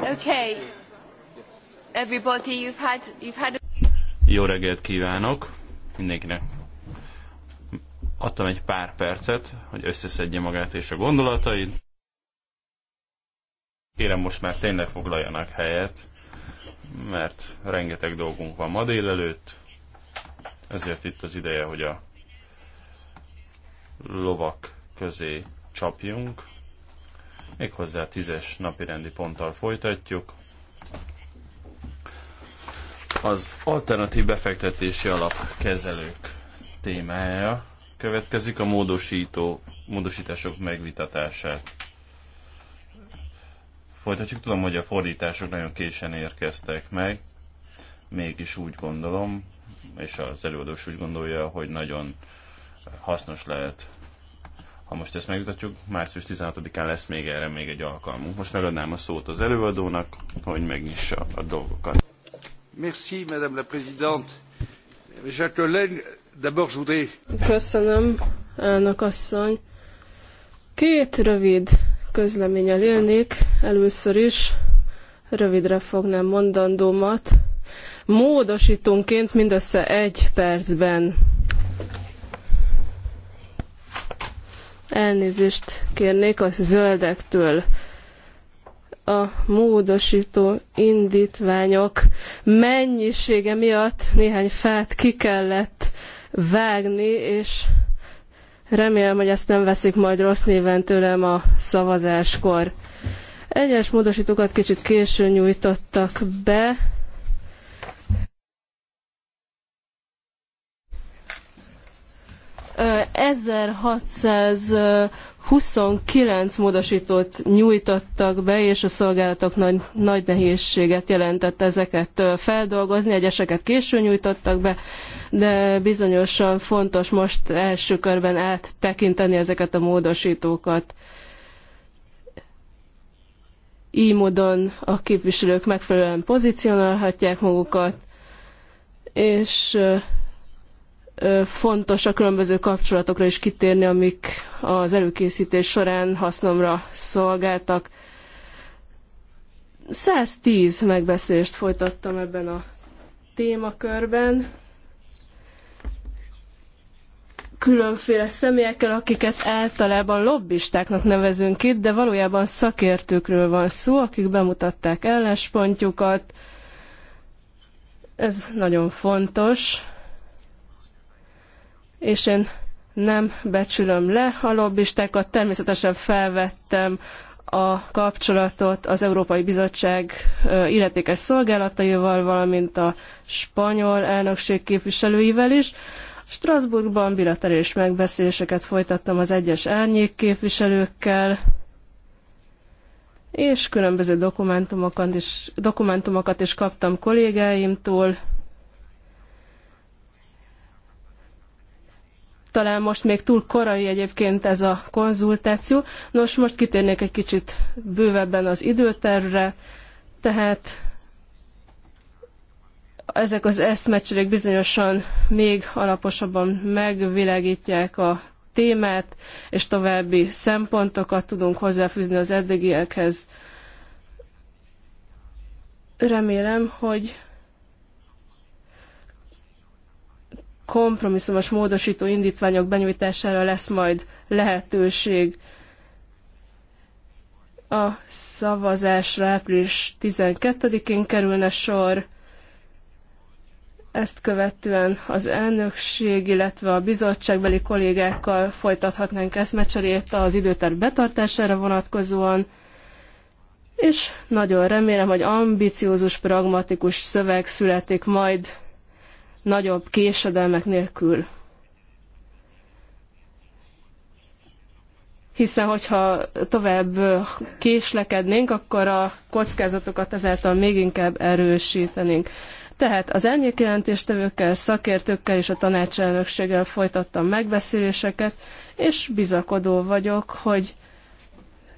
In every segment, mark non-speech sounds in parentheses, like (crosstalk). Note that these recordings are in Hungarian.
Okay. Everybody, you've had, you've had... Jó reggelt kívánok mindenkinek. Adtam egy pár percet, hogy összeszedje magát és a gondolatait. Kérem most már tényleg foglaljanak helyet, mert rengeteg dolgunk van ma délelőtt, ezért itt az ideje, hogy a lovak közé csapjunk méghozzá tízes napi rendi ponttal folytatjuk. Az alternatív befektetési alap kezelők témája következik a módosító, módosítások megvitatását. Folytatjuk, tudom, hogy a fordítások nagyon későn érkeztek meg, mégis úgy gondolom, és az előadós úgy gondolja, hogy nagyon hasznos lehet ha most ezt megmutatjuk, március 16-án lesz még erre még egy alkalmunk. Most megadnám a szót az előadónak, hogy megnyissa a dolgokat. Merci, Madame la Présidente. Mes collègues, d'abord je voudrais... Köszönöm, elnök asszony. Két rövid közleménnyel élnék. Először is rövidre fognám mondandómat. Módosítunként mindössze egy percben Elnézést kérnék a zöldektől. A módosító indítványok mennyisége miatt néhány fát ki kellett vágni, és remélem, hogy ezt nem veszik majd rossz néven tőlem a szavazáskor. Egyes módosítókat kicsit későn nyújtottak be, 1629 29 módosítót nyújtottak be, és a szolgálatok nagy, nagy nehézséget jelentett ezeket feldolgozni, egyeseket későn nyújtottak be, de bizonyosan fontos most első körben áttekinteni ezeket a módosítókat. Így módon a képviselők megfelelően pozícionálhatják magukat, és fontos a különböző kapcsolatokra is kitérni, amik az előkészítés során hasznomra szolgáltak. 110 megbeszélést folytattam ebben a témakörben. Különféle személyekkel, akiket általában lobbistáknak nevezünk itt, de valójában szakértőkről van szó, akik bemutatták álláspontjukat. Ez nagyon fontos és én nem becsülöm le a lobbistákat, természetesen felvettem a kapcsolatot az Európai Bizottság illetékes szolgálataival, valamint a spanyol elnökség képviselőivel is. Strasbourgban bilaterális megbeszéléseket folytattam az egyes árnyék képviselőkkel, és különböző dokumentumokat is, dokumentumokat is kaptam kollégáimtól, Talán most még túl korai egyébként ez a konzultáció. Nos, most kitérnék egy kicsit bővebben az időterre, tehát ezek az eszmecserék bizonyosan még alaposabban megvilágítják a témát, és további szempontokat tudunk hozzáfűzni az eddigiekhez. Remélem, hogy kompromisszumos módosító indítványok benyújtására lesz majd lehetőség. A szavazásra április 12-én kerülne sor. Ezt követően az elnökség, illetve a bizottságbeli kollégákkal folytathatnánk eszmecserét az időterv betartására vonatkozóan, és nagyon remélem, hogy ambiciózus, pragmatikus szöveg születik majd nagyobb késedelmek nélkül. Hiszen, hogyha tovább késlekednénk, akkor a kockázatokat ezáltal még inkább erősítenénk. Tehát az elnyékjelentéstevőkkel, szakértőkkel és a tanácselnökséggel folytattam megbeszéléseket, és bizakodó vagyok, hogy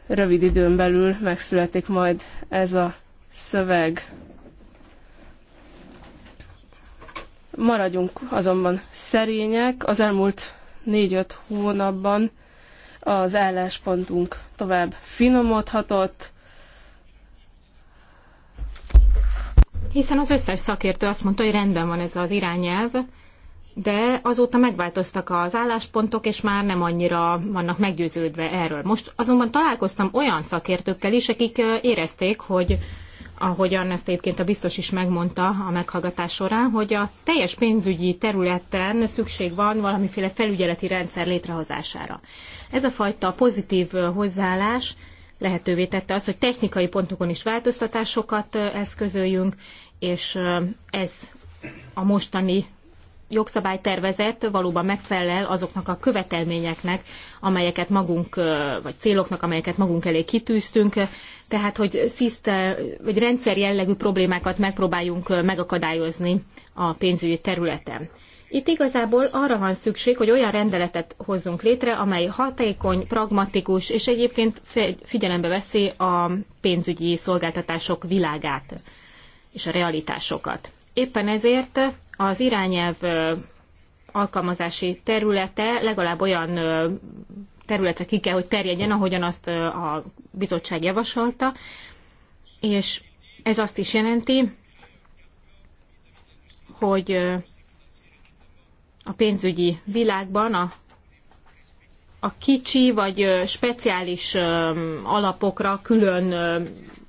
rövid időn belül megszületik majd ez a szöveg. Maradjunk azonban szerények. Az elmúlt négy-öt hónapban az álláspontunk tovább finomodhatott, hiszen az összes szakértő azt mondta, hogy rendben van ez az irányelv, de azóta megváltoztak az álláspontok, és már nem annyira vannak meggyőződve erről. Most azonban találkoztam olyan szakértőkkel is, akik érezték, hogy ahogyan ezt egyébként a biztos is megmondta a meghallgatás során, hogy a teljes pénzügyi területen szükség van valamiféle felügyeleti rendszer létrehozására. Ez a fajta pozitív hozzáállás lehetővé tette azt, hogy technikai pontokon is változtatásokat eszközöljünk, és ez a mostani jogszabálytervezet valóban megfelel azoknak a követelményeknek, amelyeket magunk, vagy céloknak, amelyeket magunk elé kitűztünk, tehát hogy szisztel, vagy rendszer jellegű problémákat megpróbáljunk megakadályozni a pénzügyi területen. Itt igazából arra van szükség, hogy olyan rendeletet hozzunk létre, amely hatékony, pragmatikus, és egyébként figyelembe veszi a pénzügyi szolgáltatások világát és a realitásokat. Éppen ezért az irányelv alkalmazási területe legalább olyan területre ki kell, hogy terjedjen, ahogyan azt a bizottság javasolta, és ez azt is jelenti, hogy a pénzügyi világban a, a kicsi vagy speciális alapokra külön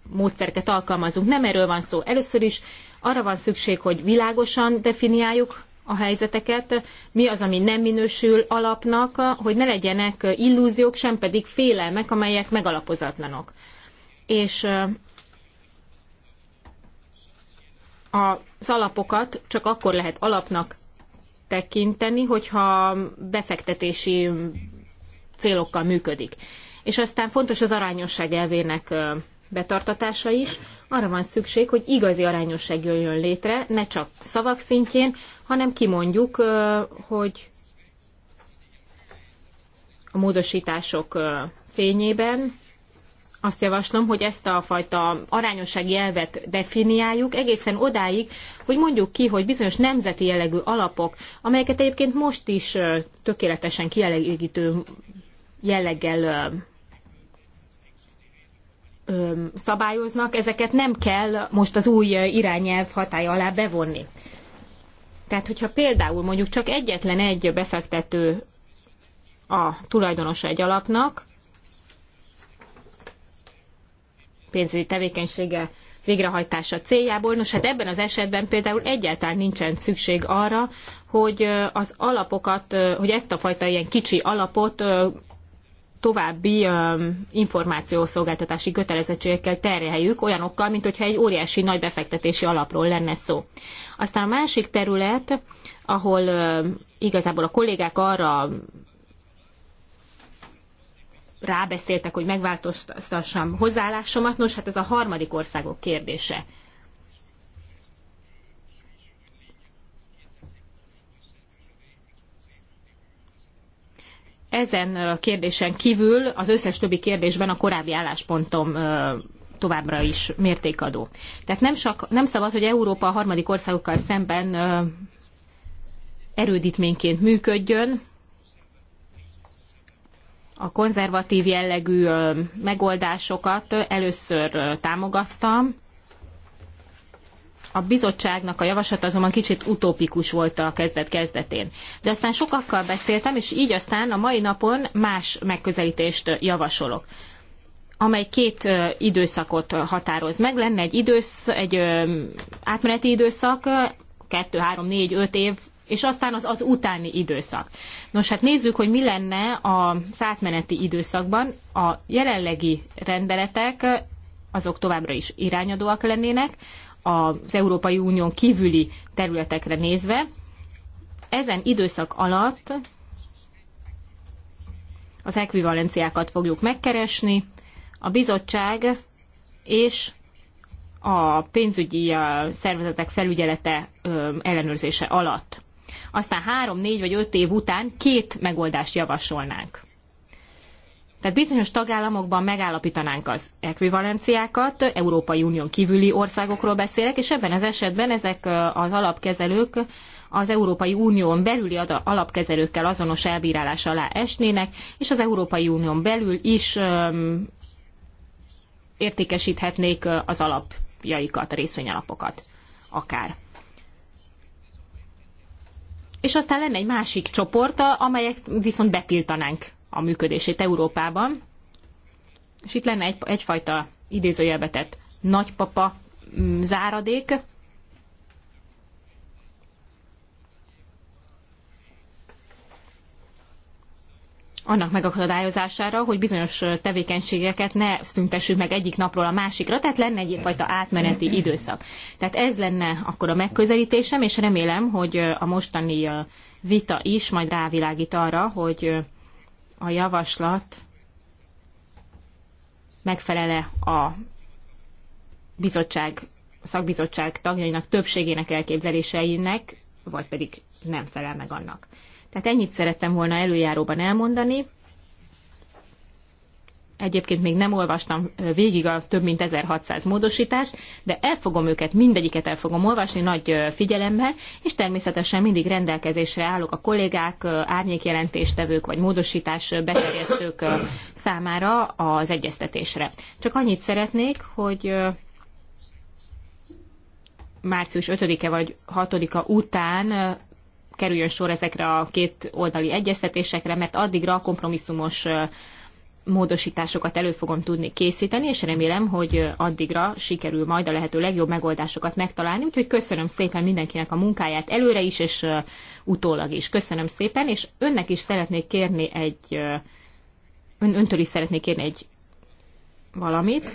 módszereket alkalmazunk. Nem erről van szó. Először is arra van szükség, hogy világosan definiáljuk a helyzeteket, mi az, ami nem minősül alapnak, hogy ne legyenek illúziók, sem pedig félelmek, amelyek megalapozatlanok. És az alapokat csak akkor lehet alapnak tekinteni, hogyha befektetési célokkal működik. És aztán fontos az arányosság elvének betartatása is. Arra van szükség, hogy igazi arányosság jöjjön létre, ne csak szavak szintjén, hanem kimondjuk, hogy a módosítások fényében azt javaslom, hogy ezt a fajta arányossági elvet definiáljuk egészen odáig, hogy mondjuk ki, hogy bizonyos nemzeti jellegű alapok, amelyeket egyébként most is tökéletesen kielégítő jelleggel szabályoznak, ezeket nem kell most az új irányelv hatája alá bevonni. Tehát, hogyha például mondjuk csak egyetlen egy befektető a tulajdonos egy alapnak, pénzügyi tevékenysége végrehajtása céljából. Nos, hát ebben az esetben például egyáltalán nincsen szükség arra, hogy az alapokat, hogy ezt a fajta ilyen kicsi alapot további információszolgáltatási kötelezettségekkel terheljük, olyanokkal, mint hogyha egy óriási nagy befektetési alapról lenne szó. Aztán a másik terület, ahol igazából a kollégák arra rábeszéltek, hogy megváltoztassam hozzáállásomat, nos, hát ez a harmadik országok kérdése. ezen a kérdésen kívül az összes többi kérdésben a korábbi álláspontom továbbra is mértékadó. Tehát nem, csak, nem szabad, hogy Európa a harmadik országokkal szemben erődítményként működjön. A konzervatív jellegű megoldásokat először támogattam, a bizottságnak a javaslat azonban kicsit utópikus volt a kezdet-kezdetén. De aztán sokakkal beszéltem, és így aztán a mai napon más megközelítést javasolok amely két időszakot határoz meg. Lenne egy, idősz, egy átmeneti időszak, kettő három négy öt év, és aztán az az utáni időszak. Nos, hát nézzük, hogy mi lenne az átmeneti időszakban. A jelenlegi rendeletek azok továbbra is irányadóak lennének, az Európai Unión kívüli területekre nézve, ezen időszak alatt az ekvivalenciákat fogjuk megkeresni, a bizottság és a pénzügyi szervezetek felügyelete ellenőrzése alatt. Aztán három, négy vagy öt év után két megoldást javasolnánk. Tehát bizonyos tagállamokban megállapítanánk az ekvivalenciákat, Európai Unión kívüli országokról beszélek, és ebben az esetben ezek az alapkezelők az Európai Unión belüli alapkezelőkkel azonos elbírálás alá esnének, és az Európai Unión belül is öm, értékesíthetnék az alapjaikat, a részvényalapokat akár. És aztán lenne egy másik csoport, amelyek viszont betiltanánk a működését Európában. És itt lenne egy, egyfajta tett nagypapa mm, záradék, annak megakadályozására, hogy bizonyos tevékenységeket ne szüntessük meg egyik napról a másikra, tehát lenne egyfajta átmeneti időszak. Tehát ez lenne akkor a megközelítésem, és remélem, hogy a mostani vita is majd rávilágít arra, hogy a javaslat megfelele a bizottság, a szakbizottság tagjainak többségének elképzeléseinek, vagy pedig nem felel meg annak. Tehát ennyit szerettem volna előjáróban elmondani, egyébként még nem olvastam végig a több mint 1600 módosítást, de el fogom őket, mindegyiket el fogom olvasni nagy figyelemmel, és természetesen mindig rendelkezésre állok a kollégák, árnyékjelentéstevők vagy módosítás beterjesztők számára az egyeztetésre. Csak annyit szeretnék, hogy március 5-e vagy 6-a után kerüljön sor ezekre a két oldali egyeztetésekre, mert addigra a kompromisszumos módosításokat elő fogom tudni készíteni, és remélem, hogy addigra sikerül majd a lehető legjobb megoldásokat megtalálni. Úgyhogy köszönöm szépen mindenkinek a munkáját előre is, és utólag is. Köszönöm szépen, és önnek is szeretnék kérni egy, ön, öntől is szeretnék kérni egy valamit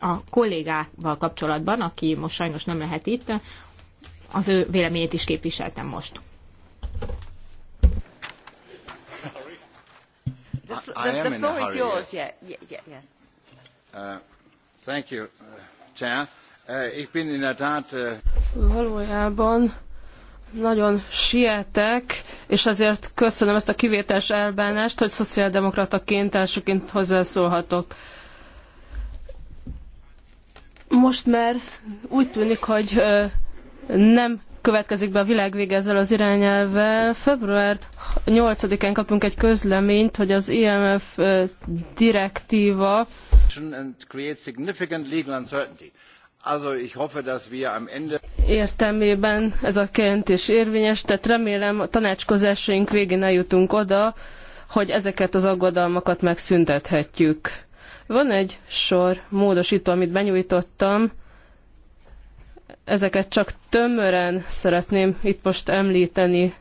a kollégával kapcsolatban, aki most sajnos nem lehet itt, az ő véleményét is képviseltem most. The, fl I, I the, the floor is yours. Yeah, yeah, yes. Uh, thank you, uh, Chair. Uh, bin in Uh... Valójában nagyon sietek, és ezért köszönöm ezt a kivételes elbánást, hogy szociáldemokrataként elsőként hozzászólhatok. Most már úgy tűnik, hogy nem következik be a világ vége ezzel az irányelvvel. Február 8-án kapunk egy közleményt, hogy az IMF direktíva értelmében ez a kentés érvényes, tehát remélem a tanácskozásaink végén eljutunk oda, hogy ezeket az aggodalmakat megszüntethetjük. Van egy sor módosító, amit benyújtottam, ezeket csak tömören szeretném itt most említeni,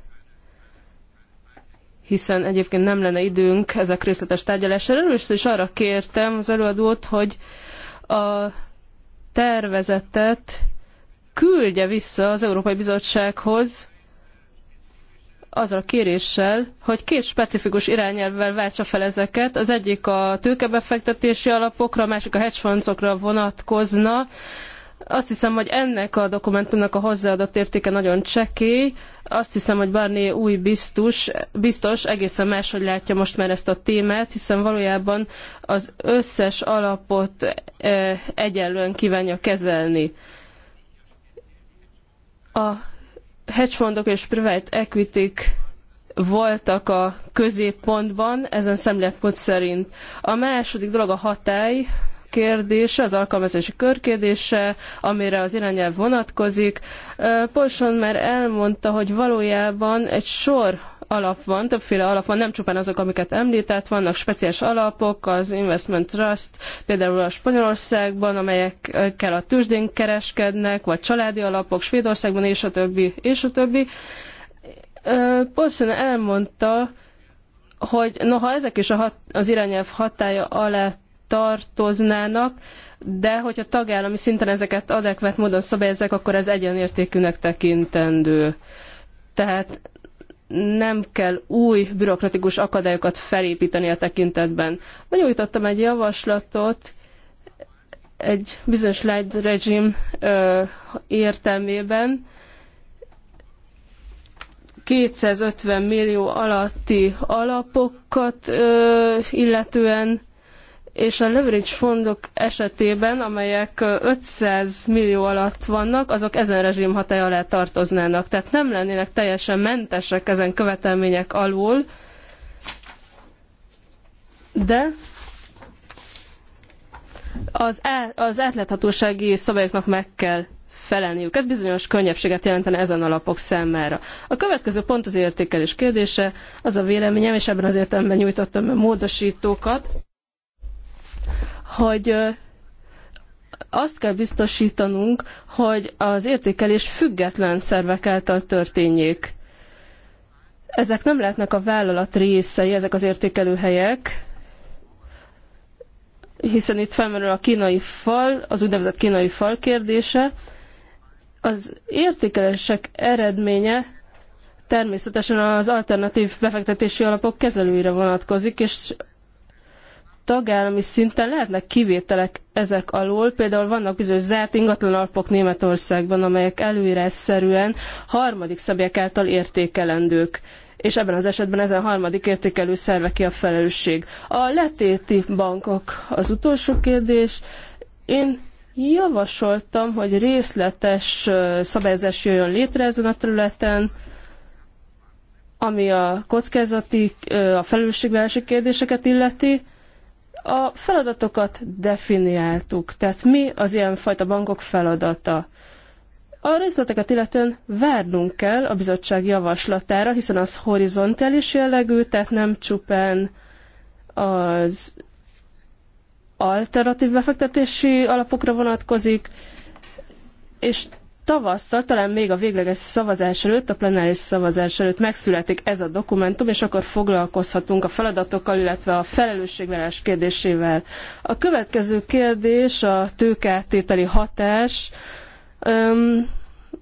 hiszen egyébként nem lenne időnk ezek részletes tárgyalására. Először is arra kértem az előadót, hogy a tervezetet küldje vissza az Európai Bizottsághoz azzal a kéréssel, hogy két specifikus irányelvvel váltsa fel ezeket. Az egyik a tőkebefektetési alapokra, a másik a hedge vonatkozna, azt hiszem, hogy ennek a dokumentumnak a hozzáadott értéke nagyon csekély. Azt hiszem, hogy Barnier új biztos, biztos egészen máshogy látja most már ezt a témát, hiszen valójában az összes alapot e, egyenlően kívánja kezelni. A hedgefondok és private equity voltak a középpontban ezen szemléletmód szerint. A második dolog a hatály, kérdése, az alkalmazási körkérdése, amire az irányelv vonatkozik. Polson már elmondta, hogy valójában egy sor alap van, többféle alap van, nem csupán azok, amiket említett, vannak speciális alapok, az Investment Trust, például a Spanyolországban, amelyekkel a tűzsdén kereskednek, vagy családi alapok Svédországban, és a többi, és a többi. Polson elmondta, hogy noha ezek is a hat, az irányelv hatája alá tartoznának, de hogyha tagállami szinten ezeket adekvát módon szabályozzák, akkor ez egyenértékűnek tekintendő. Tehát nem kell új bürokratikus akadályokat felépíteni a tekintetben. Benyújtottam egy javaslatot egy bizonyos light regime ö, értelmében, 250 millió alatti alapokat ö, illetően és a leverage fondok esetében, amelyek 500 millió alatt vannak, azok ezen rezsim hatája alá tartoznának. Tehát nem lennének teljesen mentesek ezen követelmények alól, de az, á, az átláthatósági szabályoknak meg kell felelniük. Ez bizonyos könnyebbséget jelentene ezen alapok számára. A következő pont az értékelés kérdése, az a véleményem, és ebben az értelemben nyújtottam be módosítókat hogy azt kell biztosítanunk, hogy az értékelés független szervek által történjék. Ezek nem lehetnek a vállalat részei, ezek az értékelőhelyek, hiszen itt felmerül a kínai fal, az úgynevezett kínai fal kérdése. Az értékelések eredménye természetesen az alternatív befektetési alapok kezelőire vonatkozik, és tagállami szinten lehetnek kivételek ezek alól. Például vannak bizonyos zárt ingatlanalpok Németországban, amelyek előírásszerűen harmadik személyek által értékelendők és ebben az esetben ezen a harmadik értékelő szerve ki a felelősség. A letéti bankok az utolsó kérdés. Én javasoltam, hogy részletes szabályozás jöjjön létre ezen a területen, ami a kockázati, a felelősségvállalási kérdéseket illeti, a feladatokat definiáltuk, tehát mi az ilyenfajta bankok feladata. A részleteket illetően várnunk kell a bizottság javaslatára, hiszen az horizontális jellegű, tehát nem csupán az alternatív befektetési alapokra vonatkozik, és tavasszal, talán még a végleges szavazás előtt, a plenáris szavazás előtt megszületik ez a dokumentum, és akkor foglalkozhatunk a feladatokkal, illetve a felelősségvállalás kérdésével. A következő kérdés a tőkeáttételi hatás. Öm,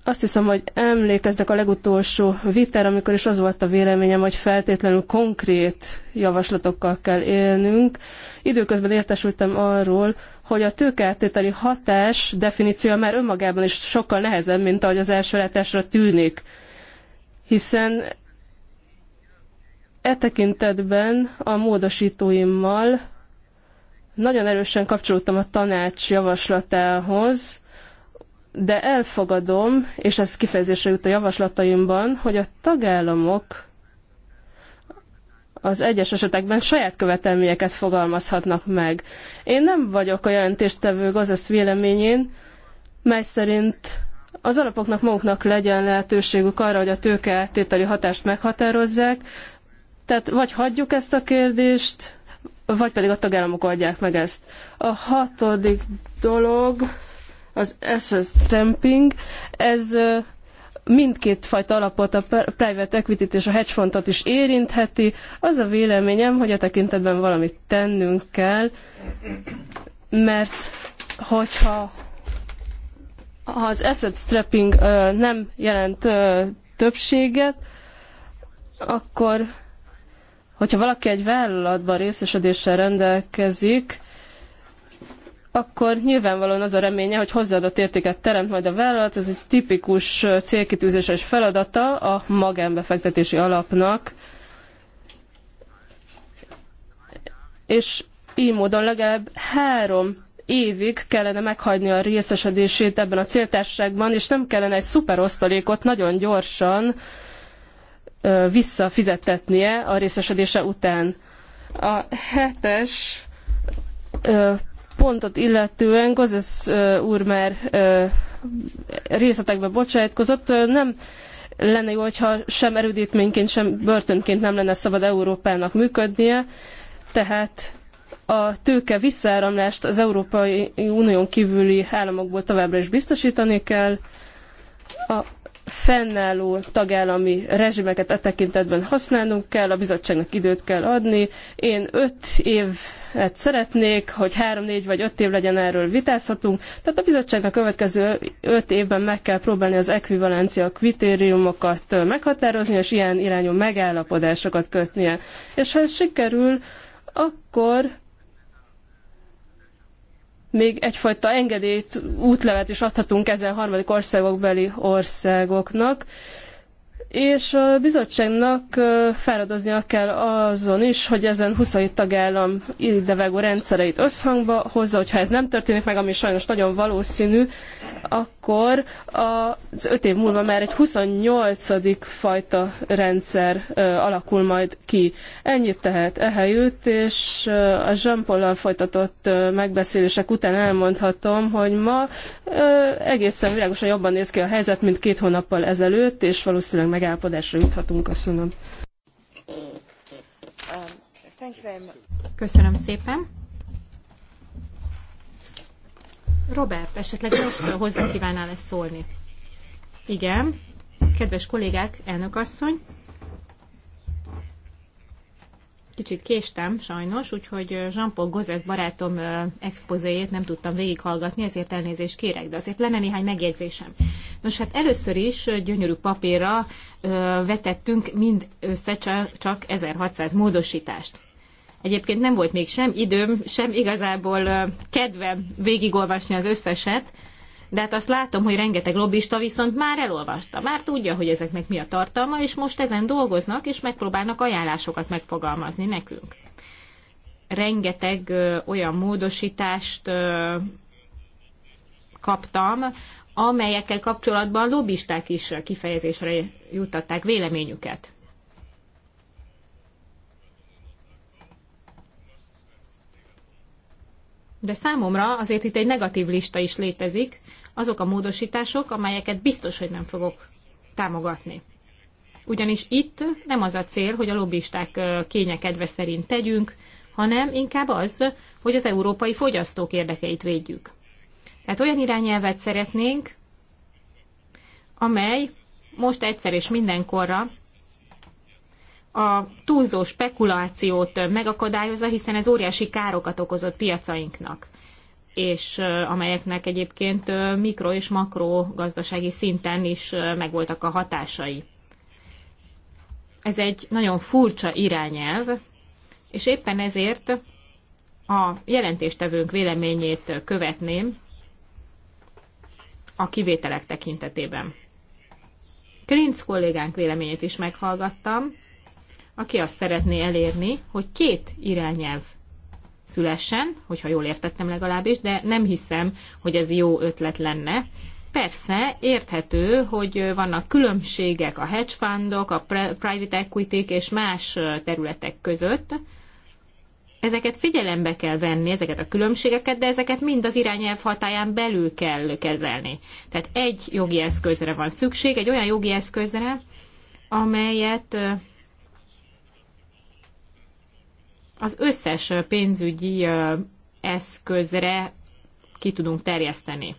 azt hiszem, hogy emlékeznek a legutolsó vitára, amikor is az volt a véleményem, hogy feltétlenül konkrét javaslatokkal kell élnünk. Időközben értesültem arról, hogy a tőkeáttételi hatás definíciója már önmagában is sokkal nehezebb, mint ahogy az első látásra tűnik. Hiszen e tekintetben a módosítóimmal nagyon erősen kapcsolódtam a tanács javaslatához, de elfogadom, és ez kifejezésre jut a javaslataimban, hogy a tagállamok az egyes esetekben saját követelményeket fogalmazhatnak meg. Én nem vagyok a jelentéstevő gazdaszt véleményén, mely szerint az alapoknak maguknak legyen lehetőségük arra, hogy a tőkeáttételi hatást meghatározzák, tehát vagy hagyjuk ezt a kérdést, vagy pedig a tagállamok oldják meg ezt. A hatodik dolog az SS tramping, ez mindkét fajta alapot, a private equity és a hedge fundot is érintheti. Az a véleményem, hogy a tekintetben valamit tennünk kell, mert hogyha ha az asset strapping nem jelent többséget, akkor hogyha valaki egy vállalatban részesedéssel rendelkezik, akkor nyilvánvalóan az a reménye, hogy hozzáadott értéket teremt majd a vállalat, ez egy tipikus célkitűzéses feladata a magánbefektetési alapnak, és így módon legalább három évig kellene meghagyni a részesedését ebben a céltársaságban, és nem kellene egy szuperosztalékot nagyon gyorsan visszafizettetnie a részesedése után. A hetes pontot illetően Gozes úr már részletekbe bocsájtkozott, nem lenne jó, hogyha sem erődítményként, sem börtönként nem lenne szabad Európának működnie, tehát a tőke visszaáramlást az Európai Unión kívüli államokból továbbra is biztosítani kell. A fennálló tagállami rezsimeket e tekintetben használnunk kell, a bizottságnak időt kell adni. Én öt év hát szeretnék, hogy három, négy vagy öt év legyen erről vitázhatunk. Tehát a bizottságnak következő öt évben meg kell próbálni az ekvivalencia kritériumokat meghatározni, és ilyen irányú megállapodásokat kötnie. És ha ez sikerül, akkor még egyfajta engedélyt, útlevet is adhatunk ezen harmadik országokbeli országoknak és a bizottságnak fáradoznia kell azon is, hogy ezen 27 tagállam idevegő rendszereit összhangba hozza, hogyha ez nem történik meg, ami sajnos nagyon valószínű, akkor az 5 év múlva már egy 28. fajta rendszer alakul majd ki. Ennyit tehát ehelyütt, és a jean folytatott megbeszélések után elmondhatom, hogy ma egészen világosan jobban néz ki a helyzet, mint két hónappal ezelőtt, és valószínűleg meg megállapodásra juthatunk. Köszönöm. Köszönöm szépen. Robert, esetleg most hozzá kívánnál ezt szólni? Igen. Kedves kollégák, elnök asszony, Kicsit késtem, sajnos, úgyhogy Jean-Paul Gozes barátom expozéjét nem tudtam végighallgatni, ezért elnézést kérek, de azért lenne néhány megjegyzésem. Nos, hát először is gyönyörű papírra vetettünk mind össze csak 1600 módosítást. Egyébként nem volt még sem időm, sem igazából kedvem végigolvasni az összeset, de hát azt látom, hogy rengeteg lobbista viszont már elolvasta, már tudja, hogy ezeknek mi a tartalma, és most ezen dolgoznak, és megpróbálnak ajánlásokat megfogalmazni nekünk. Rengeteg ö, olyan módosítást ö, kaptam, amelyekkel kapcsolatban lobbisták is kifejezésre juttatták véleményüket. De számomra azért itt egy negatív lista is létezik, azok a módosítások, amelyeket biztos, hogy nem fogok támogatni. Ugyanis itt nem az a cél, hogy a lobbisták kényekedve szerint tegyünk, hanem inkább az, hogy az európai fogyasztók érdekeit védjük. Tehát olyan irányelvet szeretnénk, amely most egyszer és mindenkorra a túlzó spekulációt megakadályozza, hiszen ez óriási károkat okozott piacainknak és amelyeknek egyébként mikro- és makro gazdasági szinten is megvoltak a hatásai. Ez egy nagyon furcsa irányelv, és éppen ezért a jelentéstevőnk véleményét követném a kivételek tekintetében. Klinc kollégánk véleményét is meghallgattam, aki azt szeretné elérni, hogy két irányelv szülessen, hogyha jól értettem legalábbis, de nem hiszem, hogy ez jó ötlet lenne. Persze, érthető, hogy vannak különbségek a hedge fundok, a private equity és más területek között. Ezeket figyelembe kell venni, ezeket a különbségeket, de ezeket mind az irányelv hatáján belül kell kezelni. Tehát egy jogi eszközre van szükség, egy olyan jogi eszközre, amelyet az összes pénzügyi eszközre ki tudunk terjeszteni.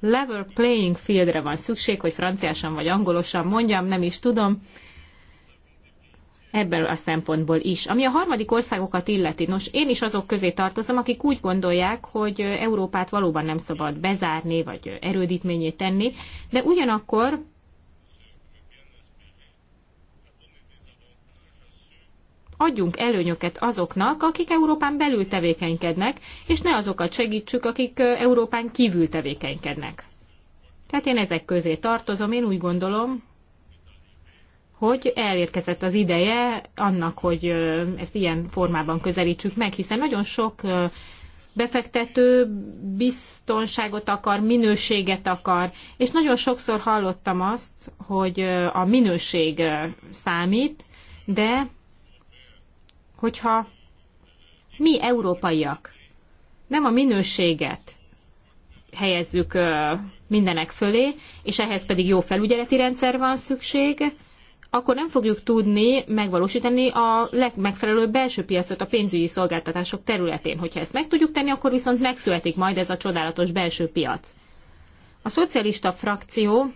Level playing fieldre van szükség, hogy franciásan vagy angolosan mondjam, nem is tudom, ebből a szempontból is. Ami a harmadik országokat illeti, nos, én is azok közé tartozom, akik úgy gondolják, hogy Európát valóban nem szabad bezárni, vagy erődítményét tenni, de ugyanakkor adjunk előnyöket azoknak, akik Európán belül tevékenykednek, és ne azokat segítsük, akik Európán kívül tevékenykednek. Tehát én ezek közé tartozom, én úgy gondolom, hogy elérkezett az ideje annak, hogy ezt ilyen formában közelítsük meg, hiszen nagyon sok befektető biztonságot akar, minőséget akar, és nagyon sokszor hallottam azt, hogy a minőség számít, de hogyha mi európaiak nem a minőséget helyezzük mindenek fölé, és ehhez pedig jó felügyeleti rendszer van szükség, akkor nem fogjuk tudni megvalósítani a legmegfelelőbb belső piacot a pénzügyi szolgáltatások területén. Hogyha ezt meg tudjuk tenni, akkor viszont megszületik majd ez a csodálatos belső piac. A szocialista frakció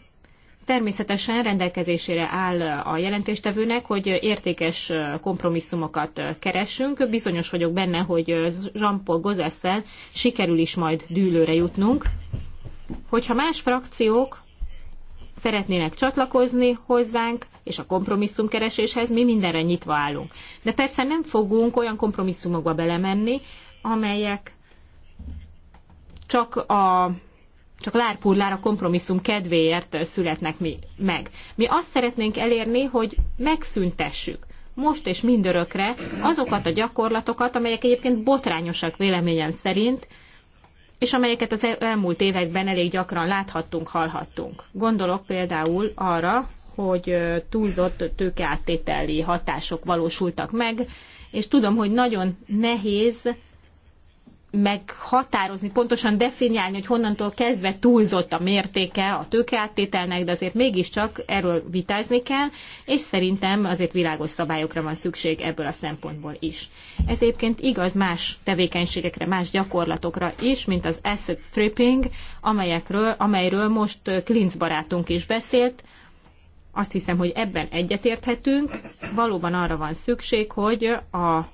természetesen rendelkezésére áll a jelentéstevőnek, hogy értékes kompromisszumokat keresünk. Bizonyos vagyok benne, hogy Jean-Paul Gozesszel sikerül is majd dűlőre jutnunk. Hogyha más frakciók szeretnének csatlakozni hozzánk, és a kompromisszumkereséshez mi mindenre nyitva állunk. De persze nem fogunk olyan kompromisszumokba belemenni, amelyek csak a csak a kompromisszum kedvéért születnek mi meg. Mi azt szeretnénk elérni, hogy megszüntessük most és mindörökre azokat a gyakorlatokat, amelyek egyébként botrányosak véleményem szerint, és amelyeket az elmúlt években elég gyakran láthattunk, hallhattunk. Gondolok például arra, hogy túlzott tőkeáttételi hatások valósultak meg, és tudom, hogy nagyon nehéz meghatározni, pontosan definiálni, hogy honnantól kezdve túlzott a mértéke a tőkeáttételnek, de azért mégiscsak erről vitázni kell, és szerintem azért világos szabályokra van szükség ebből a szempontból is. Ez egyébként igaz más tevékenységekre, más gyakorlatokra is, mint az asset stripping, amelyekről, amelyről most Klinz barátunk is beszélt, azt hiszem, hogy ebben egyetérthetünk. Valóban arra van szükség, hogy a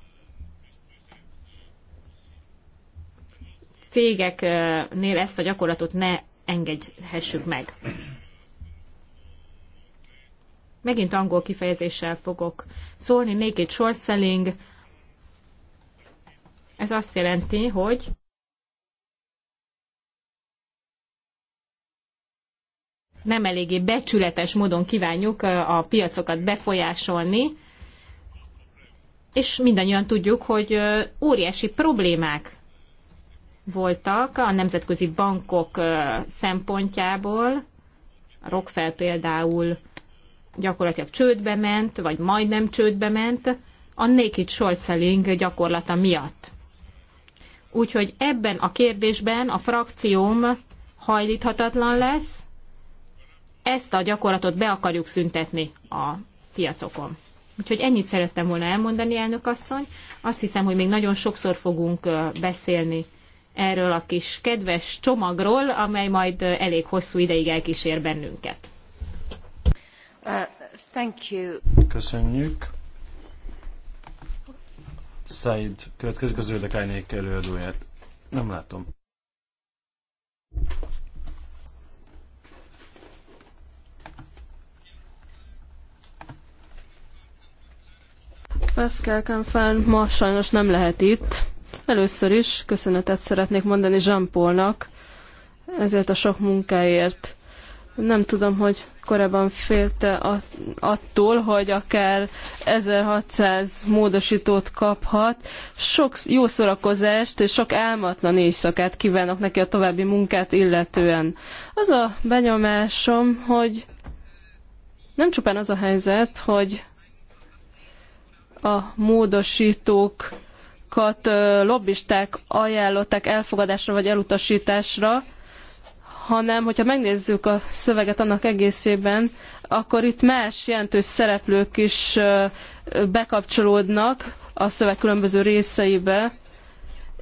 cégeknél ezt a gyakorlatot ne engedhessük meg. Megint angol kifejezéssel fogok szólni, naked short selling. Ez azt jelenti, hogy nem eléggé becsületes módon kívánjuk a piacokat befolyásolni, és mindannyian tudjuk, hogy óriási problémák voltak a nemzetközi bankok szempontjából. A Rockefeller például gyakorlatilag csődbe ment, vagy majdnem csődbe ment, a naked short selling gyakorlata miatt. Úgyhogy ebben a kérdésben a frakcióm hajlíthatatlan lesz, ezt a gyakorlatot be akarjuk szüntetni a piacokon. Úgyhogy ennyit szerettem volna elmondani, elnök asszony. Azt hiszem, hogy még nagyon sokszor fogunk beszélni erről a kis kedves csomagról, amely majd elég hosszú ideig elkísér bennünket. Uh, thank you. Köszönjük. Said következik az Öldek Ányék előadóját. Nem látom. Pascal Canfán ma sajnos nem lehet itt. Először is köszönetet szeretnék mondani Jean Paulnak ezért a sok munkáért. Nem tudom, hogy korábban félte attól, hogy akár 1600 módosítót kaphat. Sok jó szórakozást és sok álmatlan éjszakát kívánok neki a további munkát illetően. Az a benyomásom, hogy nem csupán az a helyzet, hogy a módosítók ajánlásokat lobbisták ajánlották elfogadásra vagy elutasításra, hanem hogyha megnézzük a szöveget annak egészében, akkor itt más jelentős szereplők is bekapcsolódnak a szöveg különböző részeibe,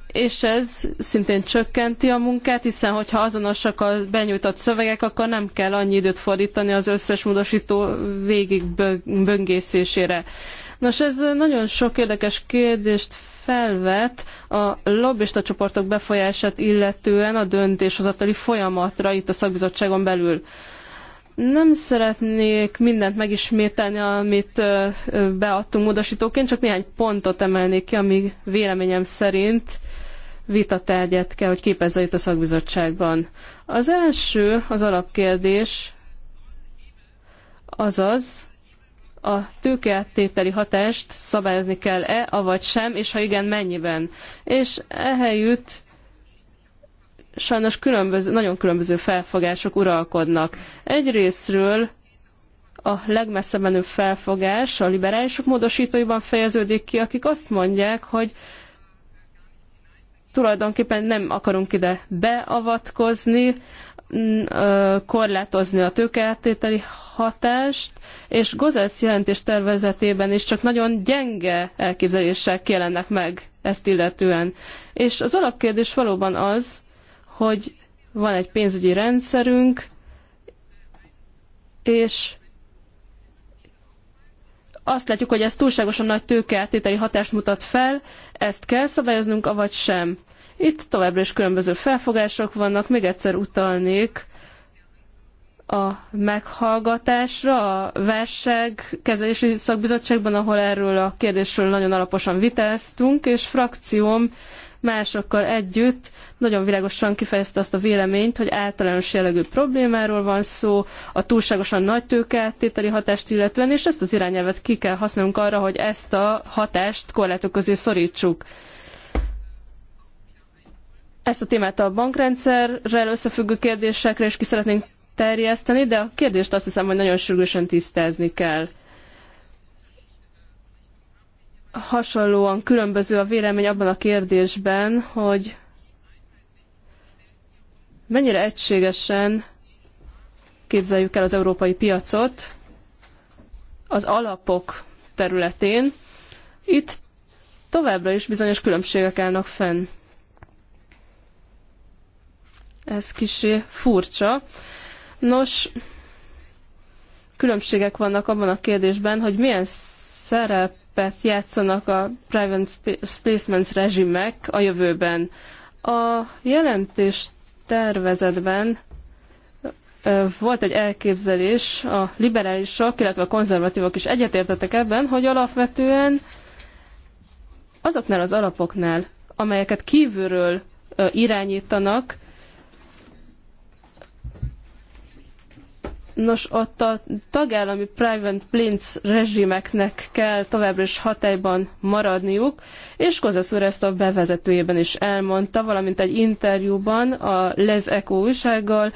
és ez szintén csökkenti a munkát, hiszen hogyha azonosak a benyújtott szövegek, akkor nem kell annyi időt fordítani az összes módosító végig böngészésére. Nos, ez nagyon sok érdekes kérdést felvet a lobbista csoportok befolyását illetően a döntéshozatali folyamatra itt a szakbizottságon belül. Nem szeretnék mindent megismételni, amit beadtunk módosítóként, csak néhány pontot emelnék ki, ami véleményem szerint vita tárgyát kell, hogy képezze itt a szakbizottságban. Az első, az alapkérdés, azaz, a tőkeáttételi hatást szabályozni kell-e, avagy sem, és ha igen, mennyiben. És ehelyütt sajnos különböző, nagyon különböző felfogások uralkodnak. Egyrésztről a legmesszebb menő felfogás a liberálisok módosítóiban fejeződik ki, akik azt mondják, hogy tulajdonképpen nem akarunk ide beavatkozni, Mm, korlátozni a tőkeáttételi hatást, és Gozesz jelentés tervezetében is csak nagyon gyenge elképzelések jelennek meg ezt illetően. És az alapkérdés valóban az, hogy van egy pénzügyi rendszerünk, és azt látjuk, hogy ez túlságosan nagy tőkeáttételi hatást mutat fel, ezt kell szabályoznunk, avagy sem. Itt továbbra is különböző felfogások vannak, még egyszer utalnék a meghallgatásra a kezelési szakbizottságban, ahol erről a kérdésről nagyon alaposan vitáztunk, és frakcióm másokkal együtt nagyon világosan kifejezte azt a véleményt, hogy általános jellegű problémáról van szó, a túlságosan nagy tételi hatást illetően, és ezt az irányelvet ki kell használnunk arra, hogy ezt a hatást korlátok közé szorítsuk. Ezt a témát a bankrendszerrel összefüggő kérdésekre is ki szeretnénk terjeszteni, de a kérdést azt hiszem, hogy nagyon sürgősen tisztázni kell. Hasonlóan különböző a vélemény abban a kérdésben, hogy mennyire egységesen képzeljük el az európai piacot az alapok területén. Itt továbbra is bizonyos különbségek állnak fenn ez kisé furcsa. Nos, különbségek vannak abban a kérdésben, hogy milyen szerepet játszanak a private placements rezsimek a jövőben. A jelentés tervezetben volt egy elképzelés, a liberálisok, illetve a konzervatívok is egyetértettek ebben, hogy alapvetően azoknál az alapoknál, amelyeket kívülről irányítanak, Nos, ott a tagállami private planes rezsimeknek kell továbbra is hatályban maradniuk, és Kozasz úr ezt a bevezetőjében is elmondta, valamint egy interjúban a Les Eco újsággal,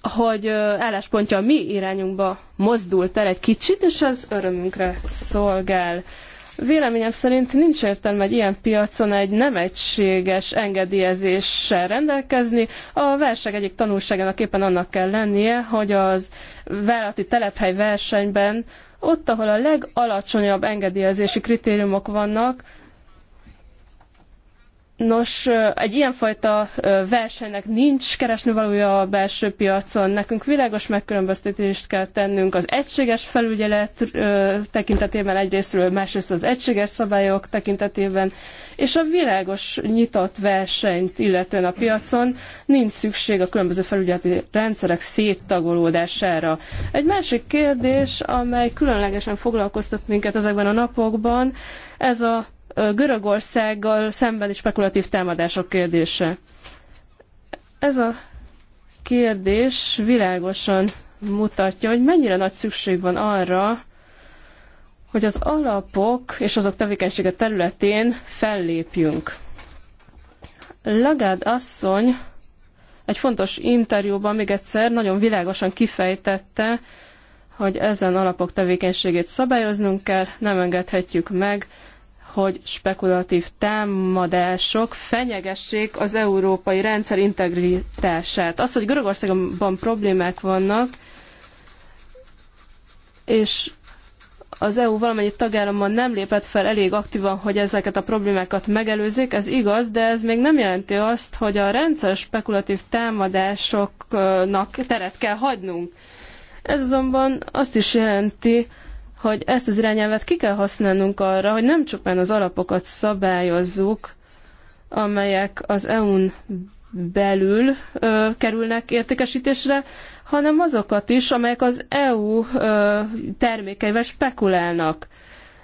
hogy álláspontja a mi irányunkba mozdult el egy kicsit, és ez örömünkre szolgál. Véleményem szerint nincs értelme egy ilyen piacon egy nem egységes engedélyezéssel rendelkezni. A verseny egyik tanulságának éppen annak kell lennie, hogy az vállalati telephely versenyben ott, ahol a legalacsonyabb engedélyezési kritériumok vannak, Nos, egy ilyenfajta versenynek nincs keresnivalója a belső piacon. Nekünk világos megkülönböztetést kell tennünk az egységes felügyelet tekintetében egyrésztről, másrészt az egységes szabályok tekintetében, és a világos nyitott versenyt illetően a piacon nincs szükség a különböző felügyeleti rendszerek széttagolódására. Egy másik kérdés, amely különlegesen foglalkoztat minket ezekben a napokban, ez a Görögországgal szemben is spekulatív támadások kérdése. Ez a kérdés világosan mutatja, hogy mennyire nagy szükség van arra, hogy az alapok és azok tevékenysége területén fellépjünk. Lagád asszony egy fontos interjúban még egyszer nagyon világosan kifejtette, hogy ezen alapok tevékenységét szabályoznunk kell, nem engedhetjük meg, hogy spekulatív támadások fenyegessék az európai rendszer integritását. Az, hogy Görögországban problémák vannak, és az EU valamennyi tagállamban nem lépett fel elég aktívan, hogy ezeket a problémákat megelőzzék, ez igaz, de ez még nem jelenti azt, hogy a rendszer spekulatív támadásoknak teret kell hagynunk. Ez azonban azt is jelenti, hogy ezt az irányelvet ki kell használnunk arra, hogy nem csupán az alapokat szabályozzuk, amelyek az EU-n belül ö, kerülnek értékesítésre, hanem azokat is, amelyek az EU ö, termékeivel spekulálnak.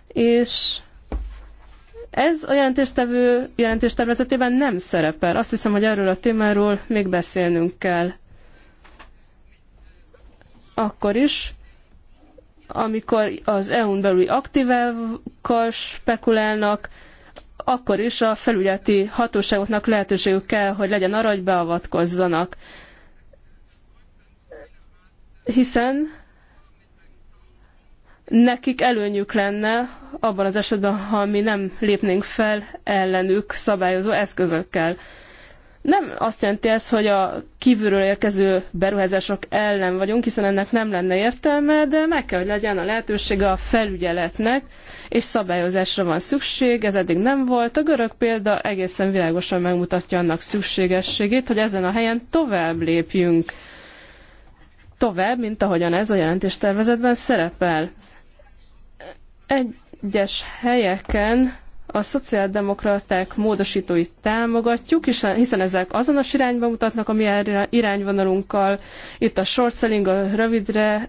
És ez a jelentéstevő jelentéstervezetében nem szerepel. Azt hiszem, hogy erről a témáról még beszélnünk kell. Akkor is, amikor az EU-n belüli aktívákkal spekulálnak, akkor is a felügyeleti hatóságoknak lehetőségük kell, hogy legyen arra, hogy beavatkozzanak. Hiszen nekik előnyük lenne abban az esetben, ha mi nem lépnénk fel ellenük szabályozó eszközökkel. Nem azt jelenti ez, hogy a kívülről érkező beruházások ellen vagyunk, hiszen ennek nem lenne értelme, de meg kell, hogy legyen a lehetősége a felügyeletnek, és szabályozásra van szükség, ez eddig nem volt. A görög példa egészen világosan megmutatja annak szükségességét, hogy ezen a helyen tovább lépjünk. Tovább, mint ahogyan ez a jelentéstervezetben szerepel. Egyes helyeken a szociáldemokraták módosítóit támogatjuk, hiszen ezek azonos irányba mutatnak a mi irányvonalunkkal. Itt a short selling, a rövidre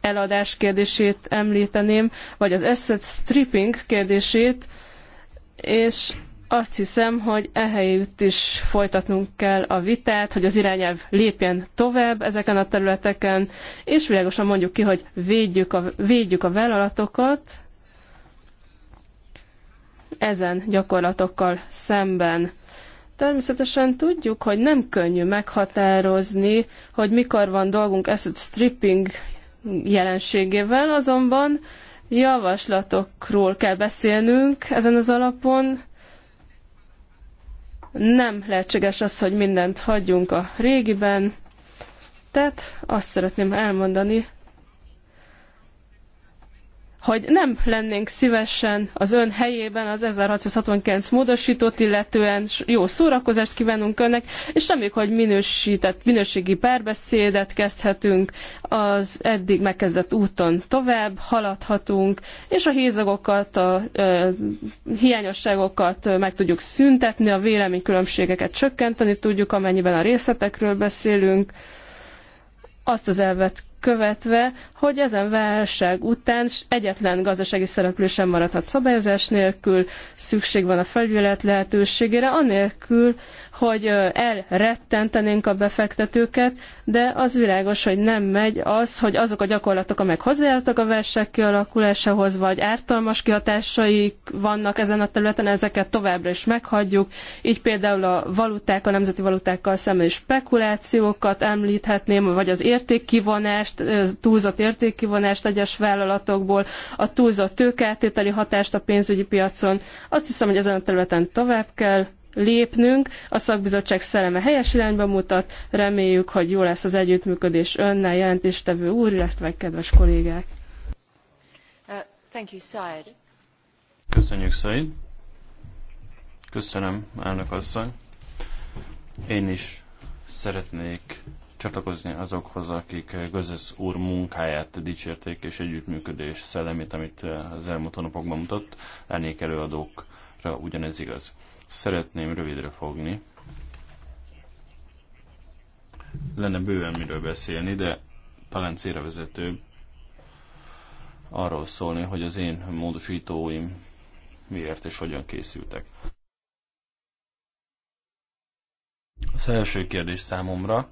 eladás kérdését említeném, vagy az asset stripping kérdését, és azt hiszem, hogy ehelyütt is folytatnunk kell a vitát, hogy az irányelv lépjen tovább ezeken a területeken, és világosan mondjuk ki, hogy védjük a, védjük a vállalatokat, ezen gyakorlatokkal szemben. Természetesen tudjuk, hogy nem könnyű meghatározni, hogy mikor van dolgunk asset stripping jelenségével, azonban javaslatokról kell beszélnünk ezen az alapon. Nem lehetséges az, hogy mindent hagyjunk a régiben, tehát azt szeretném elmondani, hogy nem lennénk szívesen az ön helyében az 1669 módosítót, illetően jó szórakozást kívánunk önnek, és reméljük, hogy minősített, minőségi párbeszédet kezdhetünk, az eddig megkezdett úton tovább haladhatunk, és a hézagokat, a ö, hiányosságokat meg tudjuk szüntetni, a véleménykülönbségeket csökkenteni tudjuk, amennyiben a részletekről beszélünk. Azt az elvet követve, hogy ezen válság után egyetlen gazdasági szereplő sem maradhat szabályozás nélkül, szükség van a felügyelet lehetőségére, anélkül, hogy elrettentenénk a befektetőket, de az világos, hogy nem megy az, hogy azok a gyakorlatok, amelyek hozzájártak a válság kialakulásához, vagy ártalmas kihatásaik vannak ezen a területen, ezeket továbbra is meghagyjuk. Így például a valuták, a nemzeti valutákkal szemben spekulációkat említhetném, vagy az értékkivonást, túlzott értékkivonást egyes vállalatokból, a túlzott tőkeáttételi hatást a pénzügyi piacon. Azt hiszem, hogy ezen a területen tovább kell lépnünk. A szakbizottság szelleme helyes irányba mutat, reméljük, hogy jó lesz az együttműködés önnel, jelentéstevő úr, illetve kedves kollégák. Uh, thank you, Said. Köszönjük, Said. Köszönöm, elnök asszony. Én is szeretnék csatlakozni azokhoz, akik Gözesz úr munkáját dicsérték, és együttműködés szellemét, amit az elmúlt hónapokban mutatott, elnék előadókra ugyanez igaz. Szeretném rövidre fogni. Lenne bőven miről beszélni, de talán célra vezetőbb arról szólni, hogy az én módosítóim miért és hogyan készültek. Az első kérdés számomra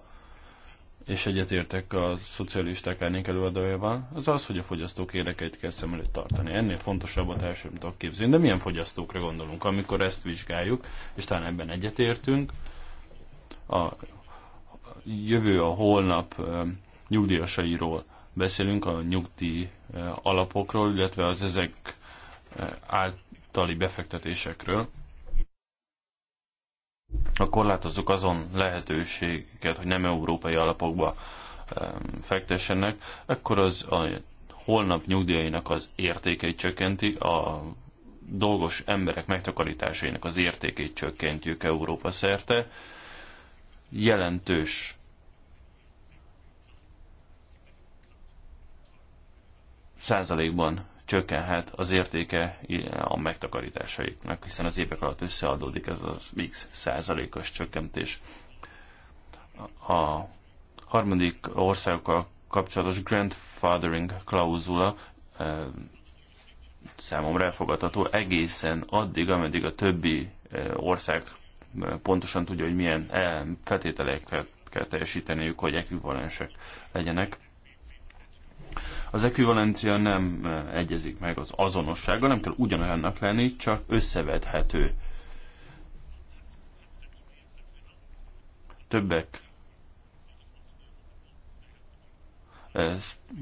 és egyetértek a szocialisták árnyék előadójával, az az, hogy a fogyasztók érdekeit kell szem előtt tartani. Ennél fontosabbat el sem tudok képzelni. De milyen fogyasztókra gondolunk, amikor ezt vizsgáljuk, és talán ebben egyetértünk. A jövő, a holnap nyugdíjasairól beszélünk, a nyugdíj alapokról, illetve az ezek általi befektetésekről ha korlátozzuk azon lehetőséget, hogy nem európai alapokba fektessenek, akkor az a holnap nyugdíjainak az értékeit csökkenti, a dolgos emberek megtakarításainak az értékét csökkentjük Európa szerte. Jelentős százalékban csökkenhet az értéke a megtakarításaiknak, hiszen az évek alatt összeadódik ez az x százalékos csökkentés. A harmadik országokkal kapcsolatos grandfathering klauzula e, számomra elfogadható egészen addig, ameddig a többi e, ország e, pontosan tudja, hogy milyen feltételeket kell teljesíteniük, hogy ekvivalensek legyenek. Az ekvivalencia nem egyezik meg az azonossággal, nem kell ugyanolyannak lenni, csak összevedhető. Többek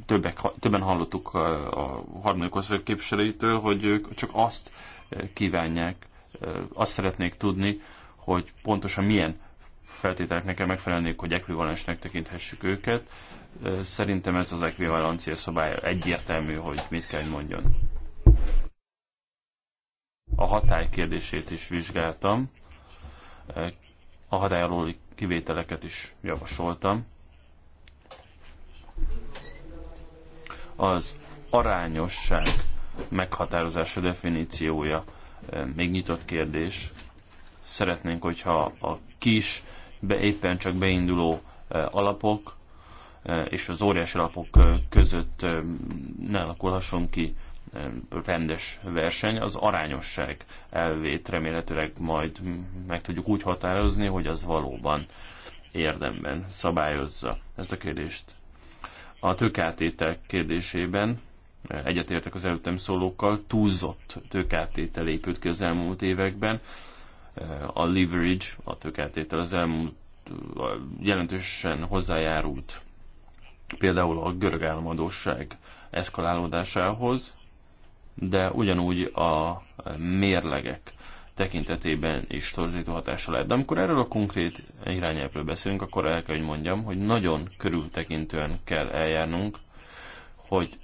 többek, többen hallottuk a harmadik osztály képviselőitől, hogy ők csak azt kívánják, azt szeretnék tudni, hogy pontosan milyen feltételeknek kell megfelelniük, hogy ekvivalensnek tekinthessük őket. Szerintem ez az ekvivalencia szabály egyértelmű, hogy mit kell mondjon. A hatály kérdését is vizsgáltam, a hatály alól kivételeket is javasoltam. Az arányosság meghatározása definíciója még nyitott kérdés. Szeretnénk, hogyha a kis be éppen csak beinduló alapok és az óriási alapok között ne alakulhasson ki rendes verseny, az arányosság elvét remélhetőleg majd meg tudjuk úgy határozni, hogy az valóban érdemben szabályozza ezt a kérdést. A tőkátétel kérdésében egyetértek az előttem szólókkal, túlzott tőkátétel épült ki az elmúlt években a leverage, a tőkeltétel az elmúlt jelentősen hozzájárult például a görög államadóság eszkalálódásához, de ugyanúgy a mérlegek tekintetében is torzító hatása lehet. De amikor erről a konkrét irányelvről beszélünk, akkor el kell, hogy mondjam, hogy nagyon körültekintően kell eljárnunk, hogy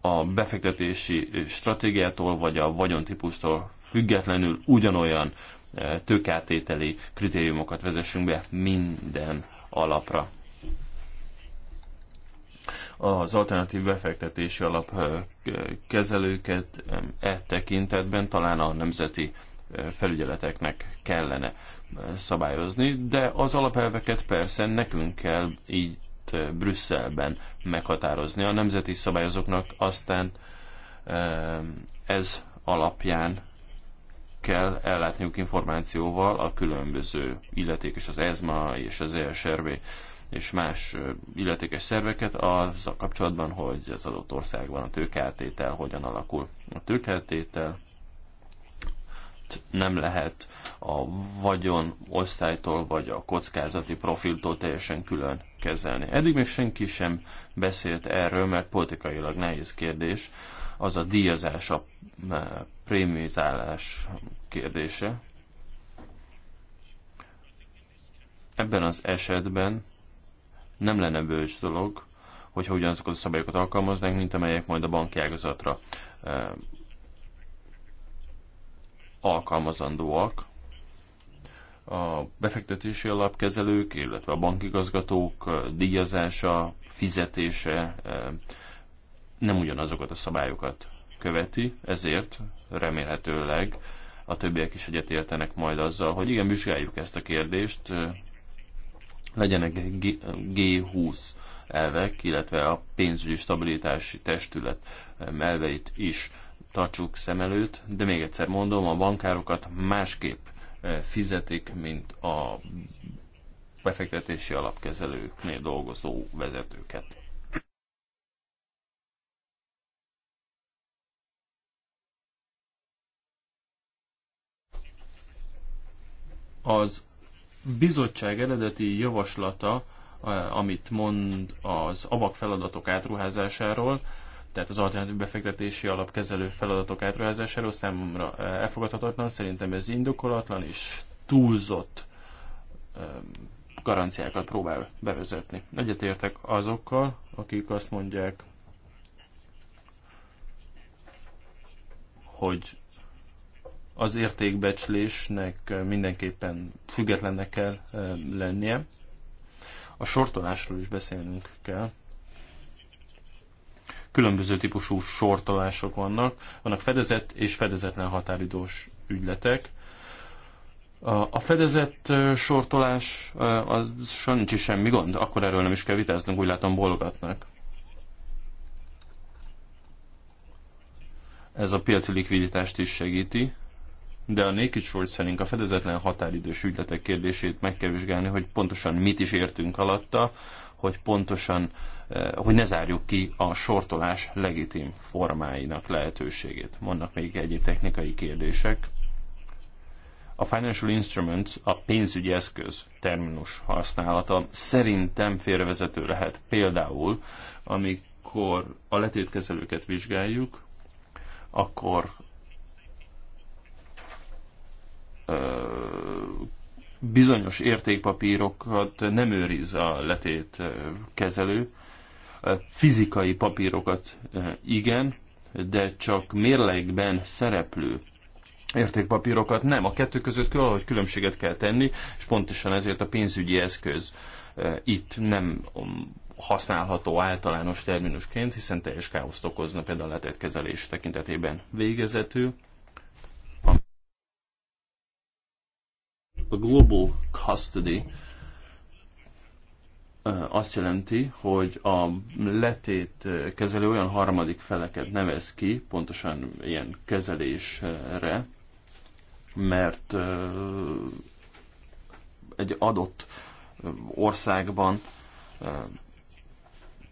a befektetési stratégiától vagy a vagyontípustól függetlenül ugyanolyan e, tőkátételi kritériumokat vezessünk be minden alapra. Az alternatív befektetési alap e, kezelőket e, e tekintetben talán a nemzeti felügyeleteknek kellene szabályozni, de az alapelveket persze nekünk kell így Brüsszelben meghatározni. A nemzeti szabályozóknak aztán ez alapján kell ellátniuk információval a különböző illetékes, az ESMA és az ESRB és más illetékes szerveket a kapcsolatban, hogy az adott országban a tőkeltétel hogyan alakul. A tőkeltétel nem lehet a vagyon osztálytól vagy a kockázati profiltól teljesen külön kezelni. Eddig még senki sem beszélt erről, mert politikailag nehéz kérdés. Az a díjazás a prémizálás kérdése. Ebben az esetben nem lenne bős dolog, hogyha ugyanazokat a szabályokat alkalmaznánk, mint amelyek majd a banki ágazatra eh, alkalmazandóak. A befektetési alapkezelők, illetve a bankigazgatók eh, díjazása, fizetése eh, nem ugyanazokat a szabályokat követi, ezért remélhetőleg a többiek is egyetértenek majd azzal, hogy igen, vizsgáljuk ezt a kérdést, legyenek G20 elvek, illetve a pénzügyi stabilitási testület melveit is tartsuk szem előtt, de még egyszer mondom, a bankárokat másképp fizetik, mint a befektetési alapkezelőknél dolgozó vezetőket. Az bizottság eredeti javaslata, amit mond az abak feladatok átruházásáról, tehát az alternatív befektetési alapkezelő feladatok átruházásáról számomra eh, elfogadhatatlan, szerintem ez indokolatlan és túlzott eh, garanciákat próbál bevezetni. Egyetértek azokkal, akik azt mondják, hogy az értékbecslésnek mindenképpen függetlennek kell lennie. A sortolásról is beszélnünk kell. Különböző típusú sortolások vannak. Vannak fedezett és fedezetlen határidós ügyletek. A fedezett sortolás, az nincs is semmi gond, akkor erről nem is kell vitáznunk, úgy látom bologatnak. Ez a piaci likviditást is segíti, de a Naked Short szerint a fedezetlen határidős ügyletek kérdését meg kell vizsgálni, hogy pontosan mit is értünk alatta, hogy pontosan eh, hogy ne zárjuk ki a sortolás legitim formáinak lehetőségét. Vannak még egyéb technikai kérdések. A financial instruments, a pénzügyi eszköz terminus használata szerintem félrevezető lehet. Például, amikor a letétkezelőket vizsgáljuk, akkor bizonyos értékpapírokat nem őriz a letét kezelő, fizikai papírokat igen, de csak mérlegben szereplő értékpapírokat nem. A kettő között valahogy különbséget kell tenni, és pontosan ezért a pénzügyi eszköz itt nem um, használható általános terminusként, hiszen teljes káoszt okozna például a letétkezelés tekintetében végezetül. a Global Custody azt jelenti, hogy a letét kezelő olyan harmadik feleket nevez ki, pontosan ilyen kezelésre, mert egy adott országban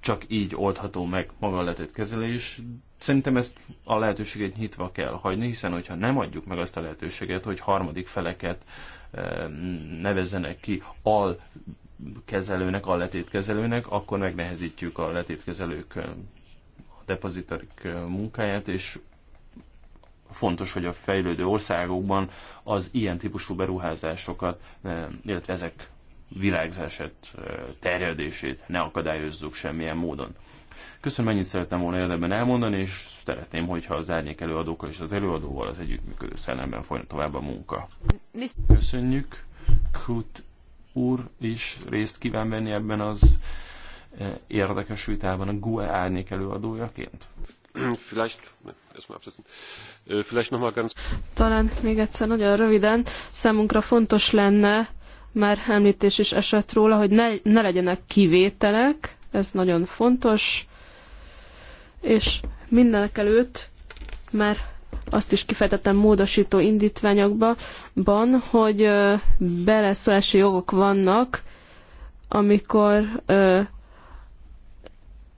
csak így oldható meg maga a letét kezelés. Szerintem ezt a lehetőséget nyitva kell hagyni, hiszen hogyha nem adjuk meg azt a lehetőséget, hogy harmadik feleket nevezzenek ki al kezelőnek, a letétkezelőnek, akkor megnehezítjük a letétkezelők a depozitorik munkáját, és fontos, hogy a fejlődő országokban az ilyen típusú beruházásokat, illetve ezek virágzását, terjedését ne akadályozzuk semmilyen módon. Köszönöm, ennyit szerettem volna érdemben elmondani, és szeretném, hogyha az árnyék előadókkal és az előadóval az együttműködő szellemben folyna tovább a munka. Köszönjük. Kut úr is részt kíván venni ebben az eh, érdekes vitában a GUE árnyék előadójaként? Äh, Talán még egyszer nagyon röviden, számunkra fontos lenne, már említés is esett róla, hogy ne, ne legyenek kivételek, ez nagyon fontos, és mindenek előtt már azt is kifejtettem módosító indítványokban, hogy beleszólási jogok vannak, amikor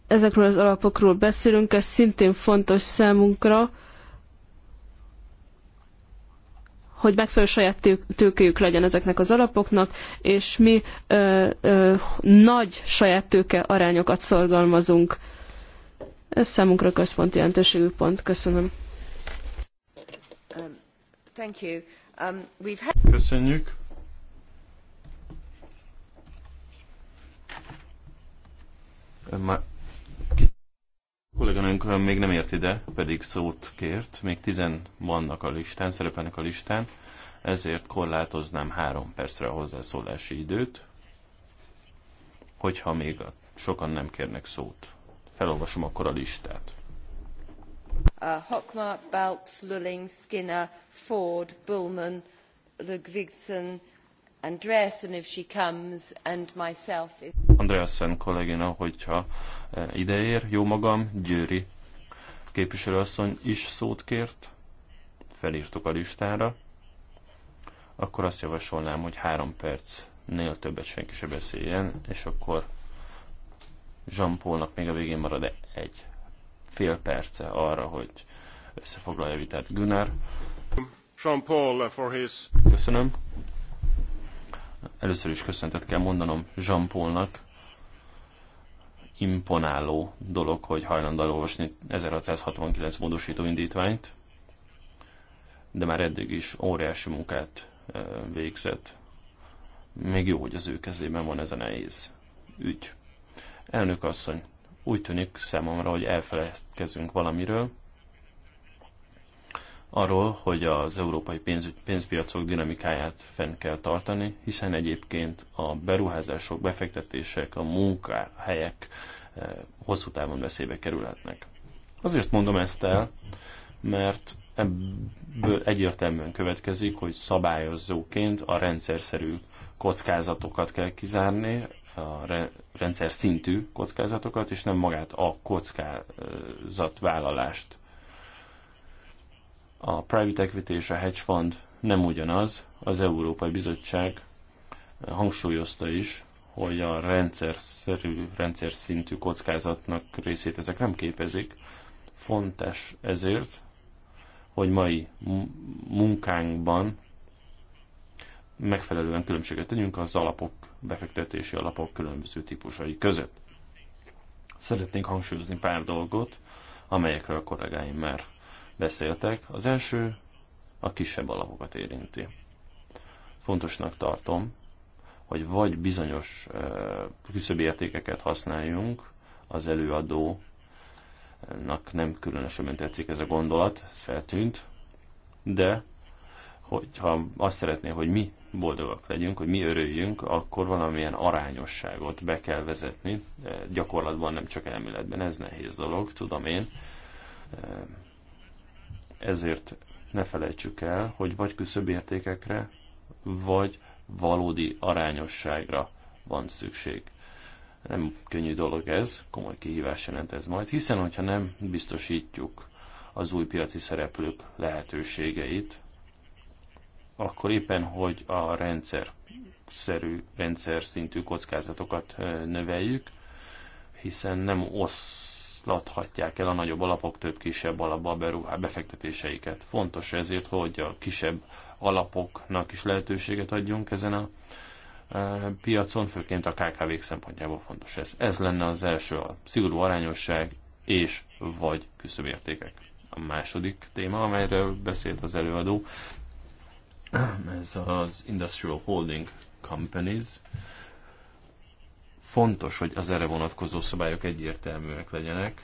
ezekről az alapokról beszélünk, ez szintén fontos számunkra, hogy megfelelő saját tőkéjük legyen ezeknek az alapoknak, és mi ö, ö, nagy saját tőke arányokat szorgalmazunk. Ez számunkra központi jelentőségű pont. Köszönöm. Um, Köszönjük. Már kolléganőnk még nem ért ide, pedig szót kért. Még tizen vannak a listán, szerepelnek a listán, ezért korlátoznám három percre a hozzászólási időt, hogyha még sokan nem kérnek szót. Felolvasom akkor a listát. Uh, Hockmark, Balks, Lulling, Skinner, Ford, Bullman, Ludvigsen, Andreasen if she comes, and myself. If... Andreasen kollégina, hogyha e, ideér, jó magam, Győri képviselőasszony is szót kért, felírtuk a listára, akkor azt javasolnám, hogy három percnél többet senki se beszéljen, és akkor Jean Paulnak még a végén marad -e egy fél perce arra, hogy összefoglalja vitát. Gunnar. Jean Paul for his... Köszönöm. Először is köszöntet kell mondanom Jean Paulnak. Imponáló dolog, hogy hajlandó olvasni 1669 módosító indítványt, de már eddig is óriási munkát eh, végzett. Még jó, hogy az ő kezében van ez a nehéz ügy. Elnök asszony, úgy tűnik számomra, hogy elfeledkezünk valamiről, arról, hogy az európai pénz, pénzpiacok dinamikáját fenn kell tartani, hiszen egyébként a beruházások, befektetések, a munkahelyek eh, hosszú távon veszélybe kerülhetnek. Azért mondom ezt el, mert ebből egyértelműen következik, hogy szabályozóként a rendszerszerű kockázatokat kell kizárni, a rendszer szintű kockázatokat, és nem magát a kockázatvállalást. A private equity és a hedge fund nem ugyanaz. Az Európai Bizottság hangsúlyozta is, hogy a rendszer szerű, rendszer szintű kockázatnak részét ezek nem képezik. Fontos ezért, hogy mai munkánkban megfelelően különbséget tegyünk az alapok befektetési alapok különböző típusai között. Szeretnénk hangsúlyozni pár dolgot, amelyekről a kollégáim már beszéltek. Az első a kisebb alapokat érinti. Fontosnak tartom, hogy vagy bizonyos küszöbi értékeket használjunk, az előadónak nem különösebben tetszik ez a gondolat, ez feltűnt, de hogyha azt szeretné, hogy mi boldogak legyünk, hogy mi örüljünk, akkor valamilyen arányosságot be kell vezetni. E, gyakorlatban nem csak elméletben, ez nehéz dolog, tudom én. E, ezért ne felejtsük el, hogy vagy értékekre, vagy valódi arányosságra van szükség. Nem könnyű dolog ez, komoly kihívás jelent ez majd, hiszen hogyha nem biztosítjuk az új piaci szereplők lehetőségeit, akkor éppen, hogy a rendszer szerű, rendszer szintű kockázatokat növeljük, hiszen nem oszlathatják el a nagyobb alapok több kisebb alapba beruhá befektetéseiket. Fontos ezért, hogy a kisebb alapoknak is lehetőséget adjunk ezen a piacon, főként a kkv szempontjából fontos ez. Ez lenne az első, a szigorú arányosság és vagy küszöbértékek. A második téma, amelyről beszélt az előadó, ez az Industrial Holding Companies. Fontos, hogy az erre vonatkozó szabályok egyértelműek legyenek.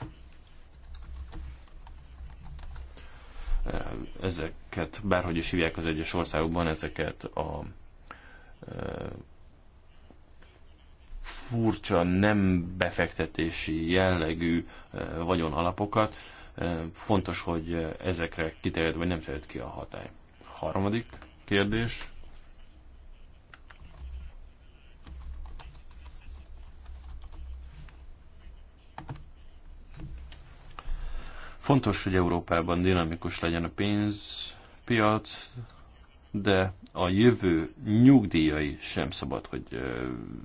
Ezeket, bárhogy is hívják az egyes országokban, ezeket a e, furcsa, nem befektetési jellegű e, vagyonalapokat. E, fontos, hogy ezekre kiterjed vagy nem terjed ki a hatály. Harmadik kérdés. Fontos, hogy Európában dinamikus legyen a pénzpiac, de a jövő nyugdíjai sem szabad, hogy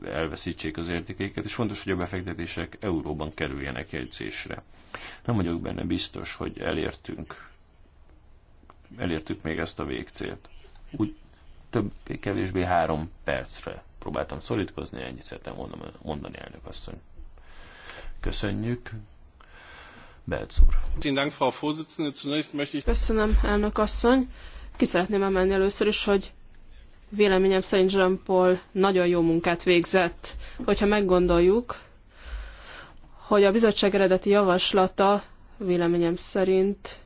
elveszítsék az értékeiket, és fontos, hogy a befektetések euróban kerüljenek jegyzésre. Nem vagyok benne biztos, hogy elértünk, elértük még ezt a végcélt úgy többé-kevésbé három percre próbáltam szorítkozni, ennyit szeretem mondani, elnök asszony. Köszönjük. Köszönöm, elnök asszony. Ki szeretném emelni először is, hogy véleményem szerint Jean Paul nagyon jó munkát végzett. Hogyha meggondoljuk, hogy a bizottság eredeti javaslata véleményem szerint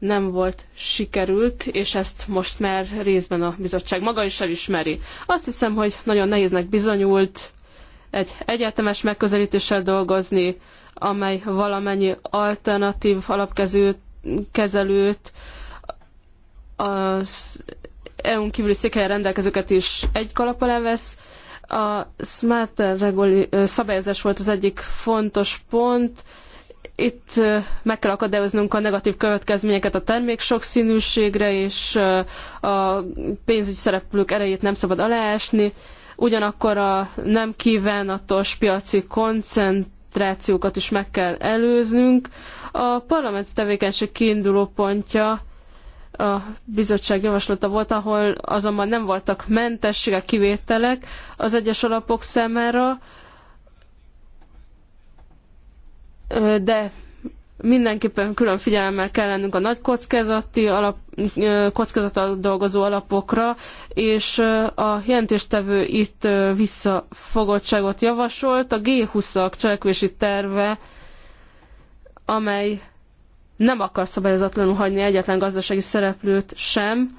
nem volt sikerült, és ezt most már részben a bizottság maga is elismeri. Azt hiszem, hogy nagyon nehéznek bizonyult egy egyetemes megközelítéssel dolgozni, amely valamennyi alternatív alapkező kezelőt, az EU-n kívüli székhelyen rendelkezőket is egy kalap alá vesz. A smart szabályozás volt az egyik fontos pont, itt meg kell akadályoznunk a negatív következményeket a termék sokszínűségre, és a pénzügyi szereplők erejét nem szabad aláásni. Ugyanakkor a nem kívánatos piaci koncentrációkat is meg kell előznünk. A parlament tevékenység kiinduló pontja a bizottság javaslata volt, ahol azonban nem voltak mentességek, kivételek az egyes alapok számára, de mindenképpen külön figyelemmel kell lennünk a nagy kockázati alap, kockázattal dolgozó alapokra, és a jelentéstevő itt visszafogottságot javasolt. A G20-ak cselekvési terve, amely nem akar szabályozatlanul hagyni egyetlen gazdasági szereplőt sem,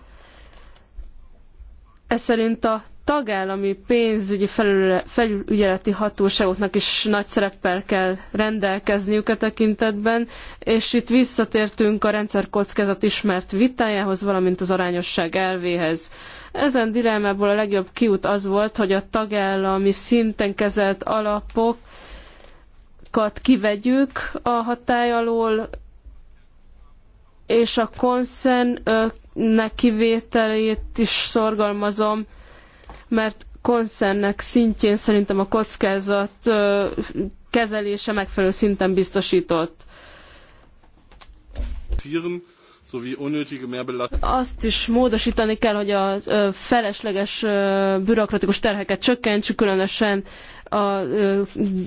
ez szerint a tagállami pénzügyi felül, felügyeleti hatóságoknak is nagy szereppel kell rendelkezniük a e tekintetben, és itt visszatértünk a rendszerkockázat ismert vitájához, valamint az arányosság elvéhez. Ezen dilemmából a legjobb kiút az volt, hogy a tagállami szinten kezelt alapokat kivegyük a hatály alól, és a konszennek kivételét is szorgalmazom, mert koncernek szintjén szerintem a kockázat kezelése megfelelő szinten biztosított. Azt is módosítani kell, hogy a felesleges bürokratikus terheket csökkentsük, különösen a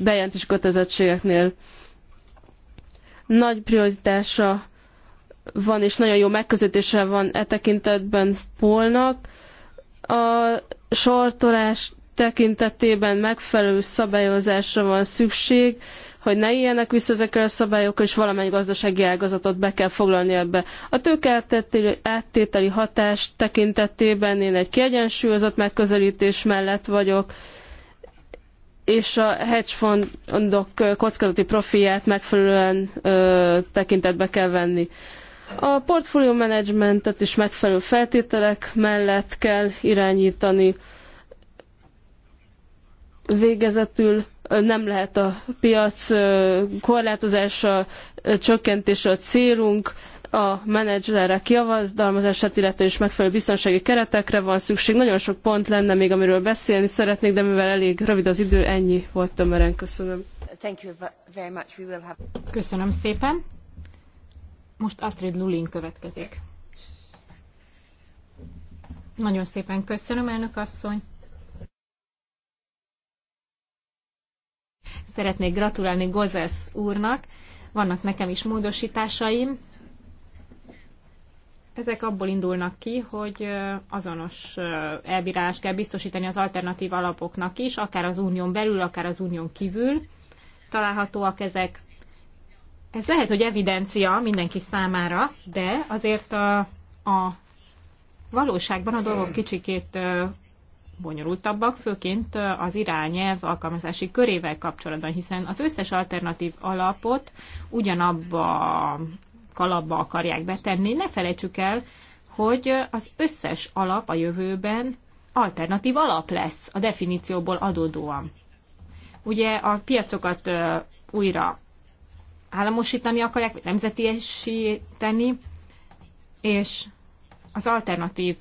bejelentési kötelezettségeknél. Nagy prioritása van, és nagyon jó megközelítése van e tekintetben Polnak. A sortolás tekintetében megfelelő szabályozásra van szükség, hogy ne éljenek vissza ezekkel a szabályok és valamennyi gazdasági ágazatot be kell foglalni ebbe. A tőke áttételi hatás tekintetében én egy kiegyensúlyozott megközelítés mellett vagyok, és a hedge fundok kockázati profilját megfelelően ö, tekintetbe kell venni. A portfólió menedzsmentet is megfelelő feltételek mellett kell irányítani. Végezetül nem lehet a piac korlátozása, csökkentése a célunk, a menedzserek javazdalmazását, illetve is megfelelő biztonsági keretekre van szükség. Nagyon sok pont lenne még, amiről beszélni szeretnék, de mivel elég rövid az idő, ennyi volt tömören. Köszönöm. Köszönöm szépen. Most Astrid Lulin következik. Nagyon szépen köszönöm, elnök asszony. Szeretnék gratulálni Gozesz úrnak. Vannak nekem is módosításaim. Ezek abból indulnak ki, hogy azonos elbírálást kell biztosítani az alternatív alapoknak is, akár az unión belül, akár az unión kívül. Találhatóak ezek ez lehet, hogy evidencia mindenki számára, de azért a, a valóságban a dolgok kicsikét bonyolultabbak, főként az irányelv alkalmazási körével kapcsolatban, hiszen az összes alternatív alapot ugyanabba kalapba akarják betenni. Ne felejtsük el, hogy az összes alap a jövőben alternatív alap lesz a definícióból adódóan. Ugye a piacokat újra államosítani akarják, vagy nemzetiesíteni, és az alternatív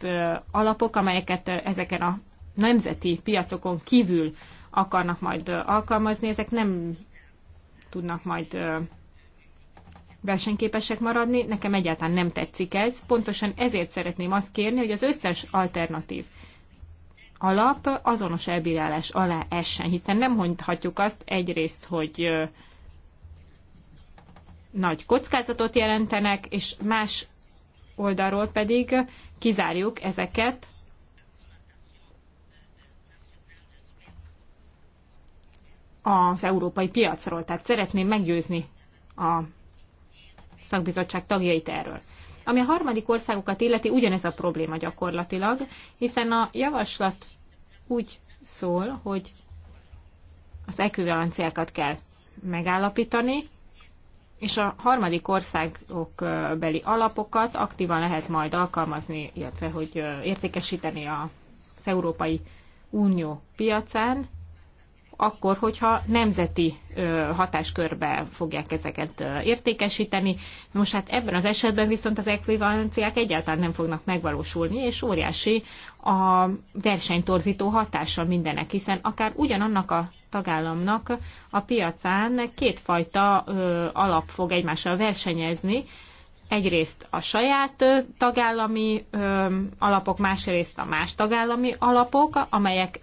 alapok, amelyeket ezeken a nemzeti piacokon kívül akarnak majd alkalmazni, ezek nem tudnak majd versenyképesek maradni. Nekem egyáltalán nem tetszik ez. Pontosan ezért szeretném azt kérni, hogy az összes alternatív alap azonos elbírálás alá essen, hiszen nem mondhatjuk azt egyrészt, hogy nagy kockázatot jelentenek, és más oldalról pedig kizárjuk ezeket az európai piacról. Tehát szeretném meggyőzni a szakbizottság tagjait erről. Ami a harmadik országokat illeti, ugyanez a probléma gyakorlatilag, hiszen a javaslat úgy szól, hogy az ekvivalenciákat kell megállapítani, és a harmadik országok beli alapokat aktívan lehet majd alkalmazni, illetve hogy értékesíteni az Európai Unió piacán, akkor, hogyha nemzeti hatáskörbe fogják ezeket értékesíteni. Most hát ebben az esetben viszont az ekvivalenciák egyáltalán nem fognak megvalósulni, és óriási a versenytorzító hatása mindenek, hiszen akár ugyanannak a tagállamnak a piacán kétfajta alap fog egymással versenyezni, egyrészt a saját tagállami alapok, másrészt a más tagállami alapok, amelyek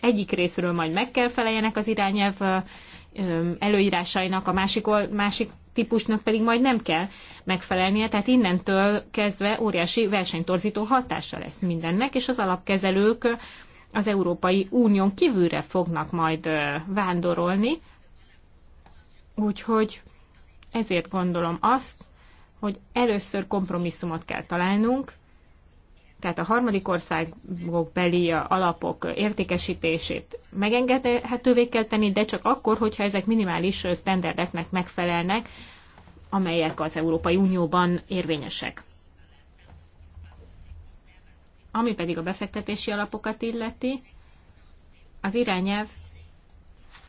egyik részről majd meg kell feleljenek az irányelv előírásainak, a másik, másik típusnak pedig majd nem kell megfelelnie, tehát innentől kezdve óriási versenytorzító hatása lesz mindennek, és az alapkezelők az Európai Unión kívülre fognak majd vándorolni, úgyhogy ezért gondolom azt, hogy először kompromisszumot kell találnunk, tehát a harmadik országok beli alapok értékesítését megengedhetővé kell tenni, de csak akkor, hogyha ezek minimális sztenderdeknek megfelelnek, amelyek az Európai Unióban érvényesek. Ami pedig a befektetési alapokat illeti, az irányelv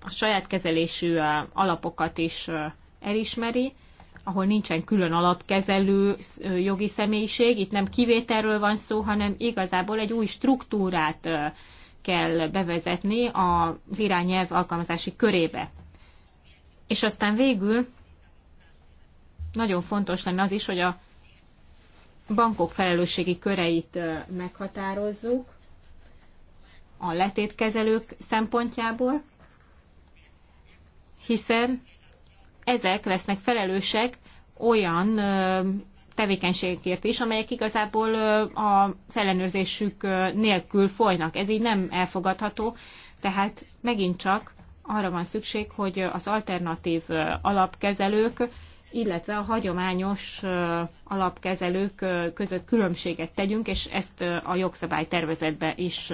a saját kezelésű alapokat is elismeri, ahol nincsen külön alapkezelő jogi személyiség, itt nem kivételről van szó, hanem igazából egy új struktúrát kell bevezetni az irányelv alkalmazási körébe. És aztán végül nagyon fontos lenne az is, hogy a bankok felelősségi köreit meghatározzuk a letétkezelők szempontjából, hiszen ezek lesznek felelősek olyan tevékenységekért is, amelyek igazából az ellenőrzésük nélkül folynak. Ez így nem elfogadható, tehát megint csak arra van szükség, hogy az alternatív alapkezelők illetve a hagyományos alapkezelők között különbséget tegyünk, és ezt a jogszabálytervezetbe is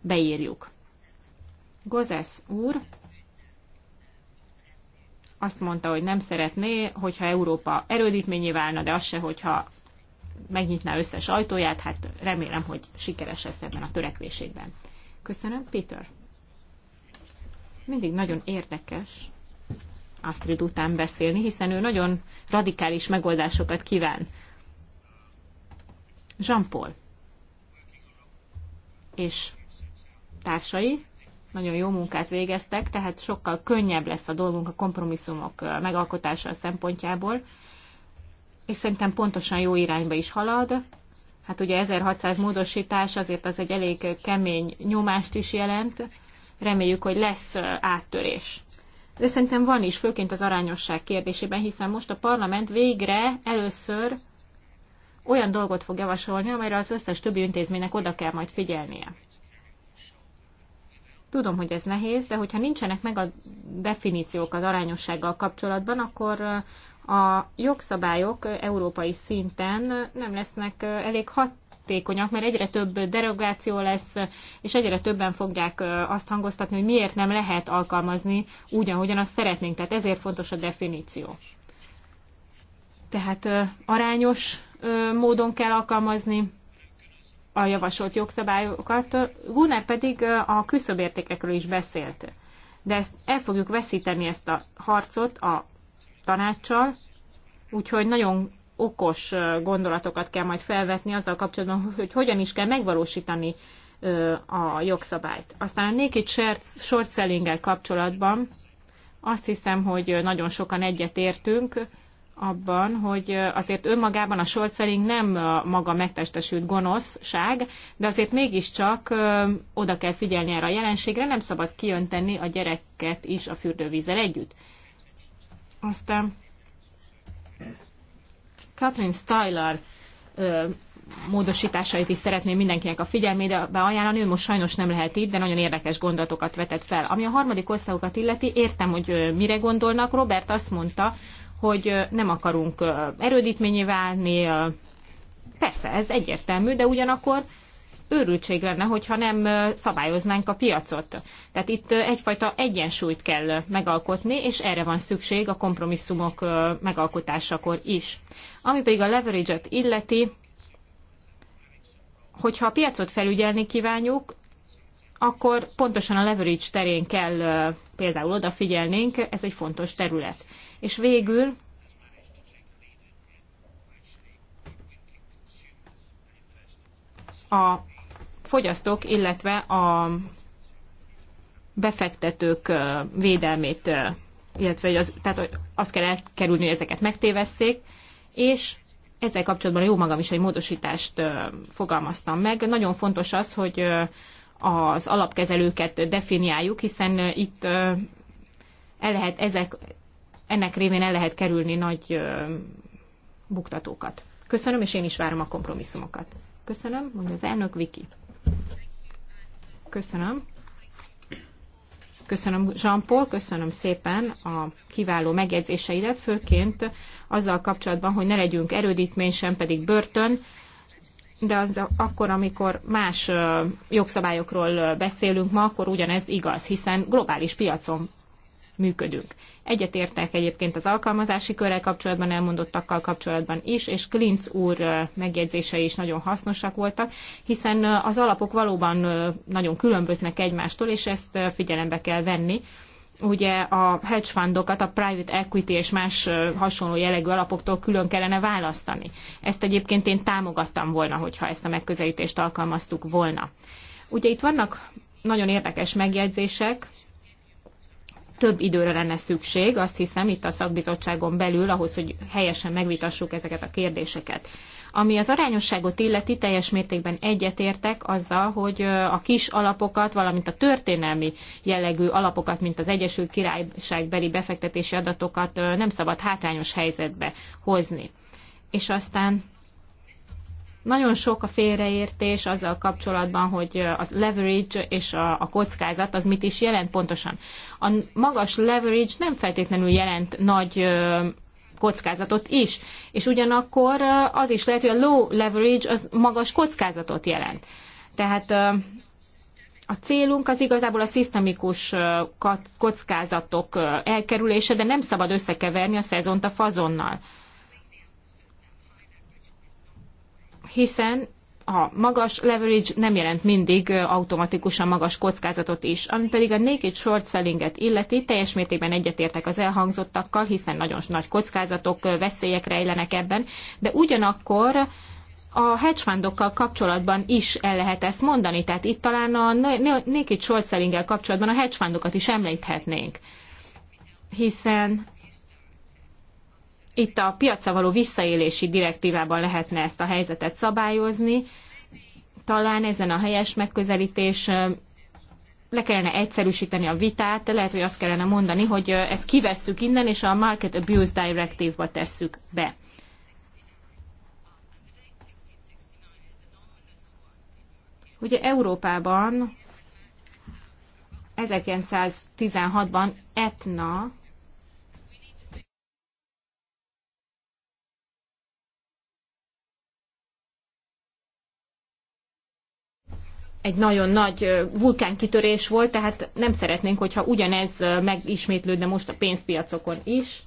beírjuk. Gozesz úr azt mondta, hogy nem szeretné, hogyha Európa erődítményé válna, de az se, hogyha megnyitná összes ajtóját, hát remélem, hogy sikeres lesz ebben a törekvésében. Köszönöm, Peter. Mindig nagyon érdekes Astrid után beszélni, hiszen ő nagyon radikális megoldásokat kíván. Jean-Paul és társai nagyon jó munkát végeztek, tehát sokkal könnyebb lesz a dolgunk a kompromisszumok megalkotása szempontjából, és szerintem pontosan jó irányba is halad. Hát ugye 1600 módosítás azért az egy elég kemény nyomást is jelent. Reméljük, hogy lesz áttörés de szerintem van is, főként az arányosság kérdésében, hiszen most a parlament végre először olyan dolgot fog javasolni, amelyre az összes többi intézménynek oda kell majd figyelnie. Tudom, hogy ez nehéz, de hogyha nincsenek meg a definíciók az arányossággal kapcsolatban, akkor a jogszabályok európai szinten nem lesznek elég hat hatékonyak, mert egyre több derogáció lesz, és egyre többen fogják azt hangoztatni, hogy miért nem lehet alkalmazni úgy, ahogyan azt szeretnénk. Tehát ezért fontos a definíció. Tehát arányos módon kell alkalmazni a javasolt jogszabályokat. Gunnar pedig a küszöbértékekről is beszélt. De ezt el fogjuk veszíteni ezt a harcot a tanácssal, úgyhogy nagyon okos gondolatokat kell majd felvetni azzal kapcsolatban, hogy hogyan is kell megvalósítani a jogszabályt. Aztán a naked short selling kapcsolatban azt hiszem, hogy nagyon sokan egyetértünk abban, hogy azért önmagában a short selling nem maga megtestesült gonoszság, de azért mégiscsak oda kell figyelni erre a jelenségre, nem szabad kiönteni a gyereket is a fürdővízzel együtt. Aztán Catherine Styler módosításait is szeretném mindenkinek a figyelmébe ajánlani, ő most sajnos nem lehet itt, de nagyon érdekes gondolatokat vetett fel. Ami a harmadik országokat illeti, értem, hogy mire gondolnak. Robert azt mondta, hogy nem akarunk erődítményé válni. Persze, ez egyértelmű, de ugyanakkor őrültség lenne, hogyha nem szabályoznánk a piacot. Tehát itt egyfajta egyensúlyt kell megalkotni, és erre van szükség a kompromisszumok megalkotásakor is. Ami pedig a leverage-et illeti, hogyha a piacot felügyelni kívánjuk, akkor pontosan a leverage terén kell például odafigyelnénk, ez egy fontos terület. És végül a fogyasztók, illetve a befektetők védelmét, illetve az, tehát azt kell elkerülni, hogy ezeket megtévesszék, és ezzel kapcsolatban jó magam is egy módosítást fogalmaztam meg. Nagyon fontos az, hogy az alapkezelőket definiáljuk, hiszen itt el lehet ezek, ennek révén el lehet kerülni nagy buktatókat. Köszönöm, és én is várom a kompromisszumokat. Köszönöm, mondja az elnök Viki. Köszönöm. Köszönöm, Jean-Paul, köszönöm szépen a kiváló megjegyzéseidet, főként azzal kapcsolatban, hogy ne legyünk erődítmény, sem pedig börtön, de az akkor, amikor más jogszabályokról beszélünk ma, akkor ugyanez igaz, hiszen globális piacon működünk. Egyetértek egyébként az alkalmazási körrel kapcsolatban elmondottakkal kapcsolatban is, és Klinc úr megjegyzései is nagyon hasznosak voltak, hiszen az alapok valóban nagyon különböznek egymástól, és ezt figyelembe kell venni. Ugye a hedge fundokat a private equity és más hasonló jellegű alapoktól külön kellene választani. Ezt egyébként én támogattam volna, hogyha ezt a megközelítést alkalmaztuk volna. Ugye itt vannak nagyon érdekes megjegyzések, több időre lenne szükség, azt hiszem itt a szakbizottságon belül, ahhoz, hogy helyesen megvitassuk ezeket a kérdéseket. Ami az arányosságot illeti, teljes mértékben egyetértek azzal, hogy a kis alapokat, valamint a történelmi jellegű alapokat, mint az Egyesült Királyság beli befektetési adatokat nem szabad hátrányos helyzetbe hozni. És aztán nagyon sok a félreértés azzal kapcsolatban, hogy a leverage és a, a kockázat az mit is jelent pontosan. A magas leverage nem feltétlenül jelent nagy kockázatot is, és ugyanakkor az is lehet, hogy a low leverage az magas kockázatot jelent. Tehát a célunk az igazából a szisztemikus kockázatok elkerülése, de nem szabad összekeverni a szezont a fazonnal. hiszen a magas leverage nem jelent mindig automatikusan magas kockázatot is. Ami pedig a naked short sellinget illeti, teljes mértékben egyetértek az elhangzottakkal, hiszen nagyon nagy kockázatok, veszélyek rejlenek ebben, de ugyanakkor a hedge fundokkal kapcsolatban is el lehet ezt mondani, tehát itt talán a naked short sellinggel kapcsolatban a hedge fundokat is említhetnénk, hiszen itt a piacra való visszaélési direktívában lehetne ezt a helyzetet szabályozni. Talán ezen a helyes megközelítés le kellene egyszerűsíteni a vitát, lehet, hogy azt kellene mondani, hogy ezt kivesszük innen, és a Market Abuse Directive-ba tesszük be. Ugye Európában 1916-ban Etna egy nagyon nagy vulkánkitörés volt, tehát nem szeretnénk, hogyha ugyanez megismétlődne most a pénzpiacokon is.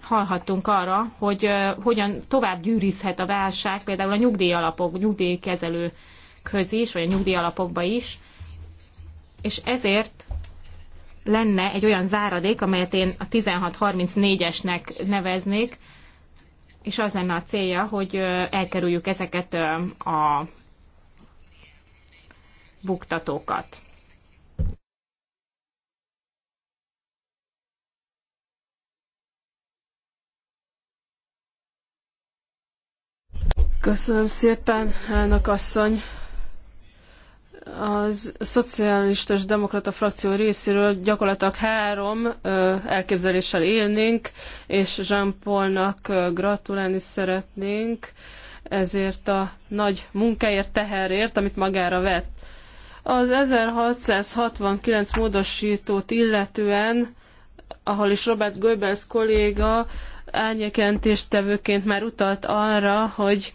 Hallhattunk arra, hogy hogyan tovább gyűrizhet a válság, például a nyugdíjalapok, nyugdíjkezelőkhöz is, vagy a nyugdíjalapokba is, és ezért lenne egy olyan záradék, amelyet én a 1634-esnek neveznék, és az lenne a célja, hogy elkerüljük ezeket a buktatókat. Köszönöm szépen, elnök asszony az szocialista és demokrata frakció részéről gyakorlatilag három elképzeléssel élnénk, és Jean Paulnak gratulálni szeretnénk ezért a nagy munkáért, teherért, amit magára vett. Az 1669 módosítót illetően, ahol is Robert Goebbels kolléga árnyékentéstevőként már utalt arra, hogy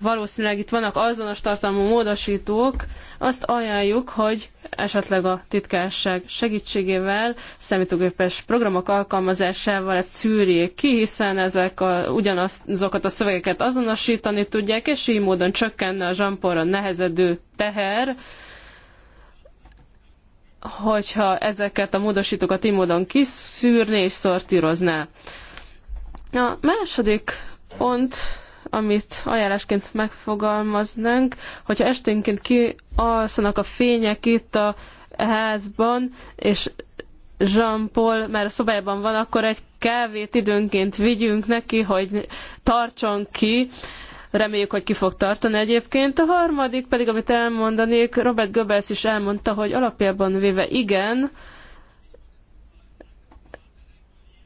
valószínűleg itt vannak azonos tartalmú módosítók, azt ajánljuk, hogy esetleg a titkárság segítségével, számítógépes programok alkalmazásával ezt szűrjék ki, hiszen ezek a, ugyanazokat a szövegeket azonosítani tudják, és így módon csökkenne a zsamporra nehezedő teher, hogyha ezeket a módosítókat így módon kiszűrné és szortírozná. A második pont amit ajánlásként megfogalmaznánk, hogyha esténként kialszanak a fények itt a házban, és Jean-Paul már a szobában van, akkor egy kávét időnként vigyünk neki, hogy tartson ki. Reméljük, hogy ki fog tartani egyébként. A harmadik pedig, amit elmondanék, Robert Goebbels is elmondta, hogy alapjában véve igen,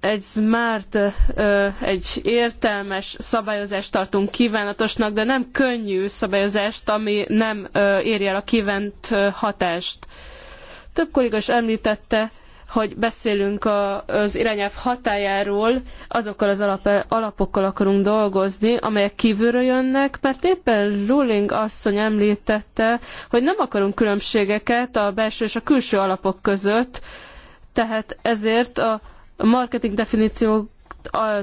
egy smart, egy értelmes szabályozást tartunk kívánatosnak, de nem könnyű szabályozást, ami nem éri el a kívánt hatást. Több kolléga is említette, hogy beszélünk az irányelv hatájáról, azokkal az alapokkal akarunk dolgozni, amelyek kívülről jönnek, mert éppen Luling asszony említette, hogy nem akarunk különbségeket a belső és a külső alapok között, tehát ezért a marketing definíciót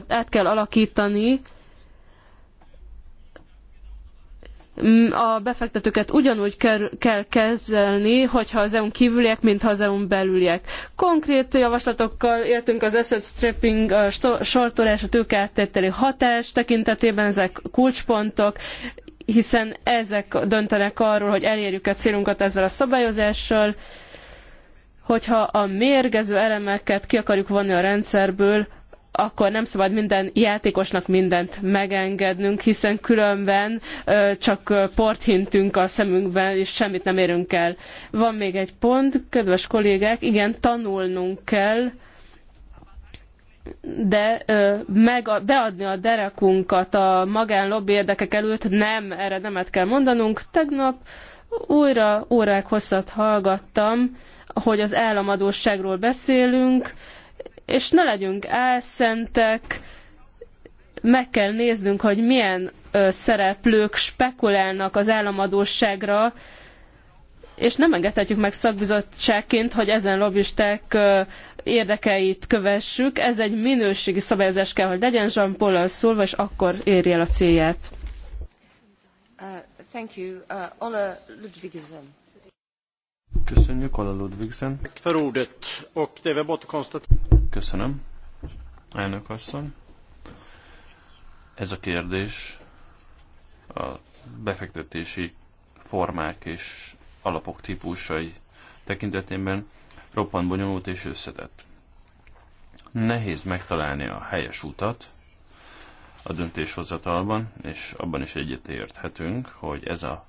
át kell alakítani, a befektetőket ugyanúgy kell kezelni, hogyha az EU-n kívüliek, mint ha az EU-n belüliek. Konkrét javaslatokkal értünk az asset stripping, a sortolás, a tőkeáttételi hatás tekintetében, ezek kulcspontok, hiszen ezek döntenek arról, hogy elérjük a célunkat ezzel a szabályozással, hogyha a mérgező elemeket ki akarjuk vonni a rendszerből, akkor nem szabad minden játékosnak mindent megengednünk, hiszen különben csak port hintünk a szemünkben, és semmit nem érünk el. Van még egy pont, kedves kollégák, igen, tanulnunk kell, de meg a, beadni a derekunkat a magánlobbi érdekek előtt nem, erre nemet kell mondanunk. Tegnap újra órák hosszat hallgattam hogy az államadóságról beszélünk, és ne legyünk álszentek, meg kell néznünk, hogy milyen szereplők spekulálnak az államadóságra, és nem engedhetjük meg szakbizottságként, hogy ezen lobbisták érdekeit kövessük. Ez egy minőségi szabályozás kell, hogy legyen Jean paul szólva, és akkor érje el a célját. Uh, uh Köszönjük, Ola Ludvigsen. Köszönöm, elnök asszony. Ez a kérdés a befektetési formák és alapok típusai tekintetében roppant bonyolult és összetett. Nehéz megtalálni a helyes utat a döntéshozatalban, és abban is egyetérthetünk, hogy ez a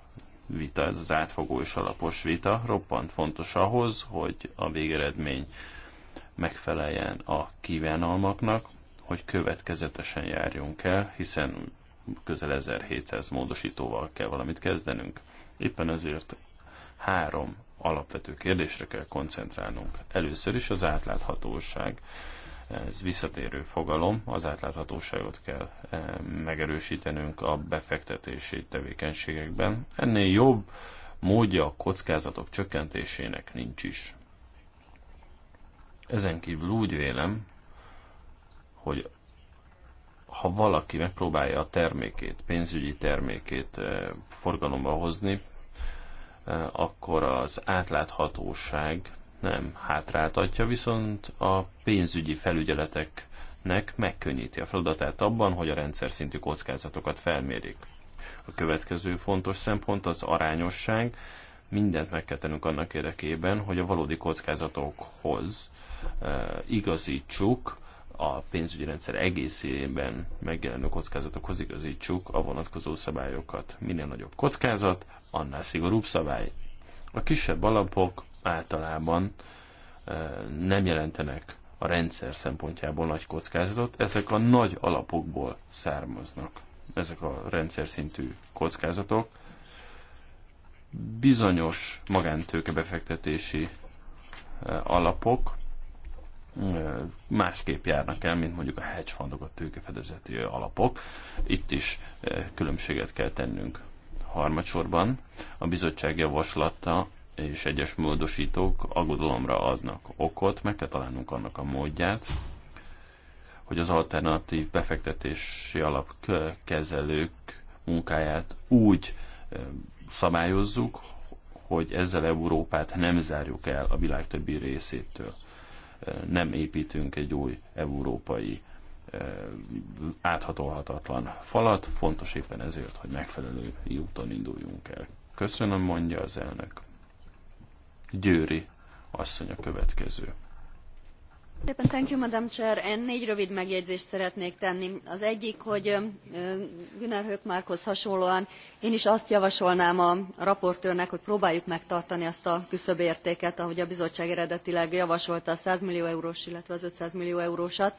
vita, ez az átfogó és alapos vita roppant fontos ahhoz, hogy a végeredmény megfeleljen a kívánalmaknak, hogy következetesen járjunk el, hiszen közel 1700 módosítóval kell valamit kezdenünk. Éppen ezért három alapvető kérdésre kell koncentrálnunk. Először is az átláthatóság ez visszatérő fogalom, az átláthatóságot kell eh, megerősítenünk a befektetési tevékenységekben. Ennél jobb módja a kockázatok csökkentésének nincs is. Ezen kívül úgy vélem, hogy ha valaki megpróbálja a termékét, pénzügyi termékét eh, forgalomba hozni, eh, akkor az átláthatóság nem hátráltatja, viszont a pénzügyi felügyeleteknek megkönnyíti a feladatát abban, hogy a rendszer szintű kockázatokat felmérik. A következő fontos szempont az arányosság. Mindent meg kell tennünk annak érdekében, hogy a valódi kockázatokhoz eh, igazítsuk a pénzügyi rendszer egészében megjelenő kockázatokhoz igazítsuk a vonatkozó szabályokat. Minél nagyobb kockázat, annál szigorúbb szabály. A kisebb alapok általában nem jelentenek a rendszer szempontjából nagy kockázatot, ezek a nagy alapokból származnak, ezek a rendszer szintű kockázatok. Bizonyos magántőkebefektetési alapok másképp járnak el, mint mondjuk a hedge fundok, a tőkefedezeti alapok. Itt is különbséget kell tennünk. Harmadsorban a bizottság javaslata és egyes módosítók aggodalomra adnak okot, meg kell találnunk annak a módját, hogy az alternatív befektetési alapkezelők munkáját úgy szabályozzuk, hogy ezzel Európát nem zárjuk el a világ többi részétől. Nem építünk egy új európai áthatolhatatlan falat. Fontos éppen ezért, hogy megfelelő úton induljunk el. Köszönöm, mondja az elnök. Győri asszony a következő. Szépen, thank you, Madam Chair. Én négy rövid megjegyzést szeretnék tenni. Az egyik, hogy Günner Hökmárkhoz hasonlóan én is azt javasolnám a raportőrnek, hogy próbáljuk megtartani azt a küszöbértéket, ahogy a bizottság eredetileg javasolta a 100 millió eurós, illetve az 500 millió eurósat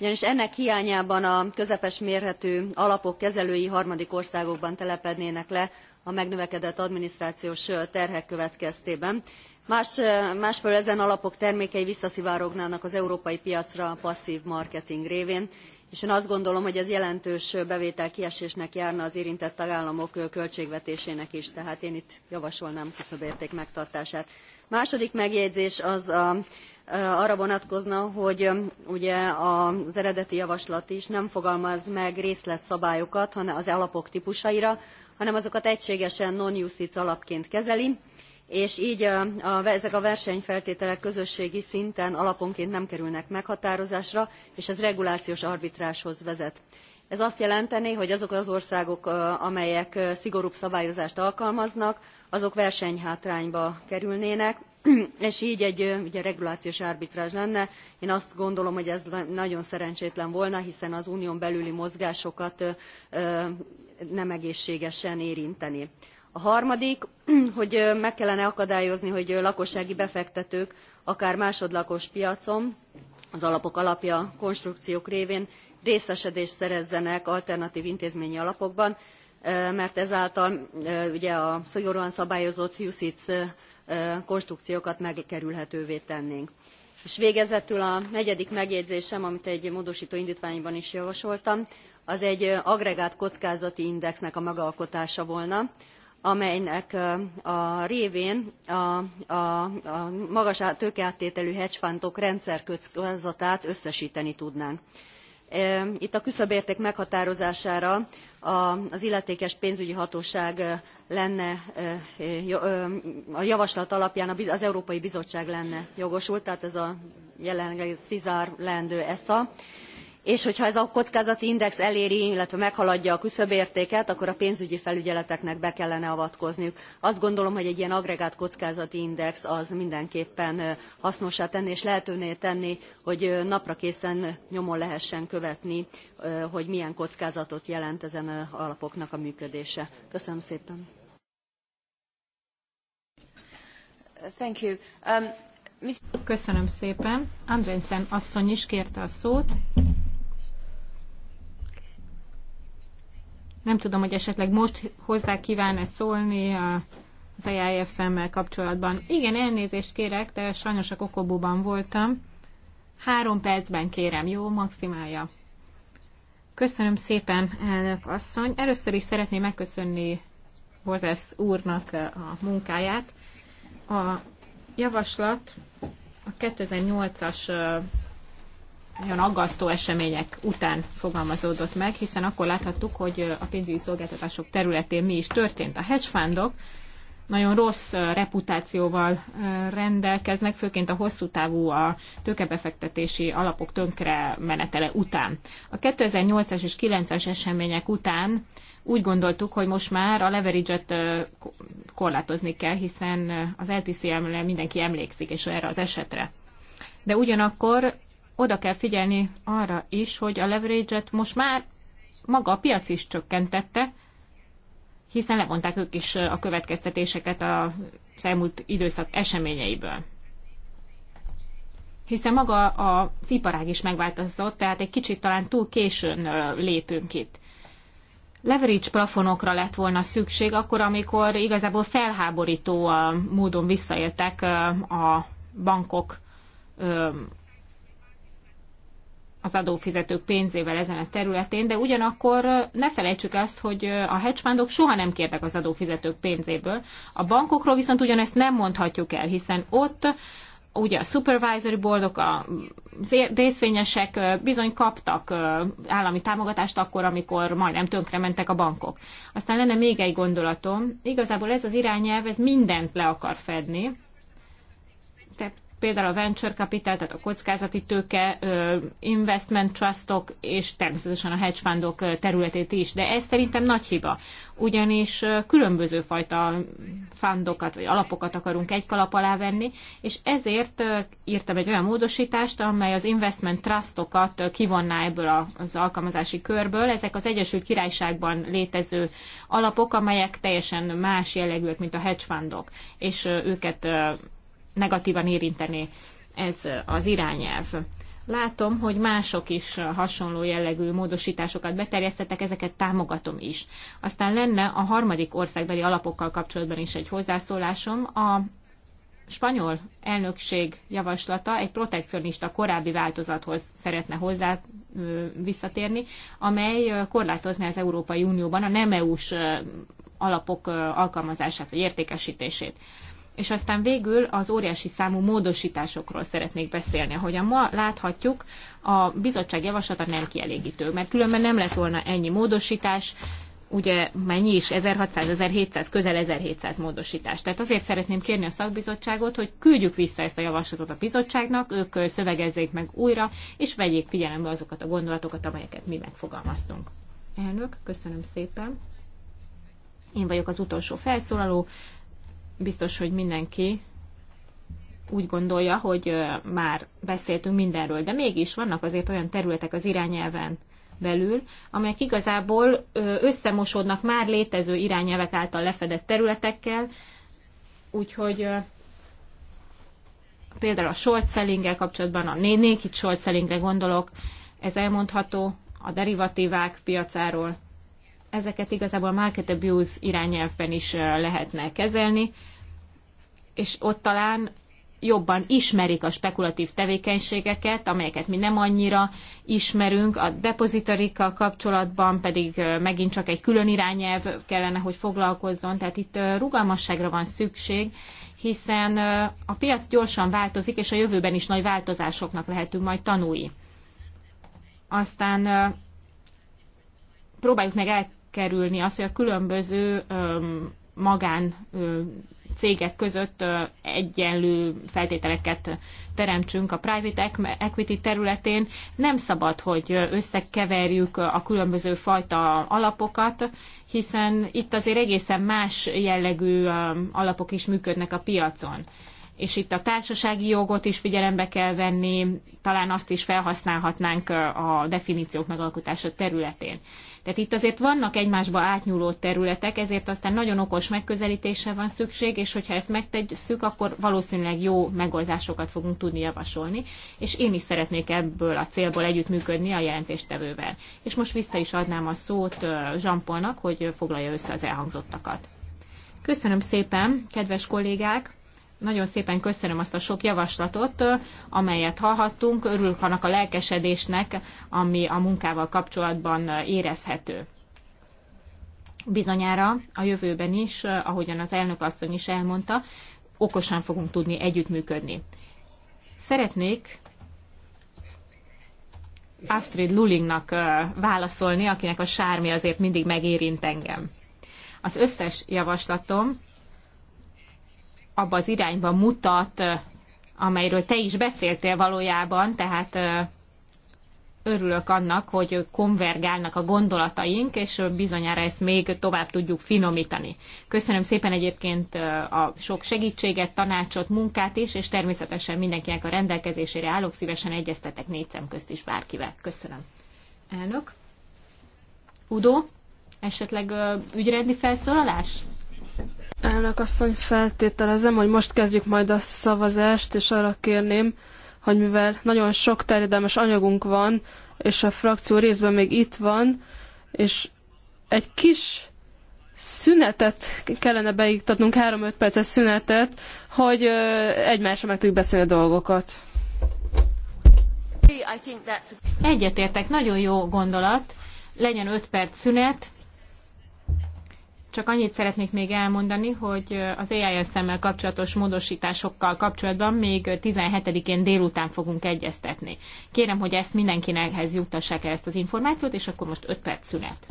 ugyanis ennek hiányában a közepes mérhető alapok kezelői harmadik országokban telepednének le a megnövekedett adminisztrációs terhek következtében. Más, másfelől ezen alapok termékei visszaszivárognának az európai piacra passzv marketing révén és én azt gondolom hogy ez jelentős bevételkiesésnek járna az érintett tagállamok költségvetésének is tehát én itt javasolnám küszöbérték megtartását. második megjegyzés az arra vonatkozna hogy ugye az eredeti javaslat is nem fogalmaz meg részletszabályokat az alapok tpusaira hanem azokat egységesen non ucits alapként kezeli és gy ezek a versenyfeltételek közösségi szinten alaponként nem kerülnek meghatározásra és ez regulációs arbitrázshoz vezet. ez azt jelentené hogy azok az országok amelyek szigorúbb szabályozást alkalmaznak azok versenyhátrányba kerülnének (clears throat) és gy egy ugye, regulációs arbitrázs lenne. én azt gondolom hogy ez nagyon szerencsétlen volna hiszen az unión belüli mozgásokat nem egészségesen érinteni. A harmadik, (clears throat) hogy meg kellene akadályozni, hogy lakossági befektetők akár másodlagos piacon az alapok alapja konstrukciók révén részesedést szerezzenek alternatv intézményi alapokban mert ezáltal ugye a szigorúan szabályozott ucits konstrukciókat megkerülhetővé tennénk. és végezetül a negyedik megjegyzésem amit egy módostó indtványban is javasoltam az egy agregált kockázati indexnek a megalkotása volna amelynek a révén a, magas tőkeáttételű hedge fundok rendszerkockázatát összesteni tudnánk. Itt a küszöbérték meghatározására az illetékes pénzügyi hatóság lenne a javaslat alapján az Európai Bizottság lenne jogosult, tehát ez a jelenleg CISAR leendő esza és hogyha ez a kockázati index eléri, illetve meghaladja a küszöbértéket, akkor a pénzügyi felügyeleteknek be kellene avatkozniuk. Azt gondolom, hogy egy ilyen agregált kockázati index az mindenképpen hasznosá tenni, és lehetőné tenni, hogy napra készen nyomon lehessen követni, hogy milyen kockázatot jelent ezen a alapoknak a működése. Köszönöm szépen. Thank you. Um, Köszönöm szépen. Andrensen asszony is kérte a szót. Nem tudom, hogy esetleg most hozzá kíván-e szólni a az mel kapcsolatban. Igen, elnézést kérek, de sajnos a kokobóban voltam. Három percben kérem, jó, maximálja. Köszönöm szépen, elnök asszony. Először is szeretném megköszönni Hozesz úrnak a munkáját. A javaslat a 2008-as nagyon aggasztó események után fogalmazódott meg, hiszen akkor láthattuk, hogy a pénzügyi szolgáltatások területén mi is történt. A hedge fundok nagyon rossz reputációval rendelkeznek, főként a hosszú távú a tőkebefektetési alapok tönkre menetele után. A 2008-as és 9-es események után úgy gondoltuk, hogy most már a leverage-et korlátozni kell, hiszen az LTCM-re mindenki emlékszik, és erre az esetre. De ugyanakkor oda kell figyelni arra is, hogy a leverage-et most már maga a piac is csökkentette, hiszen levonták ők is eh, a következtetéseket az elmúlt időszak eseményeiből. Hiszen maga az iparág is megváltozott, tehát egy kicsit talán túl későn eh, lépünk itt. Leverage plafonokra lett volna szükség, akkor, amikor igazából felháborító eh, módon visszaéltek a bankok az adófizetők pénzével ezen a területén, de ugyanakkor ne felejtsük azt, hogy a hedgefundok soha nem kértek az adófizetők pénzéből. A bankokról viszont ugyanezt nem mondhatjuk el, hiszen ott ugye a supervisory boardok, a részvényesek bizony kaptak állami támogatást akkor, amikor majdnem mentek a bankok. Aztán lenne még egy gondolatom, igazából ez az irányelv, ez mindent le akar fedni, például a venture capital, tehát a kockázati tőke, investment trustok és természetesen a hedge fundok területét is. De ez szerintem nagy hiba, ugyanis különböző fajta fundokat vagy alapokat akarunk egy kalap alá venni, és ezért írtam egy olyan módosítást, amely az investment trustokat kivonná ebből az alkalmazási körből. Ezek az Egyesült Királyságban létező alapok, amelyek teljesen más jellegűek, mint a hedge fundok, és őket negatívan érintené ez az irányelv. Látom, hogy mások is hasonló jellegű módosításokat beterjesztettek, ezeket támogatom is. Aztán lenne a harmadik országbeli alapokkal kapcsolatban is egy hozzászólásom. A spanyol elnökség javaslata egy protekcionista korábbi változathoz szeretne hozzá visszatérni, amely korlátozni az Európai Unióban a nem EU-s alapok alkalmazását vagy értékesítését. És aztán végül az óriási számú módosításokról szeretnék beszélni. Ahogyan ma láthatjuk, a bizottság javaslata nem kielégítő, mert különben nem lett volna ennyi módosítás, ugye mennyi is, 1600-1700, közel 1700 módosítás. Tehát azért szeretném kérni a szakbizottságot, hogy küldjük vissza ezt a javaslatot a bizottságnak, ők szövegezzék meg újra, és vegyék figyelembe azokat a gondolatokat, amelyeket mi megfogalmaztunk. Elnök, köszönöm szépen. Én vagyok az utolsó felszólaló, Biztos, hogy mindenki úgy gondolja, hogy már beszéltünk mindenről, de mégis vannak azért olyan területek az irányelven belül, amelyek igazából összemosódnak már létező irányelvek által lefedett területekkel, úgyhogy például a short sellinggel kapcsolatban, a nékit short sellingre gondolok, ez elmondható a derivatívák piacáról, ezeket igazából a market abuse irányelvben is lehetne kezelni, és ott talán jobban ismerik a spekulatív tevékenységeket, amelyeket mi nem annyira ismerünk. A depozitorikkal kapcsolatban pedig megint csak egy külön irányelv kellene, hogy foglalkozzon. Tehát itt rugalmasságra van szükség, hiszen a piac gyorsan változik, és a jövőben is nagy változásoknak lehetünk majd tanulni. Aztán próbáljuk meg el kerülni az hogy a különböző magán cégek között egyenlő feltételeket teremtsünk a private equity területén. Nem szabad, hogy összekeverjük a különböző fajta alapokat, hiszen itt azért egészen más jellegű alapok is működnek a piacon. És itt a társasági jogot is figyelembe kell venni, talán azt is felhasználhatnánk a definíciók megalkotása területén. Tehát itt azért vannak egymásba átnyúló területek, ezért aztán nagyon okos megközelítése van szükség, és hogyha ezt megtesszük, akkor valószínűleg jó megoldásokat fogunk tudni javasolni, és én is szeretnék ebből a célból együttműködni a jelentéstevővel. És most vissza is adnám a szót Zsampolnak, hogy foglalja össze az elhangzottakat. Köszönöm szépen, kedves kollégák! Nagyon szépen köszönöm azt a sok javaslatot, amelyet hallhattunk. Örülök annak a lelkesedésnek, ami a munkával kapcsolatban érezhető. Bizonyára a jövőben is, ahogyan az elnök asszony is elmondta, okosan fogunk tudni együttműködni. Szeretnék Astrid Lulingnak válaszolni, akinek a sármi azért mindig megérint engem. Az összes javaslatom abba az irányba mutat, amelyről te is beszéltél valójában, tehát örülök annak, hogy konvergálnak a gondolataink, és bizonyára ezt még tovább tudjuk finomítani. Köszönöm szépen egyébként a sok segítséget, tanácsot, munkát is, és természetesen mindenkinek a rendelkezésére állok, szívesen egyeztetek négy szem közt is bárkivel. Köszönöm. Elnök? Udo, esetleg ügyrendi felszólalás? Elnök asszony, feltételezem, hogy most kezdjük majd a szavazást, és arra kérném, hogy mivel nagyon sok terjedelmes anyagunk van, és a frakció részben még itt van, és egy kis szünetet kellene beiktatnunk, 3-5 perces szünetet, hogy egymásra meg tudjuk beszélni a dolgokat. Egyetértek, nagyon jó gondolat. Legyen 5 perc szünet, csak annyit szeretnék még elmondani, hogy az AISM-mel kapcsolatos módosításokkal kapcsolatban még 17-én délután fogunk egyeztetni. Kérem, hogy ezt mindenkinekhez juttassák el ezt az információt, és akkor most 5 perc szünet.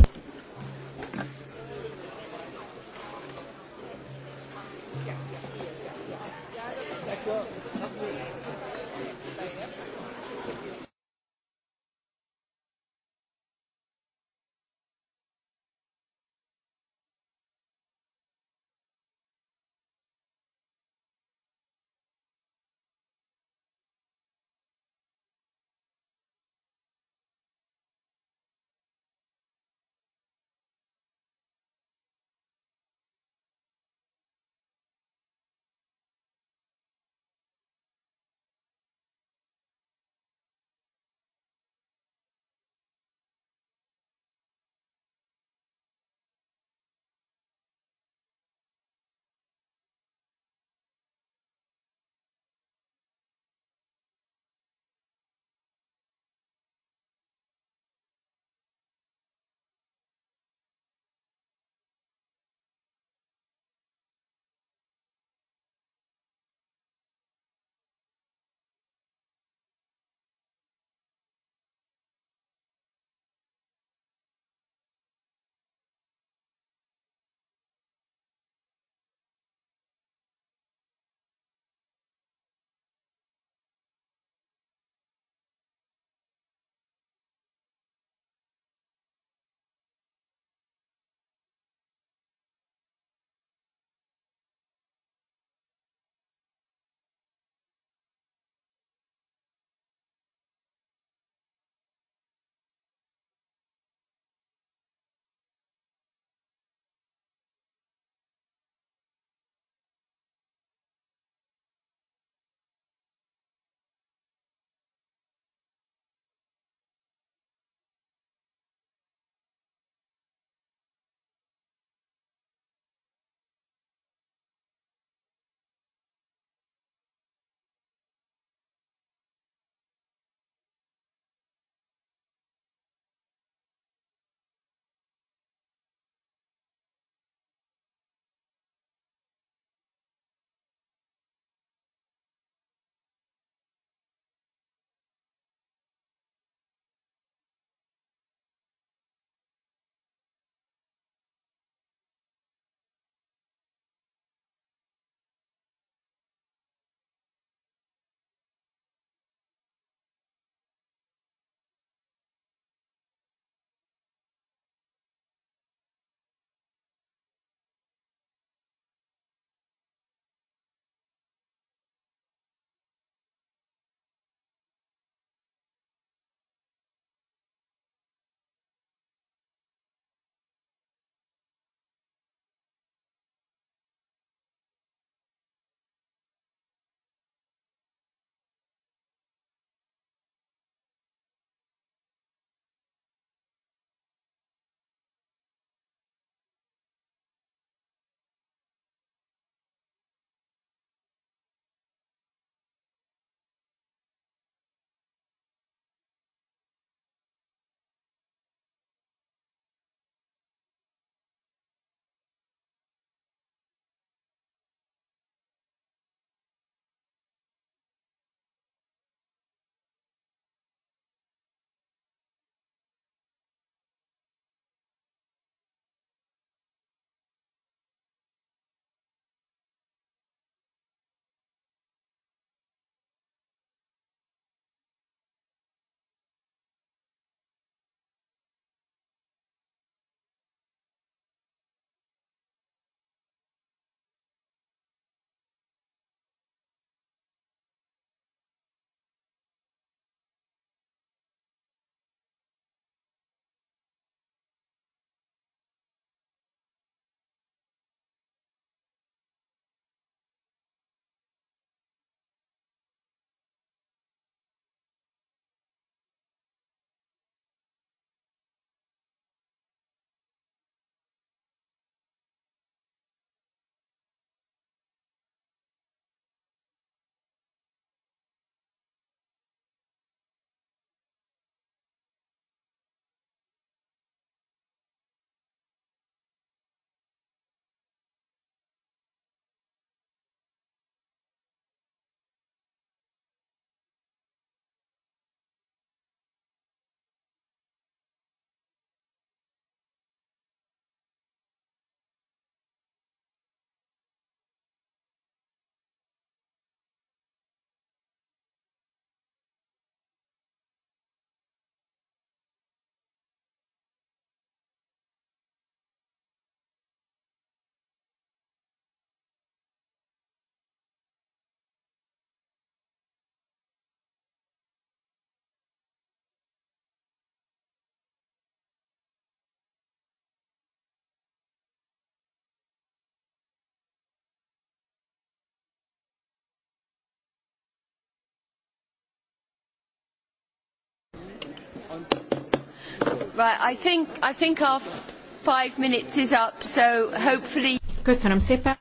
Right, I think, I think our five minutes is up, so hopefully... Köszönöm szépen.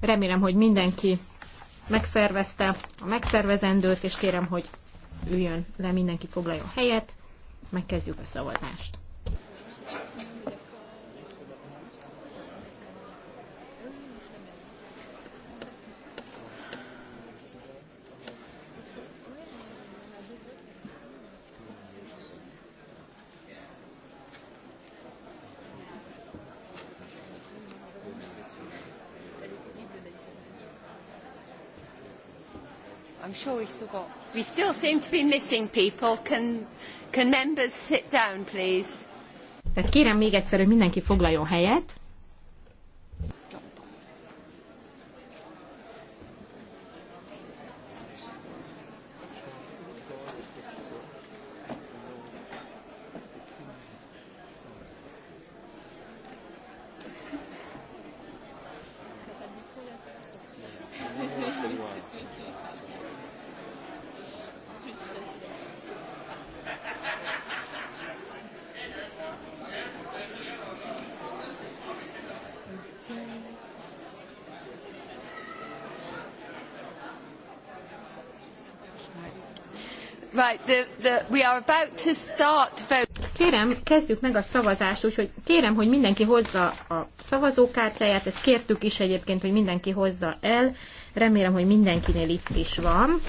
Remélem, hogy mindenki megszervezte a megszervezendőt, és kérem, hogy üljön le mindenki, foglaljon helyet, megkezdjük a szavazást. choice still seem to be missing people. Can, can members sit down, please? Tehát kérem még egyszer, hogy mindenki foglaljon helyet. Right, the, the, we are about to start vote. Kérem, kezdjük meg a szavazást, úgyhogy kérem, hogy mindenki hozza a szavazókártyáját, ezt kértük is egyébként, hogy mindenki hozza el. Remélem, hogy mindenkinél itt is van.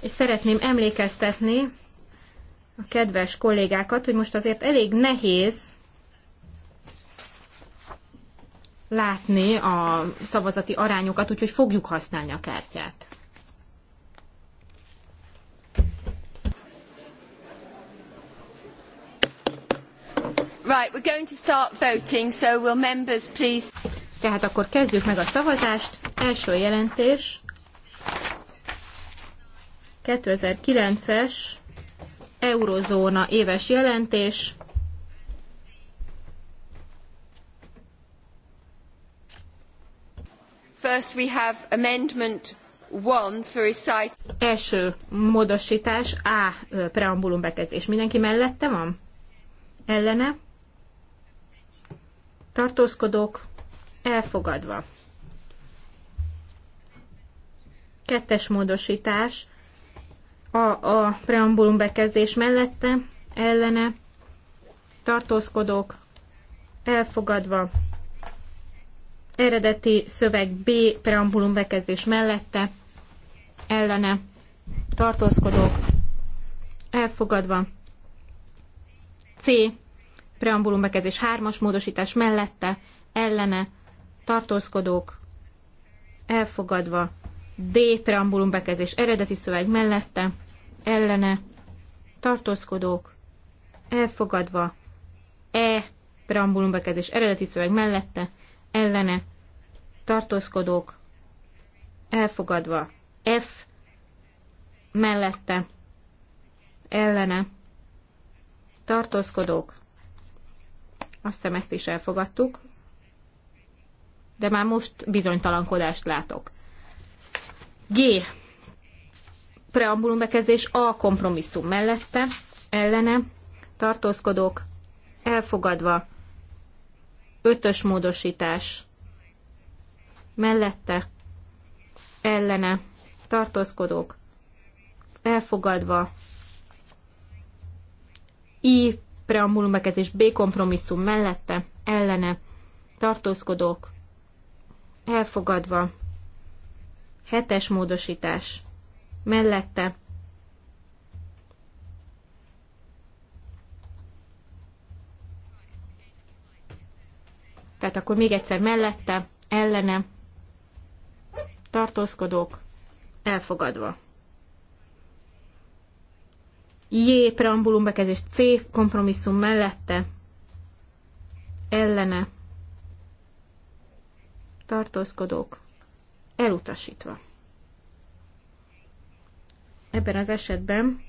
És szeretném emlékeztetni a kedves kollégákat, hogy most azért elég nehéz látni a szavazati arányokat, úgyhogy fogjuk használni a kártyát. Right, we're going to start voting, so will members please... Tehát akkor kezdjük meg a szavazást. Első jelentés. 2009-es eurozóna éves jelentés. First we have amendment one for recite. Első módosítás A preambulum bekezdés. Mindenki mellette van? Ellene? tartózkodók elfogadva. Kettes módosítás a, a preambulum bekezdés mellette ellene tartózkodók elfogadva. Eredeti szöveg B preambulum bekezdés mellette ellene tartózkodók elfogadva. C preambulum bekezdés hármas módosítás mellette, ellene, tartózkodók, elfogadva, D preambulum bekezdés eredeti szöveg mellette, ellene, tartózkodók, elfogadva, E preambulum bekezdés eredeti szöveg mellette, ellene, tartózkodók, elfogadva, F mellette, ellene, tartózkodók, azt hiszem ezt is elfogadtuk, de már most bizonytalankodást látok. G. Preambulum bekezdés A kompromisszum mellette, ellene, tartózkodók, elfogadva, ötös módosítás mellette, ellene, tartózkodók, elfogadva, I preambulum bekezdés B kompromisszum mellette, ellene, tartózkodók, elfogadva, hetes módosítás mellette, Tehát akkor még egyszer mellette, ellene, tartózkodók, elfogadva. J preambulum bekezdés C kompromisszum mellette ellene tartózkodók elutasítva. Ebben az esetben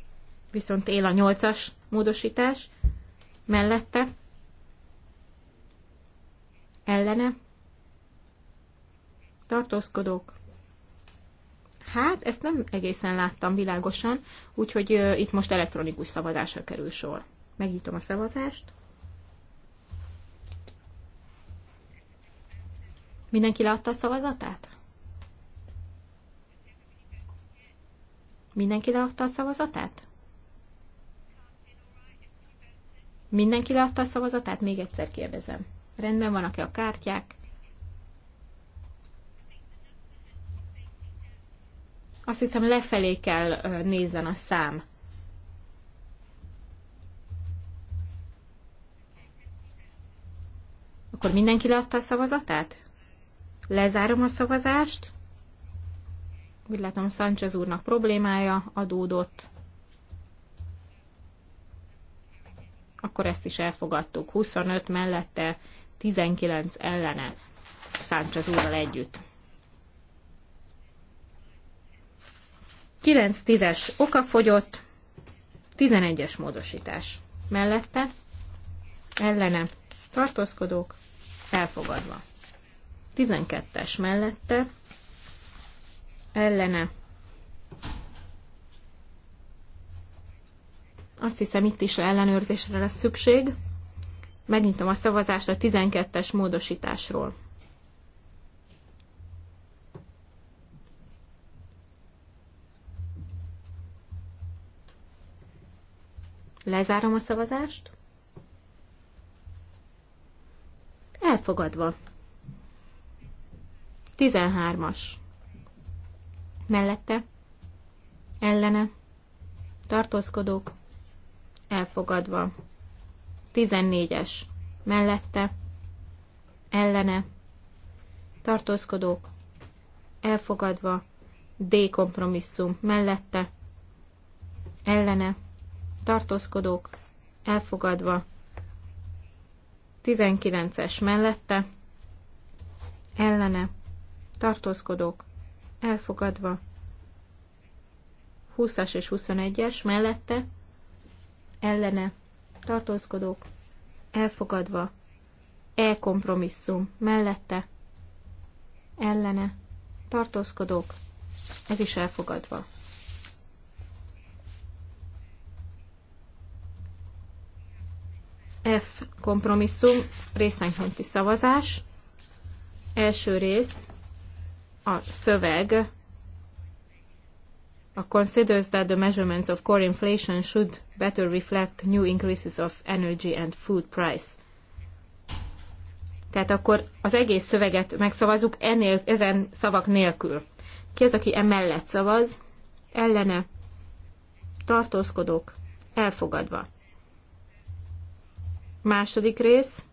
viszont él a nyolcas módosítás mellette ellene tartózkodók Hát, ezt nem egészen láttam világosan, úgyhogy itt most elektronikus szavazásra kerül sor. Megnyitom a szavazást. Mindenki leadta a szavazatát? Mindenki leadta a szavazatát? Mindenki leadta a szavazatát? Még egyszer kérdezem. Rendben vannak-e a kártyák? Azt hiszem lefelé kell nézzen a szám. Akkor mindenki leadta a szavazatát? Lezárom a szavazást. Úgy látom, Sánchez úrnak problémája adódott. Akkor ezt is elfogadtuk. 25 mellette, 19 ellene Sánchez úrral együtt. 9-10-es okafogyott, 11-es módosítás mellette, ellene tartózkodók, elfogadva. 12-es mellette, ellene. Azt hiszem itt is ellenőrzésre lesz szükség. Megnyitom a szavazást a 12-es módosításról. Lezárom a szavazást. Elfogadva. 13-as. Mellette. Ellene. Tartózkodók. Elfogadva. 14-es. Mellette. Ellene. Tartózkodók. Elfogadva. D kompromisszum. Mellette. Ellene tartózkodók elfogadva, 19-es mellette, ellene, tartózkodók elfogadva, 20-as és 21-es mellette, ellene, tartózkodók elfogadva, e kompromisszum mellette, ellene, tartózkodók, ez is elfogadva. F kompromisszum, részenkénti szavazás. Első rész a szöveg. A considers that the measurements of core inflation should better reflect new increases of energy and food price. Tehát akkor az egész szöveget megszavazzuk ennél, ezen szavak nélkül. Ki az, aki emellett szavaz? Ellene. Tartózkodok. Elfogadva. Második rész.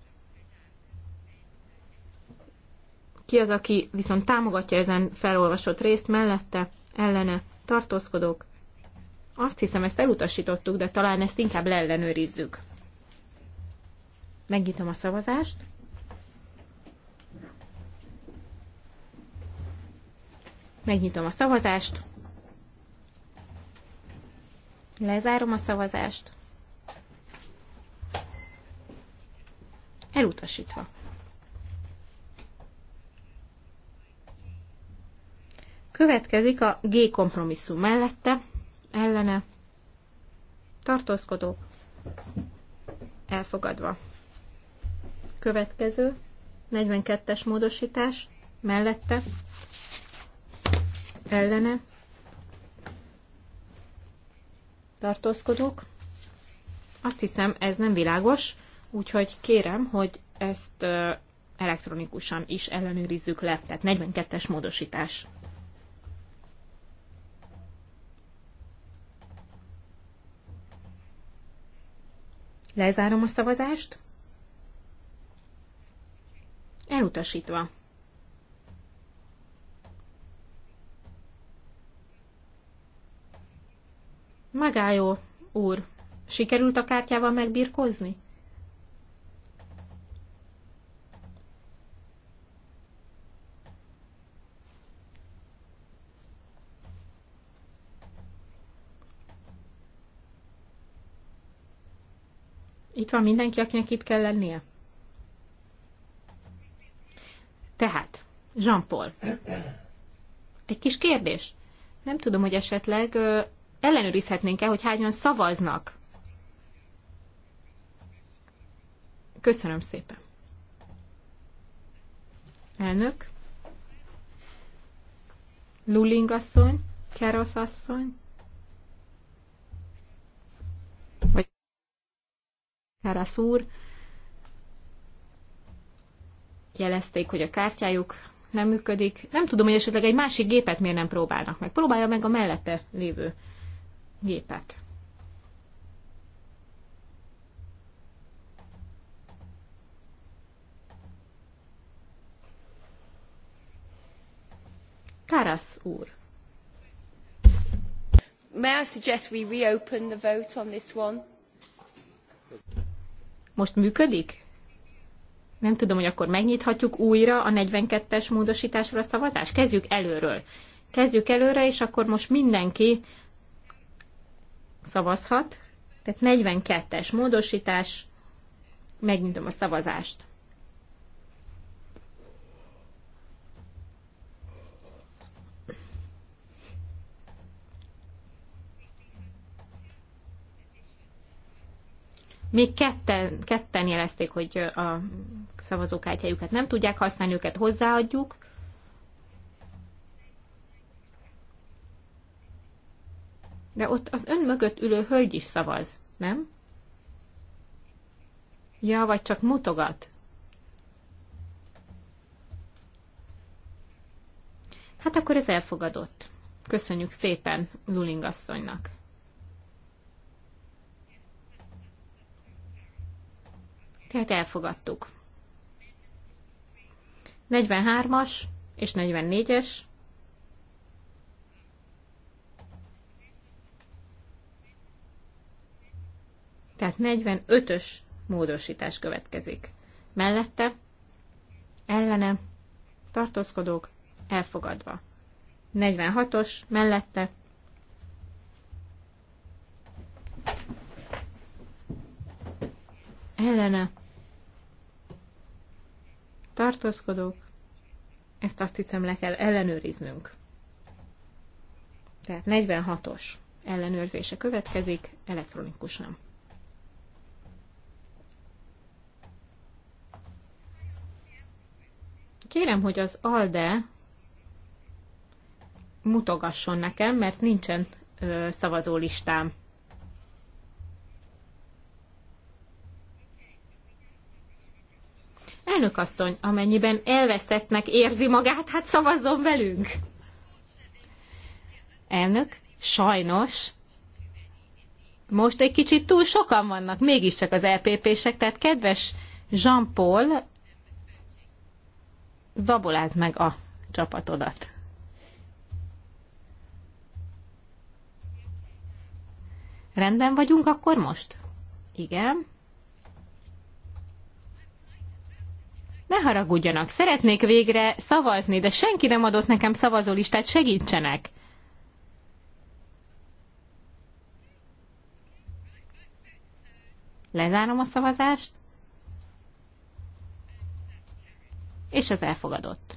Ki az, aki viszont támogatja ezen felolvasott részt mellette, ellene, tartózkodók? Azt hiszem, ezt elutasítottuk, de talán ezt inkább leellenőrizzük. Megnyitom a szavazást. Megnyitom a szavazást. Lezárom a szavazást. elutasítva. Következik a G kompromisszum mellette, ellene, tartózkodók, elfogadva. Következő, 42-es módosítás, mellette, ellene, tartózkodók. Azt hiszem, ez nem világos. Úgyhogy kérem, hogy ezt elektronikusan is ellenőrizzük le, tehát 42-es módosítás. Lezárom a szavazást. Elutasítva. Magájó úr, sikerült a kártyával megbirkózni? Itt van mindenki, akinek itt kell lennie? Tehát, Jean-Paul, egy kis kérdés. Nem tudom, hogy esetleg ellenőrizhetnénk-e, hogy hányan szavaznak. Köszönöm szépen. Elnök. Luling asszony, Kerosz asszony, Karaszúr. úr, jelezték, hogy a kártyájuk nem működik. Nem tudom, hogy esetleg egy másik gépet miért nem próbálnak meg. Próbálja meg a mellette lévő gépet. Karasz úr. May I suggest we reopen the vote on this one? most működik? Nem tudom, hogy akkor megnyithatjuk újra a 42-es módosításra a szavazást? Kezdjük előről. Kezdjük előre, és akkor most mindenki szavazhat. Tehát 42-es módosítás, megnyitom a szavazást. Még ketten, ketten jelezték, hogy a szavazókártyájukat nem tudják használni, őket hozzáadjuk. De ott az ön mögött ülő hölgy is szavaz, nem? Ja, vagy csak mutogat. Hát akkor ez elfogadott. Köszönjük szépen Luling asszonynak. Tehát elfogadtuk. 43-as és 44-es. Tehát 45-ös módosítás következik. Mellette, ellene, tartózkodók, elfogadva. 46-os, mellette, ellene, tartózkodók, ezt azt hiszem le kell ellenőriznünk. Tehát 46-os ellenőrzése következik elektronikusan. Kérem, hogy az ALDE mutogasson nekem, mert nincsen ö, szavazólistám. Elnök asszony, amennyiben elveszettnek érzi magát, hát szavazzon velünk. Elnök, sajnos, most egy kicsit túl sokan vannak, mégiscsak az LPP-sek, e tehát kedves Jean-Paul, zaboláld meg a csapatodat. Rendben vagyunk akkor most? Igen. Ne haragudjanak, szeretnék végre szavazni, de senki nem adott nekem szavazólistát, segítsenek! Lezárom a szavazást, és az elfogadott.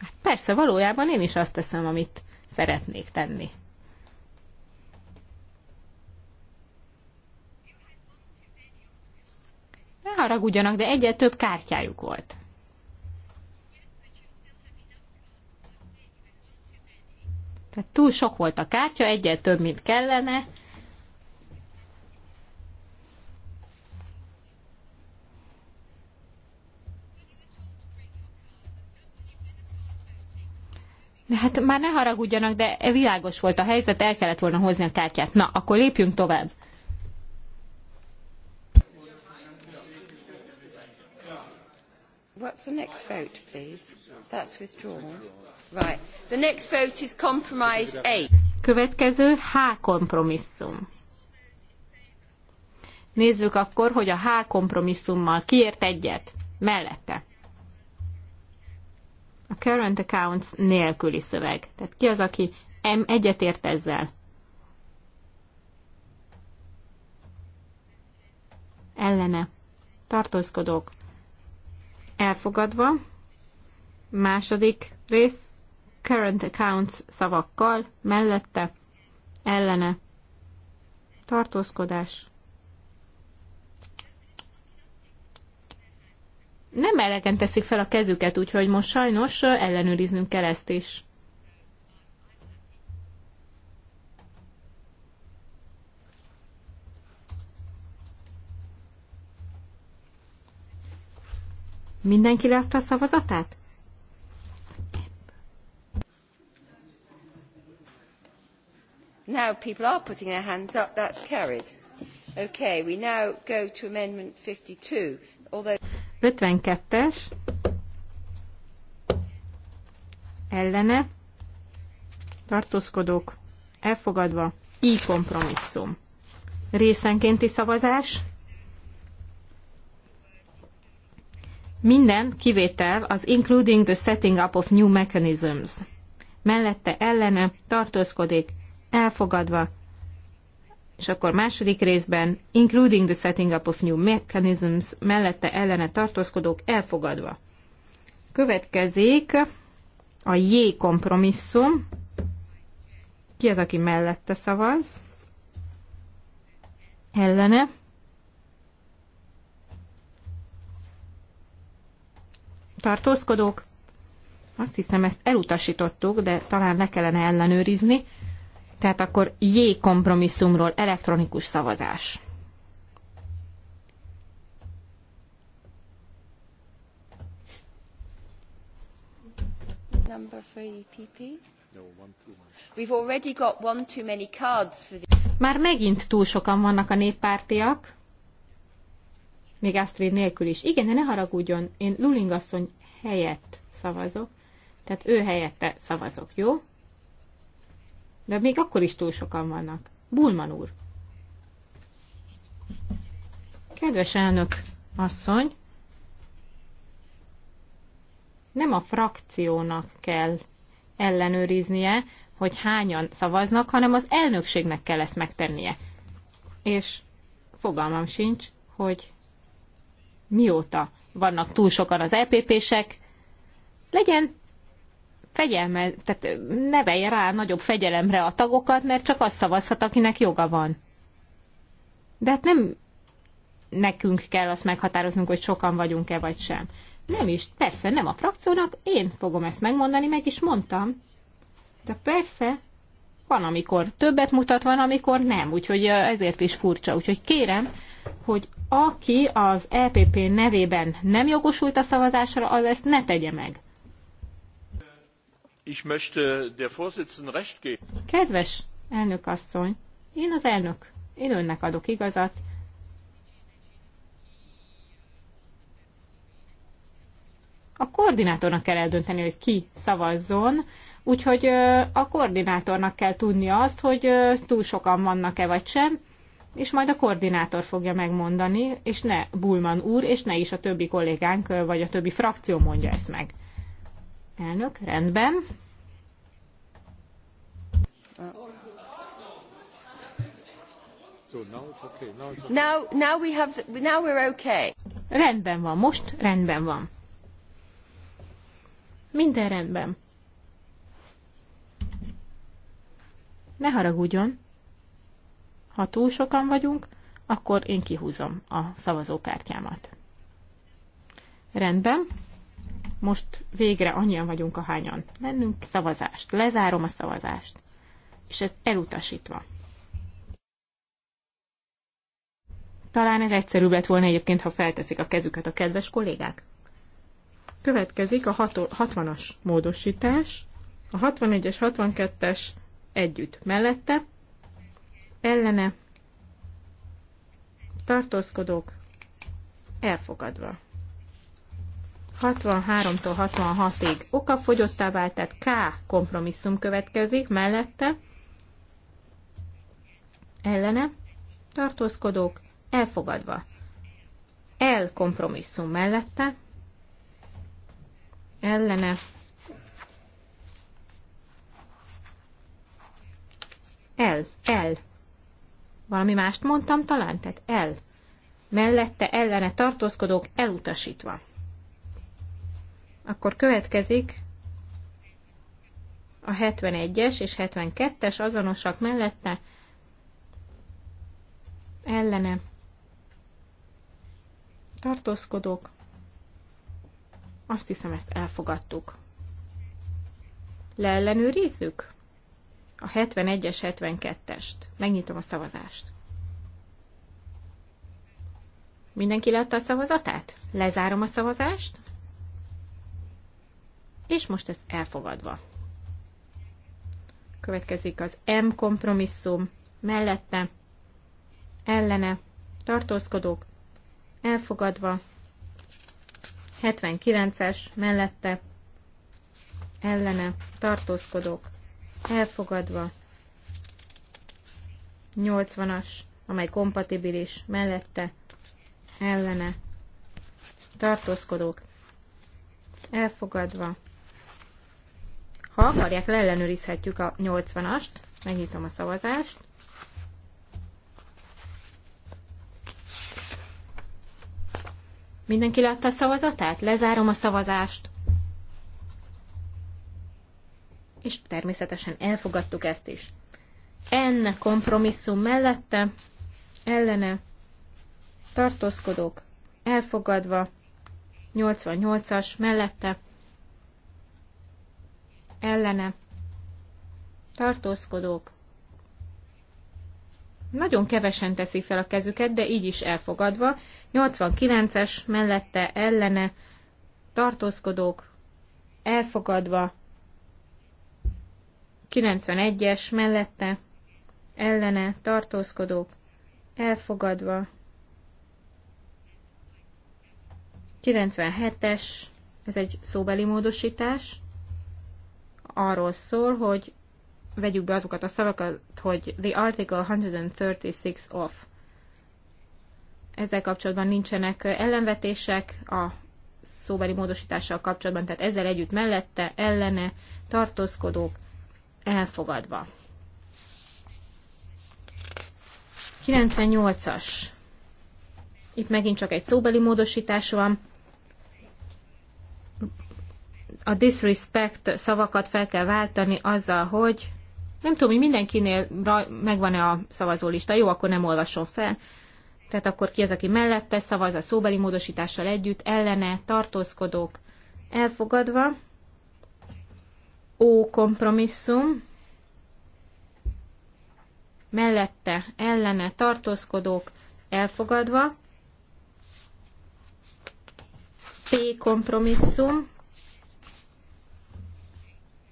Hát persze, valójában én is azt teszem, amit szeretnék tenni. Ne haragudjanak, de egyet több kártyájuk volt. Tehát túl sok volt a kártya, egyet több, mint kellene. De hát már ne haragudjanak, de világos volt a helyzet, el kellett volna hozni a kártyát. Na, akkor lépjünk tovább. What's the next vote, please? That's withdrawn. Right. The next vote is compromise A. Következő H kompromisszum. Nézzük akkor, hogy a H kompromisszummal kiért egyet. Mellette. A current accounts nélküli szöveg. Tehát ki az, aki M egyetért ezzel? Ellene. Tartózkodók elfogadva, második rész current accounts szavakkal, mellette, ellene, tartózkodás. Nem elegen teszik fel a kezüket, úgyhogy most sajnos ellenőriznünk kell ezt is. Mindenki leadta a szavazatát? Now people are putting their hands up, that's carried. Okay, we now go to amendment 52. Although... 52-es. Ellene. Tartózkodók. Elfogadva. I kompromisszum. Részenkénti szavazás. Minden kivétel az including the setting up of new mechanisms. Mellette ellene tartózkodik, elfogadva, és akkor második részben including the setting up of new mechanisms, mellette ellene tartózkodók, elfogadva. Következik a J kompromisszum. Ki az, aki mellette szavaz? Ellene tartózkodók, azt hiszem ezt elutasítottuk, de talán le kellene ellenőrizni. Tehát akkor J kompromisszumról elektronikus szavazás. Number We've already got one too many cards for the... Már megint túl sokan vannak a néppártiak még Astrid nélkül is. Igen, de ne haragudjon, én Luling asszony helyett szavazok, tehát ő helyette szavazok, jó? De még akkor is túl sokan vannak. Bulman úr. Kedves elnök asszony, nem a frakciónak kell ellenőriznie, hogy hányan szavaznak, hanem az elnökségnek kell ezt megtennie. És fogalmam sincs, hogy mióta vannak túl sokan az EPP-sek, legyen fegyelme, tehát nevelje rá nagyobb fegyelemre a tagokat, mert csak az szavazhat, akinek joga van. De hát nem nekünk kell azt meghatároznunk, hogy sokan vagyunk-e vagy sem. Nem is, persze, nem a frakciónak, én fogom ezt megmondani, meg is mondtam. De persze, van, amikor többet mutat, van, amikor nem, úgyhogy ezért is furcsa. Úgyhogy kérem, hogy aki az EPP nevében nem jogosult a szavazásra, az ezt ne tegye meg. Ich möchte der Vorsitzenden recht geben. Kedves elnök asszony, én az elnök, én önnek adok igazat. A koordinátornak kell eldönteni, hogy ki szavazzon, úgyhogy a koordinátornak kell tudnia azt, hogy túl sokan vannak-e vagy sem, és majd a koordinátor fogja megmondani, és ne Bulman úr, és ne is a többi kollégánk, vagy a többi frakció mondja ezt meg. Elnök, rendben. Now, now we have, now we're okay. Rendben van, most rendben van. Minden rendben. Ne haragudjon. Ha túl sokan vagyunk, akkor én kihúzom a szavazókártyámat. Rendben. Most végre annyian vagyunk, ahányan mennünk szavazást. Lezárom a szavazást. És ez elutasítva. Talán ez egyszerűbb lett volna egyébként, ha felteszik a kezüket a kedves kollégák. Következik a 60-as módosítás, a 61-es, 62-es együtt mellette, ellene tartózkodók elfogadva. 63-tól 66-ig okafogyottá vált, tehát K kompromisszum következik mellette, ellene tartózkodók elfogadva. L kompromisszum mellette, ellene el, el valami mást mondtam talán? Tehát el. Mellette ellene tartózkodók elutasítva. Akkor következik a 71-es és 72-es azonosak mellette ellene tartózkodók. Azt hiszem, ezt elfogadtuk. Leellenőrizzük? a 71-es, 72-est. Megnyitom a szavazást. Mindenki leadta a szavazatát? Lezárom a szavazást. És most ez elfogadva. Következik az M kompromisszum. Mellette, ellene, tartózkodók, elfogadva. 79-es, mellette, ellene, tartózkodók, elfogadva, 80-as, amely kompatibilis, mellette, ellene, tartózkodók, elfogadva. Ha akarják, leellenőrizhetjük a 80-ast, megnyitom a szavazást. Mindenki látta a szavazatát? Lezárom a szavazást. és természetesen elfogadtuk ezt is. Enne kompromisszum mellette, ellene, tartózkodók, elfogadva, 88-as mellette, ellene, tartózkodók. Nagyon kevesen teszik fel a kezüket, de így is elfogadva. 89-es mellette, ellene, tartózkodók, elfogadva, 91-es mellette ellene tartózkodók elfogadva. 97-es, ez egy szóbeli módosítás, arról szól, hogy vegyük be azokat a szavakat, hogy the article 136 of. Ezzel kapcsolatban nincsenek ellenvetések a szóbeli módosítással kapcsolatban, tehát ezzel együtt mellette, ellene, tartózkodók, elfogadva. 98-as. Itt megint csak egy szóbeli módosítás van. A disrespect szavakat fel kell váltani azzal, hogy nem tudom, hogy mindenkinél megvan-e a szavazólista. Jó, akkor nem olvasom fel. Tehát akkor ki az, aki mellette szavaz a szóbeli módosítással együtt, ellene, tartózkodók, elfogadva ó kompromisszum, mellette ellene tartózkodók elfogadva, P kompromisszum,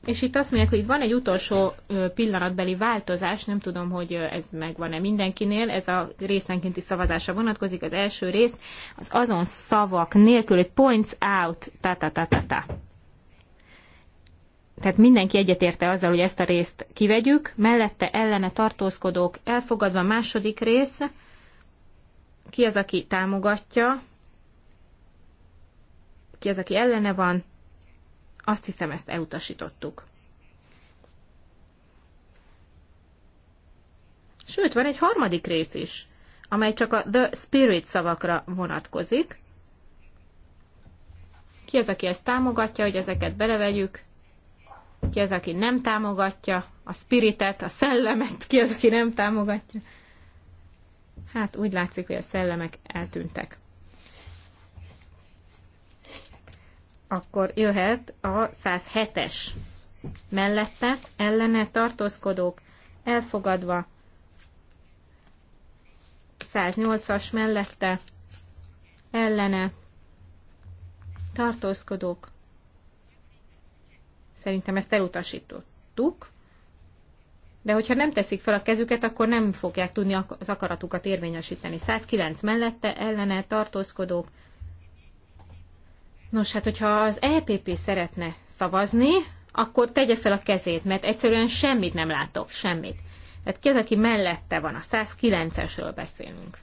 és itt azt mondják, hogy itt van egy utolsó pillanatbeli változás, nem tudom, hogy ez megvan-e mindenkinél, ez a részenkénti szavazásra vonatkozik, az első rész, az azon szavak nélkül, hogy points out, ta-ta-ta-ta-ta tehát mindenki egyetérte azzal, hogy ezt a részt kivegyük, mellette ellene tartózkodók elfogadva második rész, ki az, aki támogatja, ki az, aki ellene van, azt hiszem ezt elutasítottuk. Sőt, van egy harmadik rész is, amely csak a The Spirit szavakra vonatkozik. Ki az, aki ezt támogatja, hogy ezeket belevegyük? ki az, aki nem támogatja, a spiritet, a szellemet, ki az, aki nem támogatja. Hát úgy látszik, hogy a szellemek eltűntek. Akkor jöhet a 107-es mellette, ellene tartózkodók elfogadva, 108-as mellette, ellene tartózkodók Szerintem ezt elutasítottuk. De hogyha nem teszik fel a kezüket, akkor nem fogják tudni az akaratukat érvényesíteni. 109 mellette, ellene, tartózkodók. Nos, hát hogyha az EPP szeretne szavazni, akkor tegye fel a kezét, mert egyszerűen semmit nem látok, semmit. Tehát ki az, aki mellette van, a 109-esről beszélünk.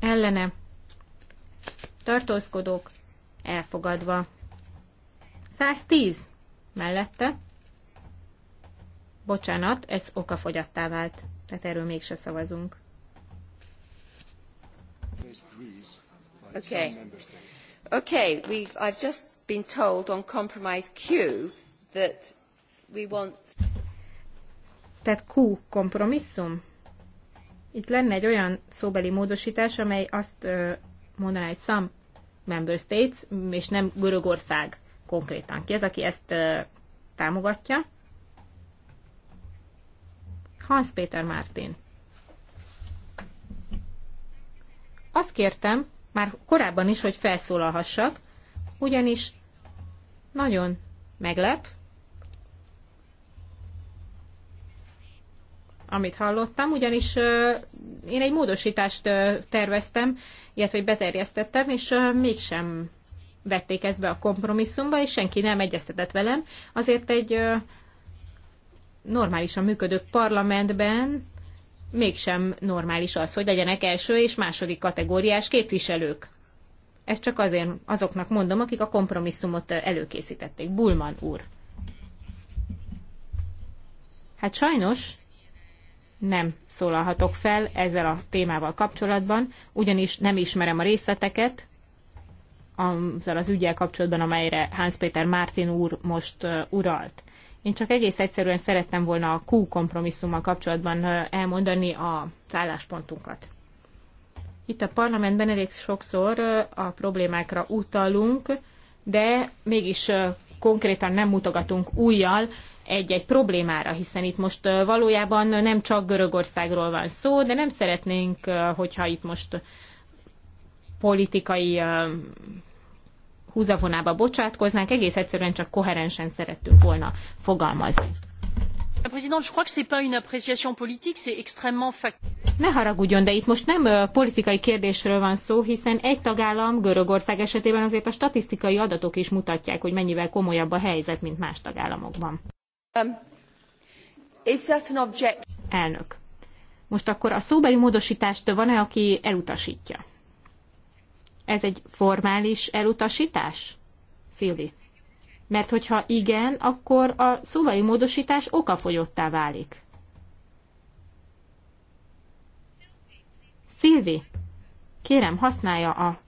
Ellene, tartózkodók, elfogadva. 110 mellette. Bocsánat, ez okafogyattá vált, tehát erről mégse szavazunk. Okay. Okay, we've, I've just been told on compromise Q that we want... Tehát Q kompromisszum? Itt lenne egy olyan szóbeli módosítás, amely azt mondaná, hogy some member states, és nem Görögország konkrétan. Ki az, aki ezt támogatja? Hans Péter Mártin. Azt kértem, már korábban is, hogy felszólalhassak, ugyanis nagyon meglep, amit hallottam, ugyanis én egy módosítást terveztem, illetve beterjesztettem, és mégsem vették ezt be a kompromisszumba, és senki nem egyeztetett velem. Azért egy normálisan működő parlamentben mégsem normális az, hogy legyenek első és második kategóriás képviselők. Ezt csak azért azoknak mondom, akik a kompromisszumot előkészítették. Bulman úr. Hát sajnos nem szólalhatok fel ezzel a témával kapcsolatban, ugyanis nem ismerem a részleteket, azzal az ügyel kapcsolatban, amelyre Hans Péter Mártin úr most uralt. Én csak egész egyszerűen szerettem volna a Q kompromisszummal kapcsolatban elmondani a álláspontunkat. Itt a parlamentben elég sokszor a problémákra utalunk, de mégis konkrétan nem mutogatunk újjal egy-egy problémára, hiszen itt most valójában nem csak Görögországról van szó, de nem szeretnénk, hogyha itt most politikai húzavonába bocsátkoznánk, egész egyszerűen csak koherensen szerettünk volna fogalmazni. Ne haragudjon, de itt most nem politikai kérdésről van szó, hiszen egy tagállam, Görögország esetében azért a statisztikai adatok is mutatják, hogy mennyivel komolyabb a helyzet, mint más tagállamokban. Um, Elnök. Most akkor a szóbeli módosítást van-e, aki elutasítja? Ez egy formális elutasítás? Szilvi. Mert hogyha igen, akkor a szóvai módosítás okafogyottá válik. Szilvi, kérem, használja a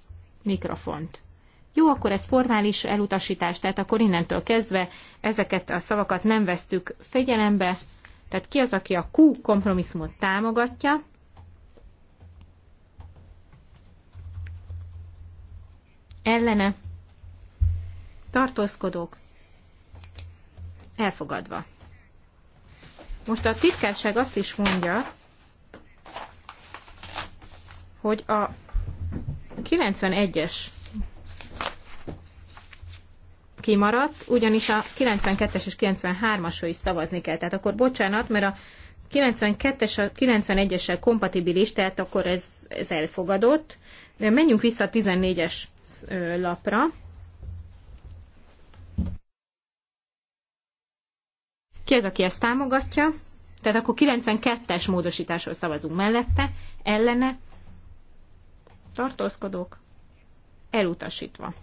mikrofont. Jó, akkor ez formális elutasítás, tehát akkor innentől kezdve ezeket a szavakat nem vesszük figyelembe. Tehát ki az, aki a Q kompromisszumot támogatja, ellene tartózkodók elfogadva. Most a titkárság azt is mondja, hogy a 91-es kimaradt, ugyanis a 92-es és 93-asról is szavazni kell. Tehát akkor bocsánat, mert a 92-es a 91-essel kompatibilis, tehát akkor ez, ez elfogadott. De menjünk vissza a 14-es lapra. Ki az, aki ezt támogatja? Tehát akkor 92-es módosításról szavazunk mellette, ellene, tartózkodók, elutasítva.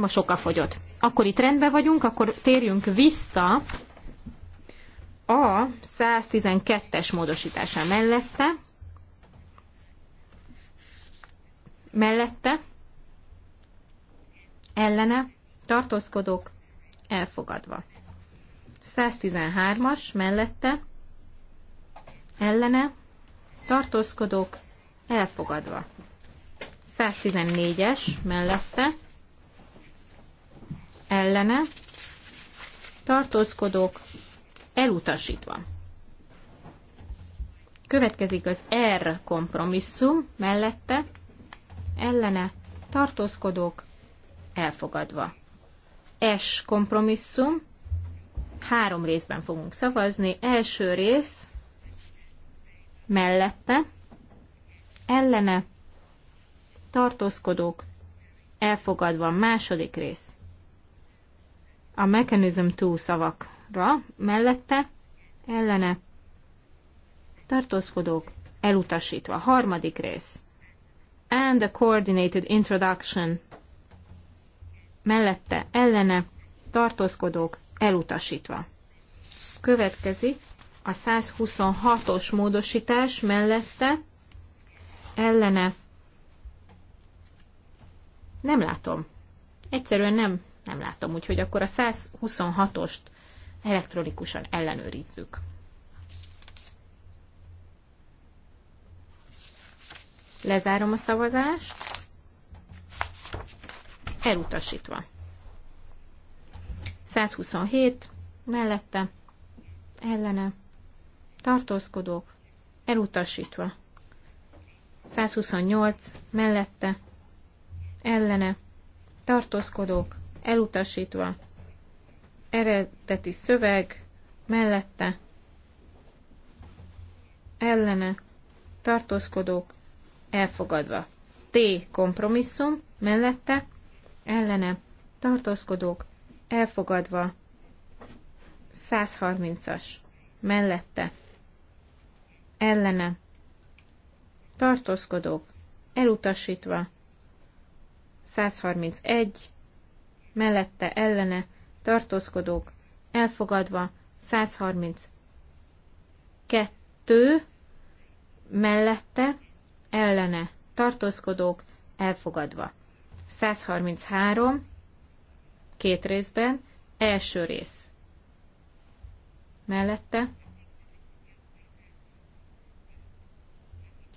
a sokkal fogyott. Akkor itt rendben vagyunk, akkor térjünk vissza a 112-es módosítása mellette, mellette, ellene, tartózkodók, elfogadva. 113-as mellette, ellene, tartózkodók, elfogadva. 114-es mellette, ellene, tartózkodók, elutasítva. Következik az R kompromisszum mellette, ellene tartózkodók elfogadva. S kompromisszum, három részben fogunk szavazni. Első rész mellette, ellene tartózkodók elfogadva. Második rész. A mechanism túl szavak ra mellette ellene tartózkodók elutasítva. Harmadik rész. And a coordinated introduction mellette ellene tartózkodók elutasítva. Következik a 126-os módosítás mellette ellene nem látom. Egyszerűen nem, nem látom, úgyhogy akkor a 126-ost elektronikusan ellenőrizzük. Lezárom a szavazást. Elutasítva. 127 mellette, ellene, tartózkodók, elutasítva. 128 mellette, ellene, tartózkodók, elutasítva eredeti szöveg mellette ellene tartózkodók elfogadva. T. Kompromisszum mellette ellene tartózkodók elfogadva. 130-as mellette ellene tartózkodók elutasítva. 131 mellette ellene tartózkodók, elfogadva 132 mellette, ellene tartózkodók, elfogadva. 133 két részben, első rész mellette.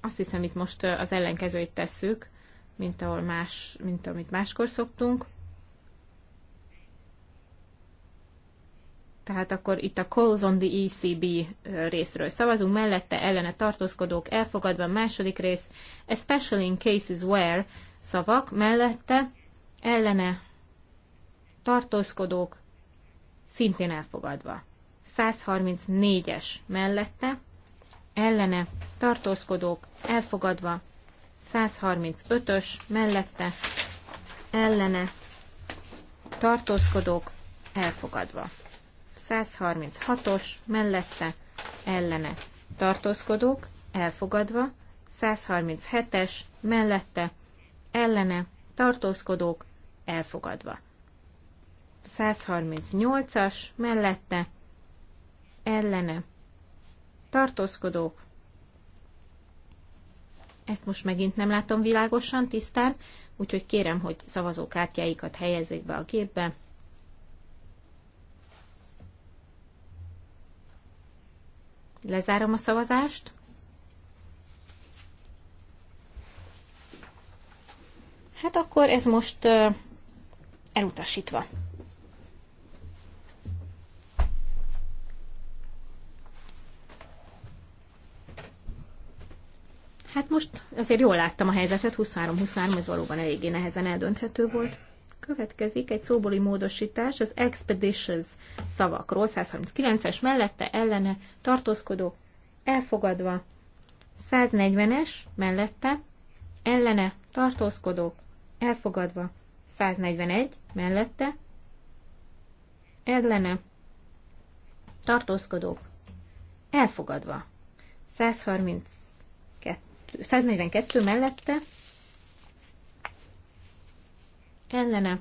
Azt hiszem, itt most az ellenkezőit tesszük, mint, ahol más, mint amit máskor szoktunk. tehát akkor itt a Calls on the ECB részről szavazunk, mellette ellene tartózkodók elfogadva, második rész, especially in cases where szavak, mellette ellene tartózkodók szintén elfogadva. 134-es mellette ellene tartózkodók elfogadva, 135-ös mellette ellene tartózkodók elfogadva. 136-os mellette ellene tartózkodók elfogadva, 137-es mellette ellene tartózkodók elfogadva. 138-as mellette ellene tartózkodók. Ezt most megint nem látom világosan, tisztán, úgyhogy kérem, hogy szavazókártyáikat helyezzék be a gépbe. Lezárom a szavazást. Hát akkor ez most elutasítva. Hát most azért jól láttam a helyzetet, 23-23, ez valóban eléggé nehezen eldönthető volt. Következik egy szóbeli módosítás az expeditions szavakról, 139-es mellette ellene tartózkodó, elfogadva, 140-es mellette ellene tartózkodó, elfogadva, 141 mellette ellene tartózkodó, elfogadva, 132, 142 mellette ellene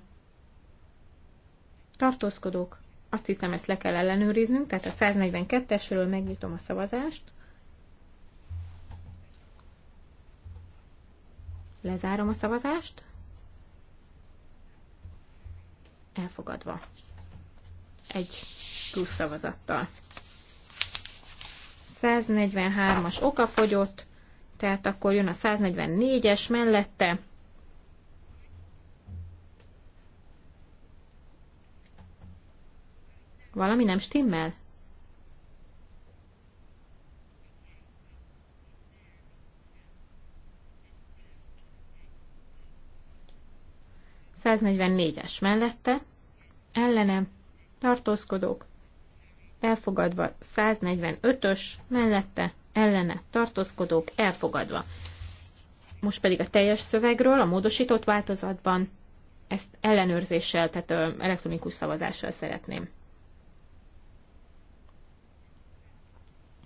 tartózkodók, azt hiszem ezt le kell ellenőriznünk, tehát a 142-esről megnyitom a szavazást. Lezárom a szavazást. Elfogadva. Egy plusz szavazattal. 143-as okafogyott, tehát akkor jön a 144-es mellette Valami nem stimmel? es mellette, ellenem, tartózkodók, elfogadva 145-ös, mellette, ellene, tartózkodók, elfogadva. Most pedig a teljes szövegről, a módosított változatban, ezt ellenőrzéssel, tehát elektronikus szavazással szeretném.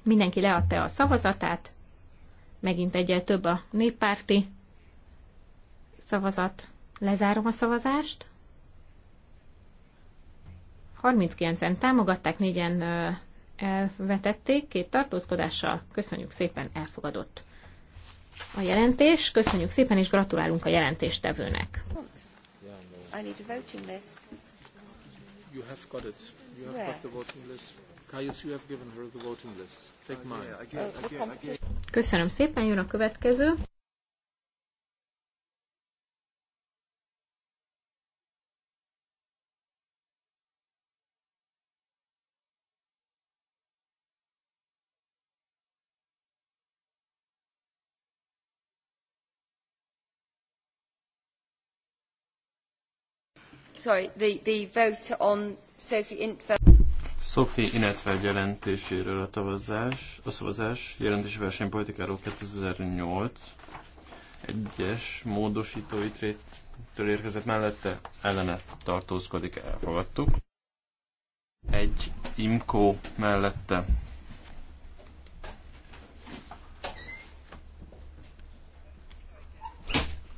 Mindenki leadta a szavazatát, megint egyel több a néppárti szavazat. Lezárom a szavazást. 39-en támogatták, négyen elvetették, két tartózkodással. Köszönjük szépen, elfogadott a jelentés. Köszönjük szépen, és gratulálunk a jelentéstevőnek. I need a voting list. You have got it. You have Where? got the voting list. Caius, you have given her the voting list. Take mine. Again, again, again. Köszönöm szépen, jön a következő. Sorry, the, the vote on Sophie Intveld. Szofi Inetvel jelentéséről a tavazás, a szavazás jelentési versenypolitikáról 2008 egyes módosító itrétől érkezett mellette ellene tartózkodik, elfogadtuk. Egy imkó mellette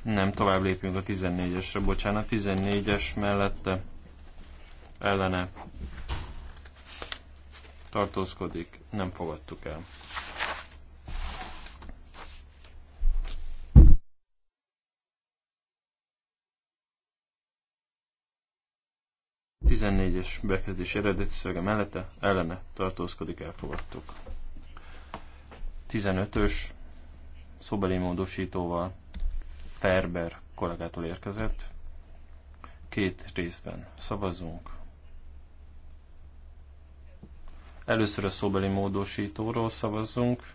nem tovább lépünk a 14-esre, bocsánat, 14-es mellette ellene tartózkodik, nem fogadtuk el. Tizennégyes bekezdés eredeti szöge mellette, ellene tartózkodik, elfogadtuk. 15-ös szobeli módosítóval Ferber kollégától érkezett. Két részben szavazunk. Először a szóbeli módosítóról szavazzunk.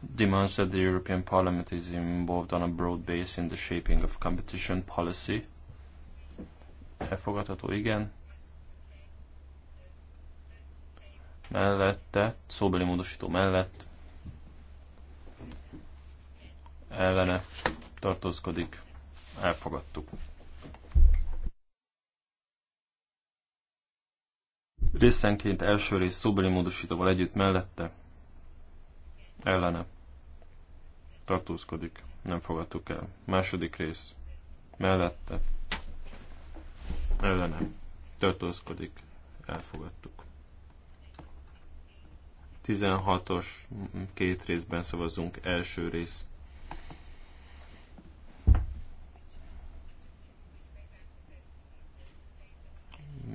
Demands that the European Parliament is involved on a broad base in the shaping of competition policy. Elfogadható, igen. Mellette, szóbeli módosító mellett. Ellene tartózkodik. Elfogadtuk. Részenként első rész Szobeli módosítóval együtt mellette ellene tartózkodik, nem fogadtuk el. Második rész mellette ellene tartózkodik, elfogadtuk. 16-os két részben szavazunk, első rész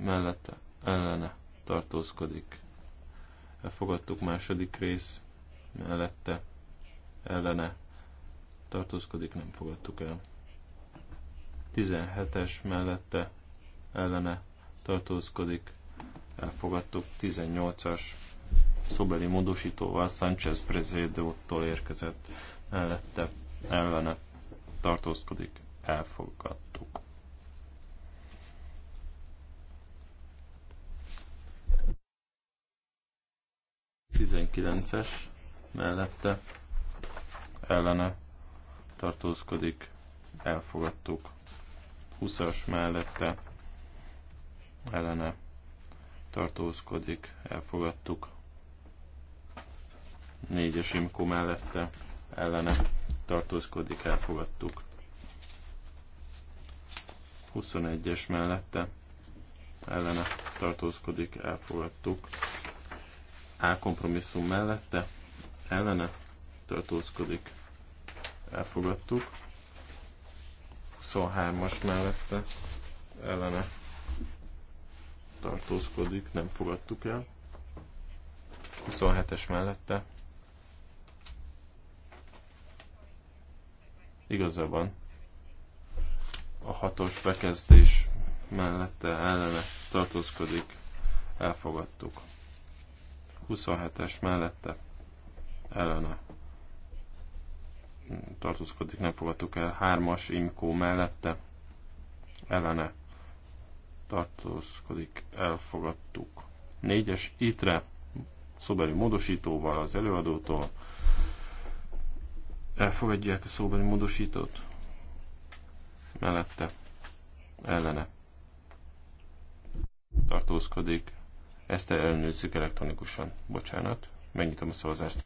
mellette, ellene tartózkodik. Elfogadtuk második rész mellette, ellene tartózkodik, nem fogadtuk el. 17-es mellette, ellene tartózkodik, elfogadtuk. 18-as szobeli módosítóval Sanchez Prezédóttól érkezett mellette, ellene tartózkodik, elfogadtuk. 19-es mellette ellene tartózkodik, elfogadtuk. 20-as mellette ellene tartózkodik, elfogadtuk. 4-es imkó mellette ellene tartózkodik, elfogadtuk. 21-es mellette ellene tartózkodik, elfogadtuk. A kompromisszum mellette ellene tartózkodik. Elfogadtuk. 23-as mellette ellene tartózkodik, nem fogadtuk el. 27-es mellette igaza van. A hatos bekezdés mellette ellene tartózkodik, elfogadtuk. 27-es mellette ellene tartózkodik, nem fogadtuk el. 3-as Imkó mellette ellene tartózkodik, elfogadtuk. 4-es Itre szóbeli módosítóval az előadótól elfogadják a szóbeli módosítót mellette ellene tartózkodik, ezt ellenőrizzük elektronikusan. Bocsánat, megnyitom a szavazást.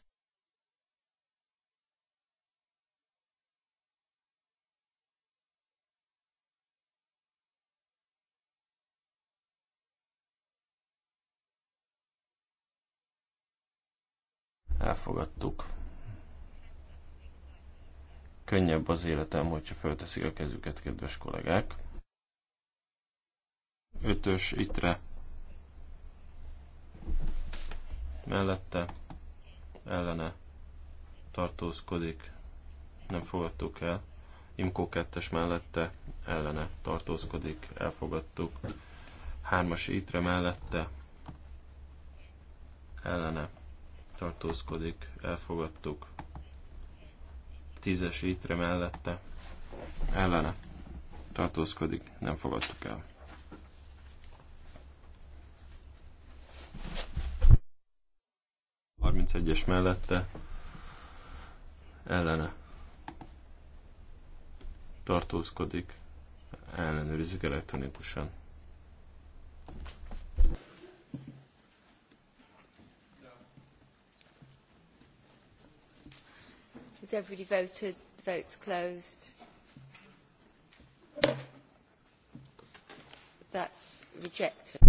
elfogadtuk. Könnyebb az életem, hogyha fölteszik a kezüket, kedves kollégák. Ötös itre mellette ellene tartózkodik, nem fogadtuk el. Imkó 2 mellette ellene tartózkodik, elfogadtuk. Hármas ítre mellette ellene tartózkodik, elfogadtuk. Tízes ítre mellette ellene tartózkodik, nem fogadtuk el. 31-es mellette ellene tartózkodik, ellenőrizik elektronikusan. Is everybody voted? The vote's closed. That's rejected.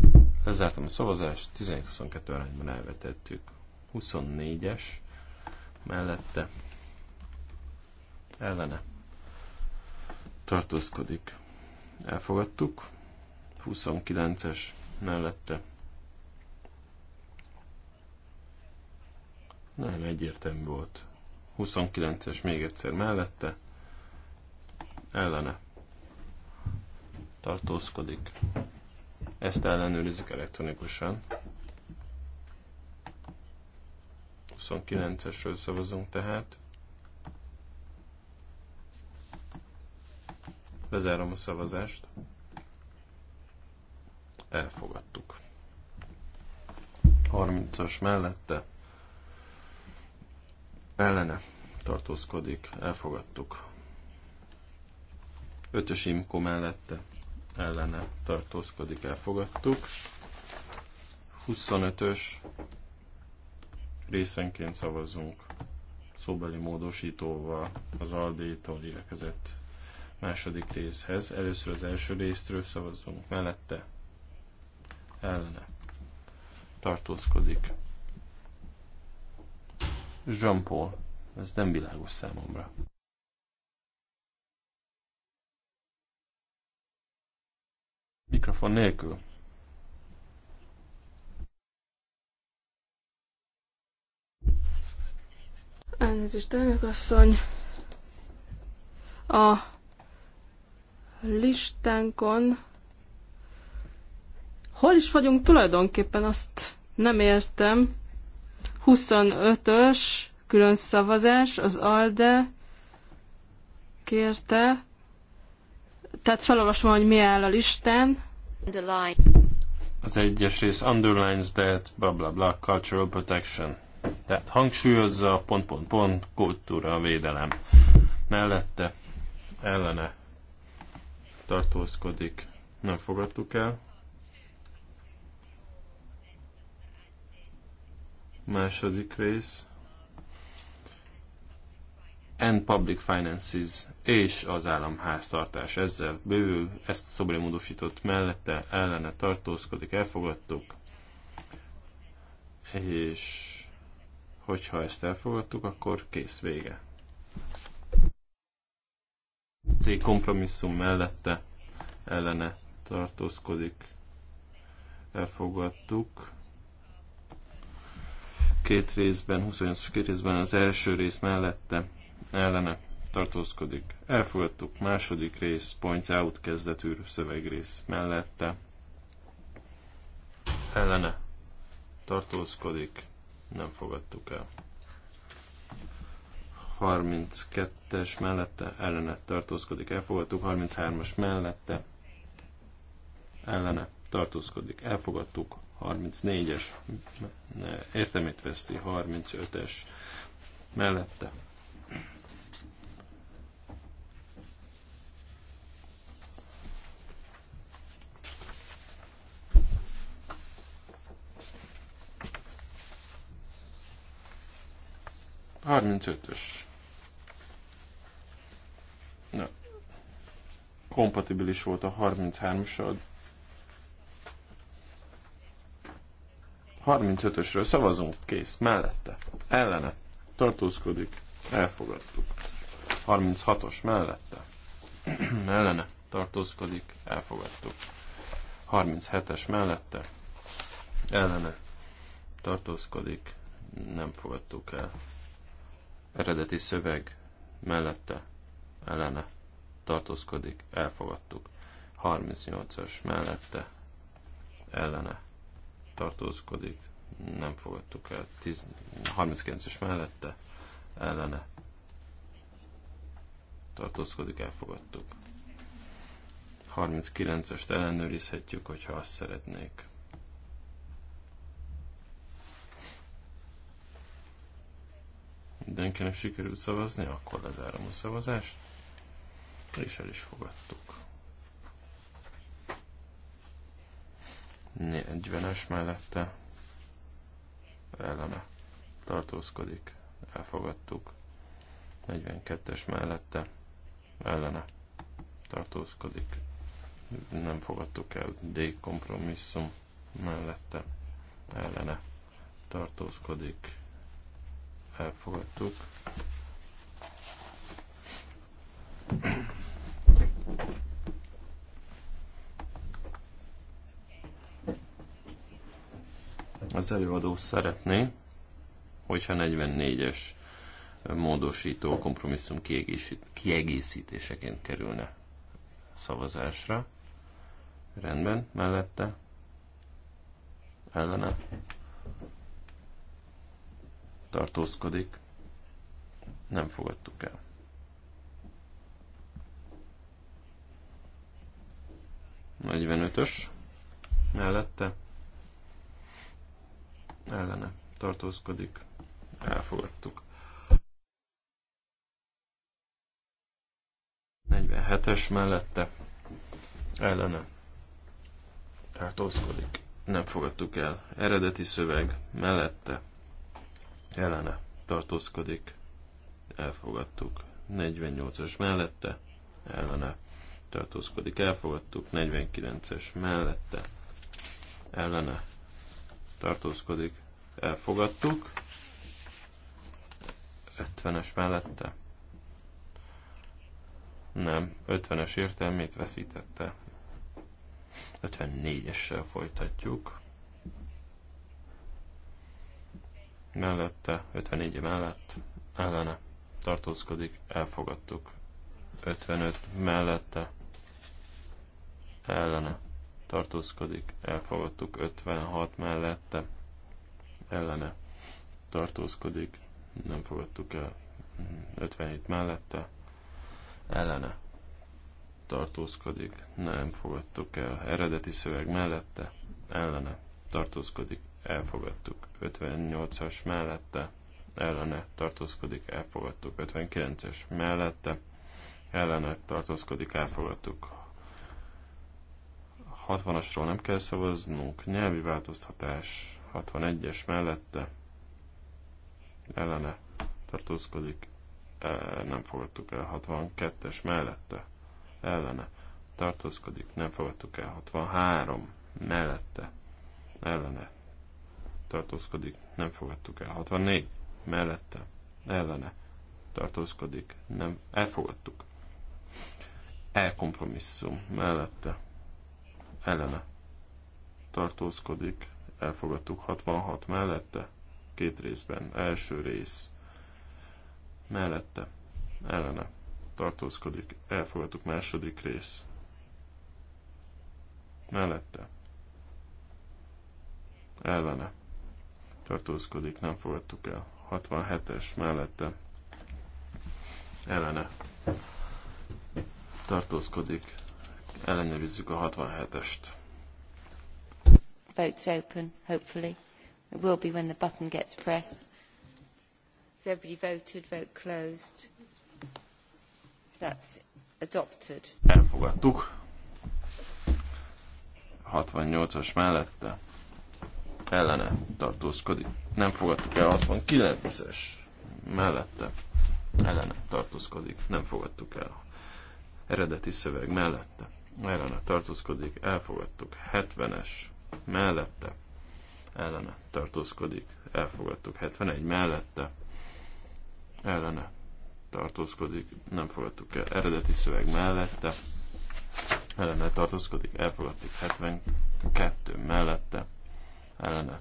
Lezártam a szavazást, 17-22 arányban elvetettük. 24-es mellette ellene tartózkodik. Elfogadtuk. 29-es mellette. Nem egyértelmű volt. 29-es még egyszer mellette. Ellene tartózkodik. Ezt ellenőrizzük elektronikusan. 29-esről szavazunk tehát. Lezárom a szavazást. Elfogadtuk. 30-as mellette ellene tartózkodik, elfogadtuk. 5-ös imkó mellette ellene tartózkodik, elfogadtuk. 25-ös részenként szavazunk szóbeli módosítóval az Aldétól érkezett második részhez. Először az első résztről szavazzunk mellette, ellene tartózkodik. Jean Paul, ez nem világos számomra. Mikrofon nélkül. Elnézést, asszony. A listánkon hol is vagyunk tulajdonképpen, azt nem értem. 25-ös külön szavazás, az ALDE kérte. Tehát felolvasom, hogy mi áll a listán. Az egyes rész underlines that, bla bla bla, cultural protection tehát hangsúlyozza a pont, pont, pont, kultúra, védelem. Mellette ellene tartózkodik. Nem fogadtuk el. Második rész. And Public Finances és az államháztartás ezzel bővül, ezt a módosított mellette ellene tartózkodik, elfogadtuk, és Hogyha ezt elfogadtuk, akkor kész vége. C kompromisszum mellette ellene tartózkodik. Elfogadtuk. Két részben, 28 két részben az első rész mellette ellene tartózkodik. Elfogadtuk második rész, points out kezdetű szövegrész mellette ellene tartózkodik nem fogadtuk el. 32-es mellette ellene tartózkodik, elfogadtuk. 33-as mellette ellene tartózkodik, elfogadtuk. 34-es értemét veszti, 35-es mellette 35-ös. Na. Kompatibilis volt a 33 osod 35-ösről szavazunk, kész, mellette, ellene, tartózkodik, elfogadtuk. 36-os mellette, (clears throat) ellene, tartózkodik, elfogadtuk. 37-es mellette, ellene, tartózkodik, nem fogadtuk el eredeti szöveg mellette ellene tartózkodik, elfogadtuk. 38-as mellette ellene tartózkodik, nem fogadtuk el. 39-es mellette ellene tartózkodik, elfogadtuk. 39-est ellenőrizhetjük, hogyha azt szeretnék. mindenkinek sikerült szavazni, akkor lezárom a szavazást, és el is fogadtuk. 40-es mellette ellene tartózkodik, elfogadtuk. 42-es mellette ellene tartózkodik, nem fogadtuk el D kompromisszum mellette ellene tartózkodik, elfogadtuk. Az előadó szeretné, hogyha 44-es módosító kompromisszum kiegészítéseként kerülne szavazásra. Rendben, mellette, ellene tartózkodik, nem fogadtuk el. Negyvenötös mellette ellene tartózkodik, elfogadtuk. 47-es mellette ellene tartózkodik. Nem fogadtuk el. Eredeti szöveg mellette ellene tartózkodik, elfogadtuk. 48-as mellette, ellene tartózkodik, elfogadtuk. 49-es mellette, ellene tartózkodik, elfogadtuk. 50-es mellette, nem, 50-es értelmét veszítette. 54-essel folytatjuk. mellette, 54 mellett, ellene tartózkodik, elfogadtuk. 55 mellette, ellene tartózkodik, elfogadtuk. 56 mellette, ellene tartózkodik, nem fogadtuk el. 57 mellette, ellene tartózkodik, nem fogadtuk el. Eredeti szöveg mellette, ellene tartózkodik, elfogadtuk. 58-as mellette ellene tartózkodik, elfogadtuk. 59-es mellette ellene tartózkodik, elfogadtuk. 60-asról nem kell szavaznunk, nyelvi változtatás 61-es e, mellette ellene tartózkodik, nem fogadtuk el 62-es mellette ellene tartózkodik, nem fogadtuk el 63 mellette ellene tartózkodik, nem fogadtuk el. 64 mellette, ellene tartózkodik, nem elfogadtuk. Elkompromisszum mellette, ellene tartózkodik, elfogadtuk 66 mellette, két részben, első rész mellette, ellene tartózkodik, elfogadtuk második rész mellette, ellene tartózkodik, nem fogadtuk el. 67-es mellette ellene tartózkodik, ellenőrizzük a 67-est. Votes open, hopefully. It will be when the button gets pressed. Has everybody voted? Vote closed. That's adopted. Elfogadtuk. 68-as mellette ellene tartózkodik. Nem fogadtuk el 69-es mellette ellene tartózkodik. Nem fogadtuk el eredeti szöveg mellette ellene tartózkodik. Elfogadtuk 70-es mellette ellene tartózkodik. Elfogadtuk 71 mellette ellene tartózkodik. Nem fogadtuk el eredeti szöveg mellette ellene tartózkodik. Elfogadtuk 72 mellette ellene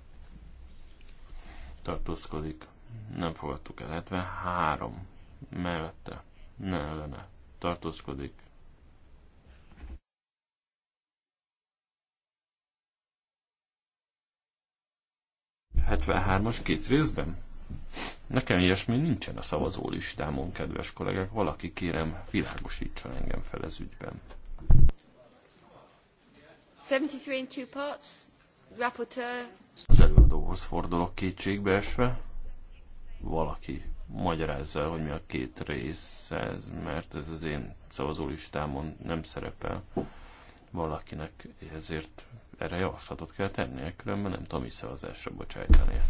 tartózkodik, nem fogadtuk el. 73 mellette, ne ellene tartózkodik, as két részben? Nekem ilyesmi nincsen a szavazó listámon, kedves kollégák. Valaki kérem, világosítson engem fel ez ügyben. 73 in two parts. Az előadóhoz fordulok kétségbeesve. Valaki magyarázza hogy mi a két rész ez, mert ez az én szavazólistámon nem szerepel. Valakinek ezért erre javaslatot kell tennie, különben nem tudom, mi szavazásra bocsájtani.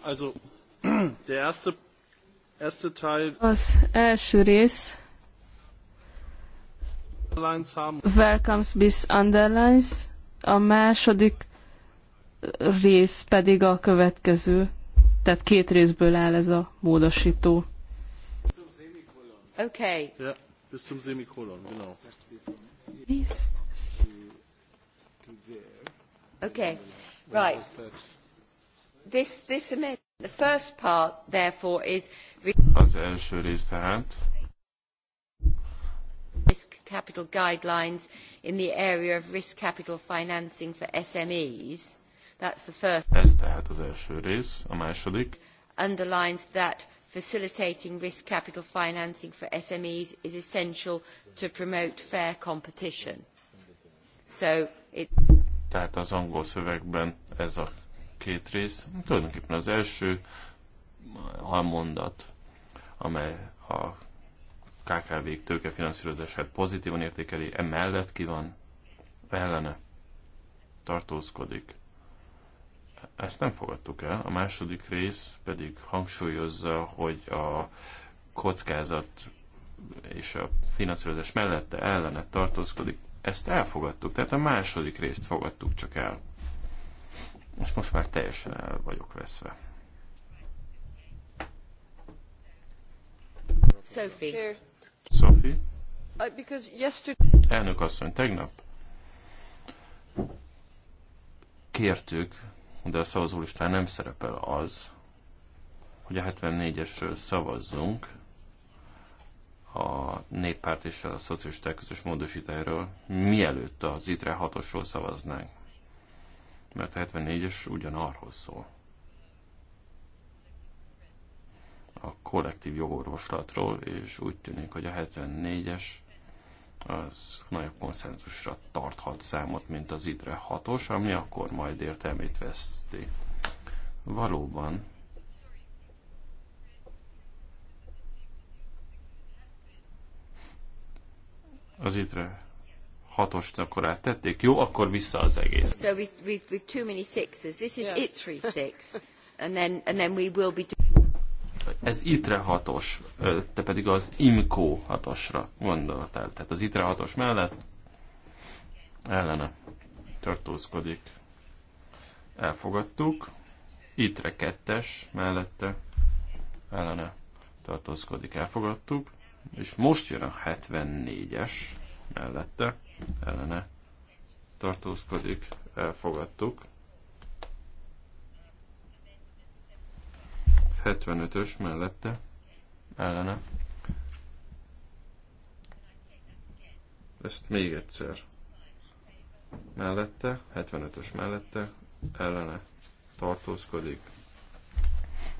Also, (clears throat) der erste, erste Teil... Az első rész Welcomes bis underlines, a második rész pedig a következő. Tehát két részből áll ez a módosító. Okay. Ja, bis zum Semikolon, genau. Bis. Okay, right. This, this, the first part, therefore, is... Az első rész tehát risk capital guidelines in the area of risk capital financing for SMEs. That's the first. Ez tehát az első rész. A második. Underlines that facilitating risk capital financing for SMEs is essential to promote fair competition. So it... Tehát az angol szövegben ez a két rész. Tulajdonképpen az első almondat, amely a kkv tőkefinanszírozását pozitívan értékeli, emellett ki van, ellene tartózkodik. Ezt nem fogadtuk el. A második rész pedig hangsúlyozza, hogy a kockázat és a finanszírozás mellette ellene tartózkodik. Ezt elfogadtuk, tehát a második részt fogadtuk csak el. És most már teljesen el vagyok veszve. Sophie. Sophie? Uh, Elnök asszony, tegnap kértük, de a szavazólistán nem szerepel az, hogy a 74-esről szavazzunk, a néppárt és a szocialisták közös módosításról, mielőtt az ITRE 6-osról szavaznánk. Mert a 74-es ugyanarról szól. a kollektív jogorvoslatról, és úgy tűnik, hogy a 74-es az nagyobb konszenzusra tarthat számot, mint az idre 6-os, ami akkor majd értelmét veszti. Valóban az ITRE hatost akkor áttették. Jó, akkor vissza az egész. So we, we, we too many sixes. This is yeah. ITRE six. And then, and then we will be ez ITRE hatos, te pedig az IMCO hatosra gondoltál. Tehát az ITRE hatos mellett ellene tartózkodik. Elfogadtuk. ITRE kettes mellette ellene tartózkodik. Elfogadtuk. És most jön a 74-es mellette ellene tartózkodik. Elfogadtuk. 75-ös mellette ellene. Ezt még egyszer. Mellette, 75-ös mellette ellene tartózkodik.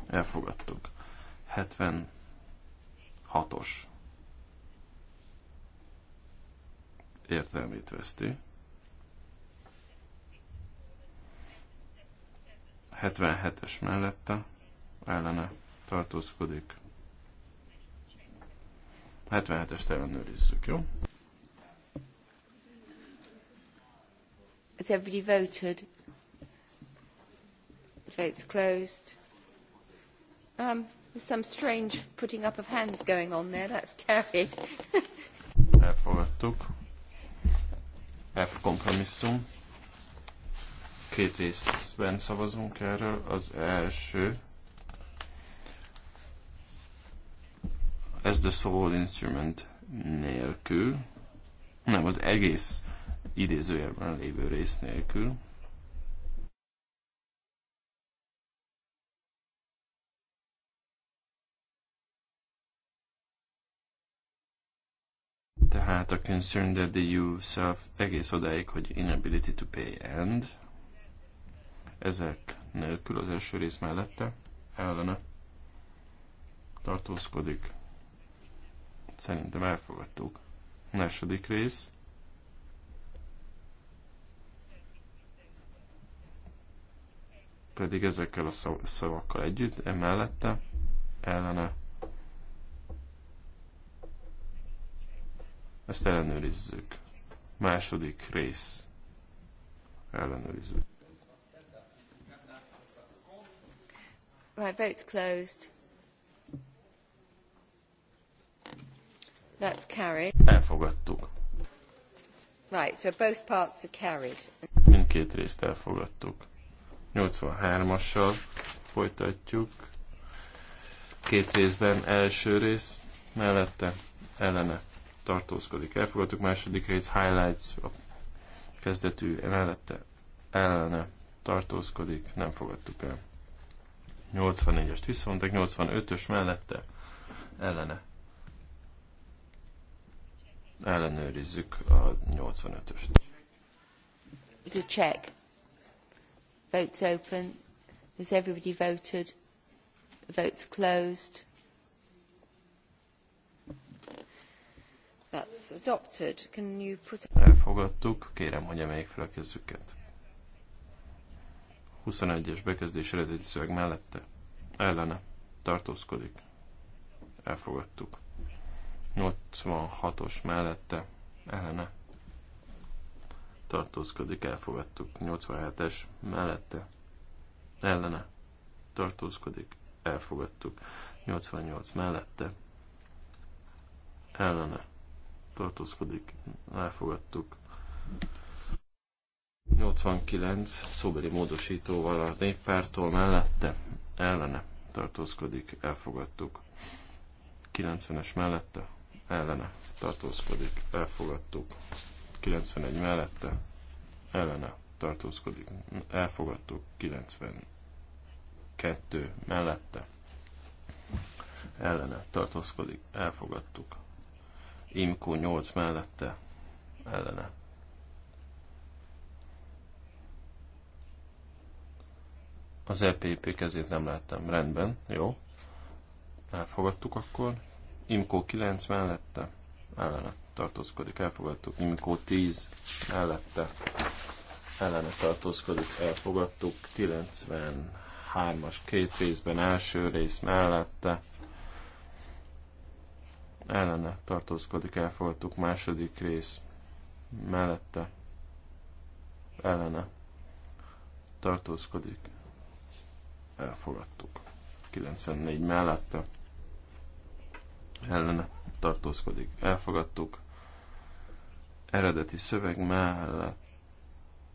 Elfogadtuk. 76-os. Értelmét veszti. 77-es mellette ellene tartózkodik. 77-est ellenőrizzük, jó? Has everybody voted? The vote's closed. Um, there's some strange putting up of hands going on there. That's carried. (laughs) Elfogadtuk. F kompromisszum. Két részben szavazunk erről. Az első ez the sole instrument nélkül, nem, az egész idézőjelben lévő rész nélkül. Tehát a concern that the you self egész odáig, hogy inability to pay end. ezek nélkül az első rész mellette ellene tartózkodik Szerintem elfogadtuk. Második rész. Pedig ezekkel a szavakkal együtt, emellette, ellene. Ezt ellenőrizzük. Második rész. Ellenőrizzük. My vote's closed. That's carried. Elfogadtuk. Right, so both parts are carried. Mindkét részt elfogadtuk. 83-assal folytatjuk. Két részben első rész, mellette ellene tartózkodik. Elfogadtuk második rész, highlights a kezdetű mellette ellene tartózkodik, nem fogadtuk el. 84-est visszavonták, 85-ös mellette ellene Ellenőrizzük a 85-öst. It's a check. Votes open. Has everybody voted? Votes closed. That's adopted. Can you put... Elfogadtuk. Kérem, hogy emeljék fel a kezüket. 21-es bekezdés eredeti szöveg mellette. Ellene. Tartózkodik. Elfogadtuk. 86-os mellette ellene tartózkodik, elfogadtuk. 87-es mellette ellene tartózkodik, elfogadtuk. 88 mellette ellene tartózkodik, elfogadtuk. 89 szóbeli módosítóval a néppártól mellette ellene tartózkodik, elfogadtuk. 90-es mellette ellene tartózkodik, elfogadtuk. 91 mellette ellene tartózkodik, elfogadtuk. 92 mellette ellene tartózkodik, elfogadtuk. Imkó 8 mellette ellene. Az EPP kezét nem láttam. Rendben, jó. Elfogadtuk akkor. Imkó 9 mellette ellene tartózkodik, elfogadtuk. Imkó 10 mellette ellene tartózkodik, elfogadtuk. 93-as két részben első rész mellette ellene tartózkodik, elfogadtuk. Második rész mellette ellene tartózkodik, elfogadtuk. 94 mellette ellene tartózkodik. Elfogadtuk. Eredeti szöveg mellett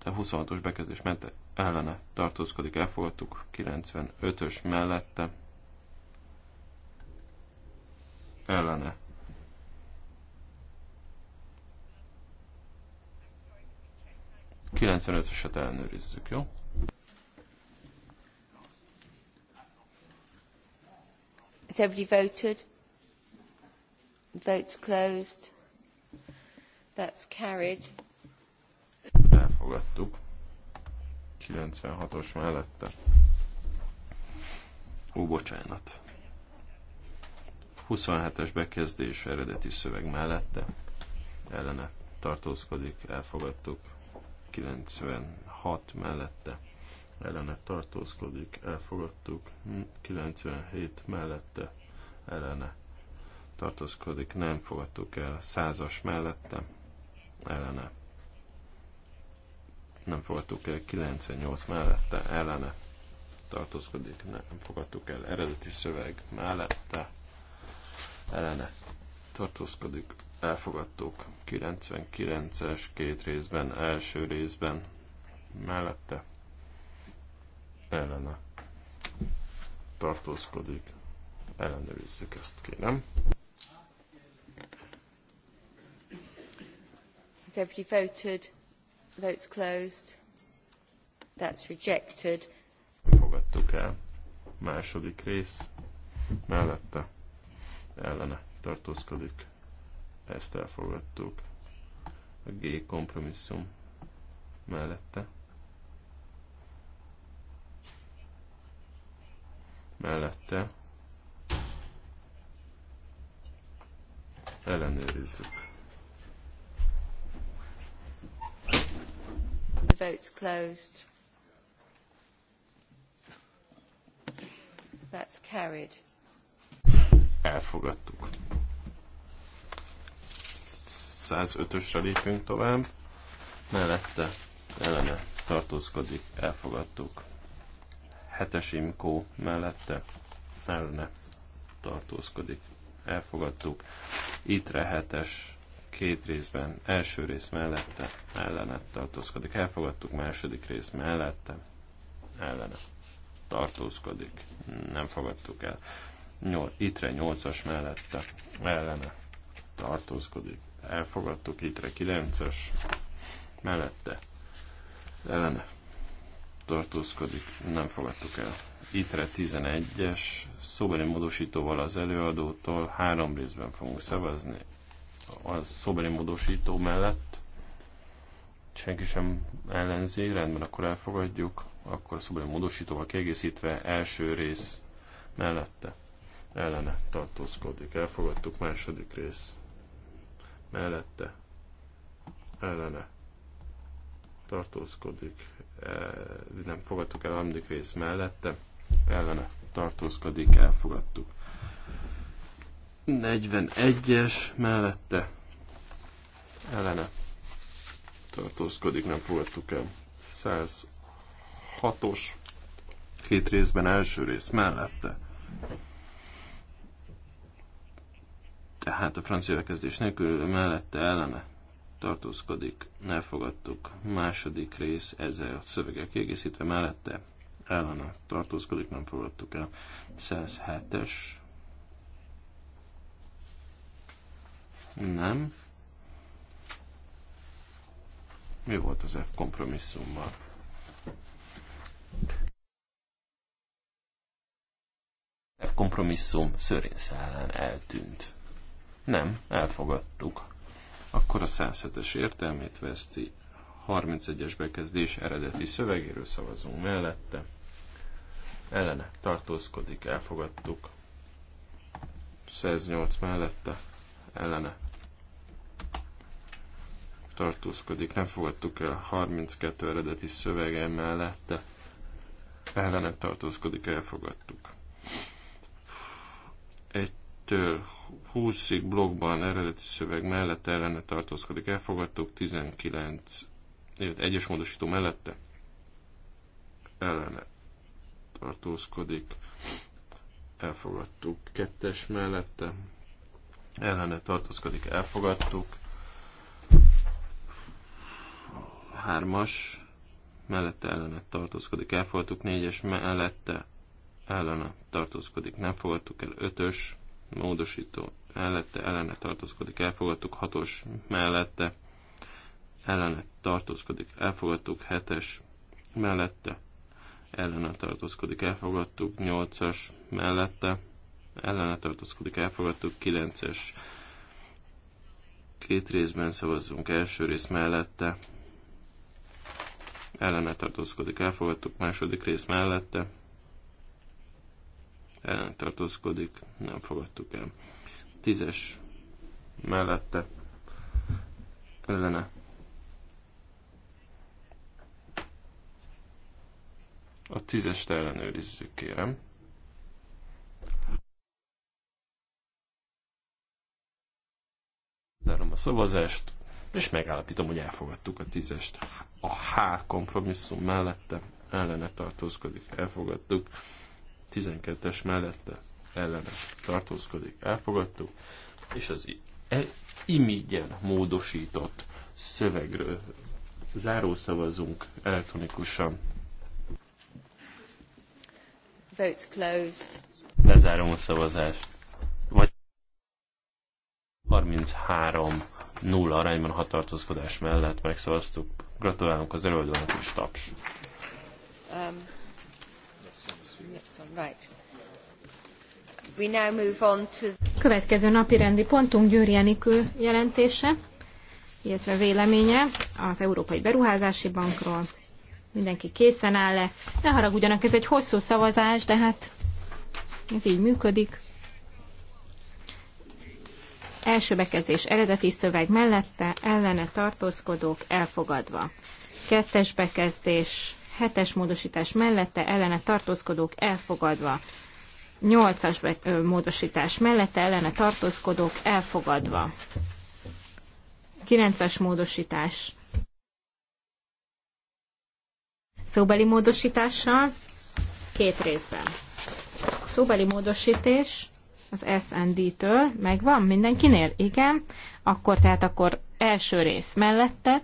a 26-os bekezdés mente ellene tartózkodik. Elfogadtuk. 95-ös mellette ellene A 95-öset ellenőrizzük, jó? Has everybody voted? Votes closed. That's carried. Elfogadtuk. 96-os mellette. Ó, bocsánat. 27-es bekezdés eredeti szöveg mellette. Ellene tartózkodik, elfogadtuk. 96 mellette. Ellene tartózkodik, elfogadtuk. 97 mellette. Ellene tartózkodik, nem fogadtuk el. Százas mellette, ellene. Nem fogadtuk el. 98 mellette, ellene. Tartózkodik, nem fogadtuk el. Eredeti szöveg mellette, ellene. Tartózkodik, elfogadtuk. 99-es két részben, első részben, mellette, ellene tartózkodik. Ellenőrizzük ezt, kérem. Has everybody voted? Votes closed. That's rejected. Fogadtuk el. Második rész. Mellette. Ellene. Tartózkodik. Ezt elfogadtuk. A G kompromisszum mellette. Mellette. Ellenőrizzük. vote's closed. That's carried. Elfogadtuk. 105-ösre lépünk tovább. Mellette ellene tartózkodik, elfogadtuk. 7-es imkó mellette ellene tartózkodik, elfogadtuk. Itre 7-es két részben, első rész mellette, ellene tartózkodik. Elfogadtuk második rész mellette, ellene tartózkodik. Nem fogadtuk el. Nyol, itre 8 mellette, ellene tartózkodik. Elfogadtuk itre kilences mellette, ellene tartózkodik. Nem fogadtuk el. ITRE 11-es szóbeli módosítóval az előadótól három részben fogunk szavazni a szobeli módosító mellett senki sem ellenzi, rendben, akkor elfogadjuk, akkor a szobeli módosítóval kiegészítve első rész mellette ellene tartózkodik. Elfogadtuk második rész mellette ellene tartózkodik. E, nem fogadtuk el a harmadik rész mellette ellene tartózkodik, elfogadtuk. 41-es mellette ellene tartózkodik, nem fogadtuk el. 106-os két részben első rész mellette. Tehát a francia kezdés nélkül mellette ellene tartózkodik, fogadtuk Második rész ezzel a szövegek kiegészítve mellette ellene tartózkodik, nem fogadtuk el. 107-es Nem. Mi volt az F kompromisszumban? F kompromisszum szörén szállán eltűnt. Nem, elfogadtuk. Akkor a 107-es értelmét veszti. 31-es bekezdés eredeti szövegéről szavazunk mellette. Ellene tartózkodik, elfogadtuk. 108 mellette, ellene tartózkodik, nem fogadtuk el 32 eredeti szövege mellette, ellene tartózkodik, elfogadtuk. 1 20-ig blogban eredeti szöveg mellett ellene tartózkodik, elfogadtuk, 19 egyes módosító mellette ellene tartózkodik, elfogadtuk, kettes mellette ellene tartózkodik, elfogadtuk, hármas mellette ellene tartózkodik, elfogadtuk, négyes mellette ellene tartózkodik, nem fogadtuk el, ötös módosító mellette ellene tartózkodik, elfogadtuk, hatos mellette ellene tartózkodik, elfogadtuk, hetes mellette ellene tartózkodik, elfogadtuk, nyolcas mellette ellene tartózkodik, elfogadtuk, kilences két részben szavazzunk, első rész mellette ellene tartózkodik, elfogadtuk második rész mellette, ellene tartózkodik, nem fogadtuk el. Tízes mellette, ellene. A tízest ellenőrizzük, kérem. Zárom a szavazást, és megállapítom, hogy elfogadtuk a tízest a H kompromisszum mellette ellene tartózkodik, elfogadtuk. 12-es mellette ellene tartózkodik, elfogadtuk. És az e imigyen módosított szövegről zárószavazunk elektronikusan. Votes closed. Lezárom a szavazást. Vagy 33 0 arányban hatartózkodás mellett megszavaztuk Gratulálunk az előadónak is, taps! Um, right. We now move on to... Következő napi rendi pontunk Győri Enikő jelentése, illetve véleménye az Európai Beruházási Bankról. Mindenki készen áll-e? Ne haragudjanak, ez egy hosszú szavazás, de hát ez így működik. Első bekezdés eredeti szöveg mellette, ellene tartózkodók elfogadva. Kettes bekezdés, hetes módosítás mellette, ellene tartózkodók elfogadva. Nyolcas be, ö, módosítás mellette, ellene tartózkodók elfogadva. Kilences módosítás szóbeli módosítással két részben. Szóbeli módosítás az S&D-től. Megvan mindenkinél? Igen. Akkor tehát akkor első rész mellette,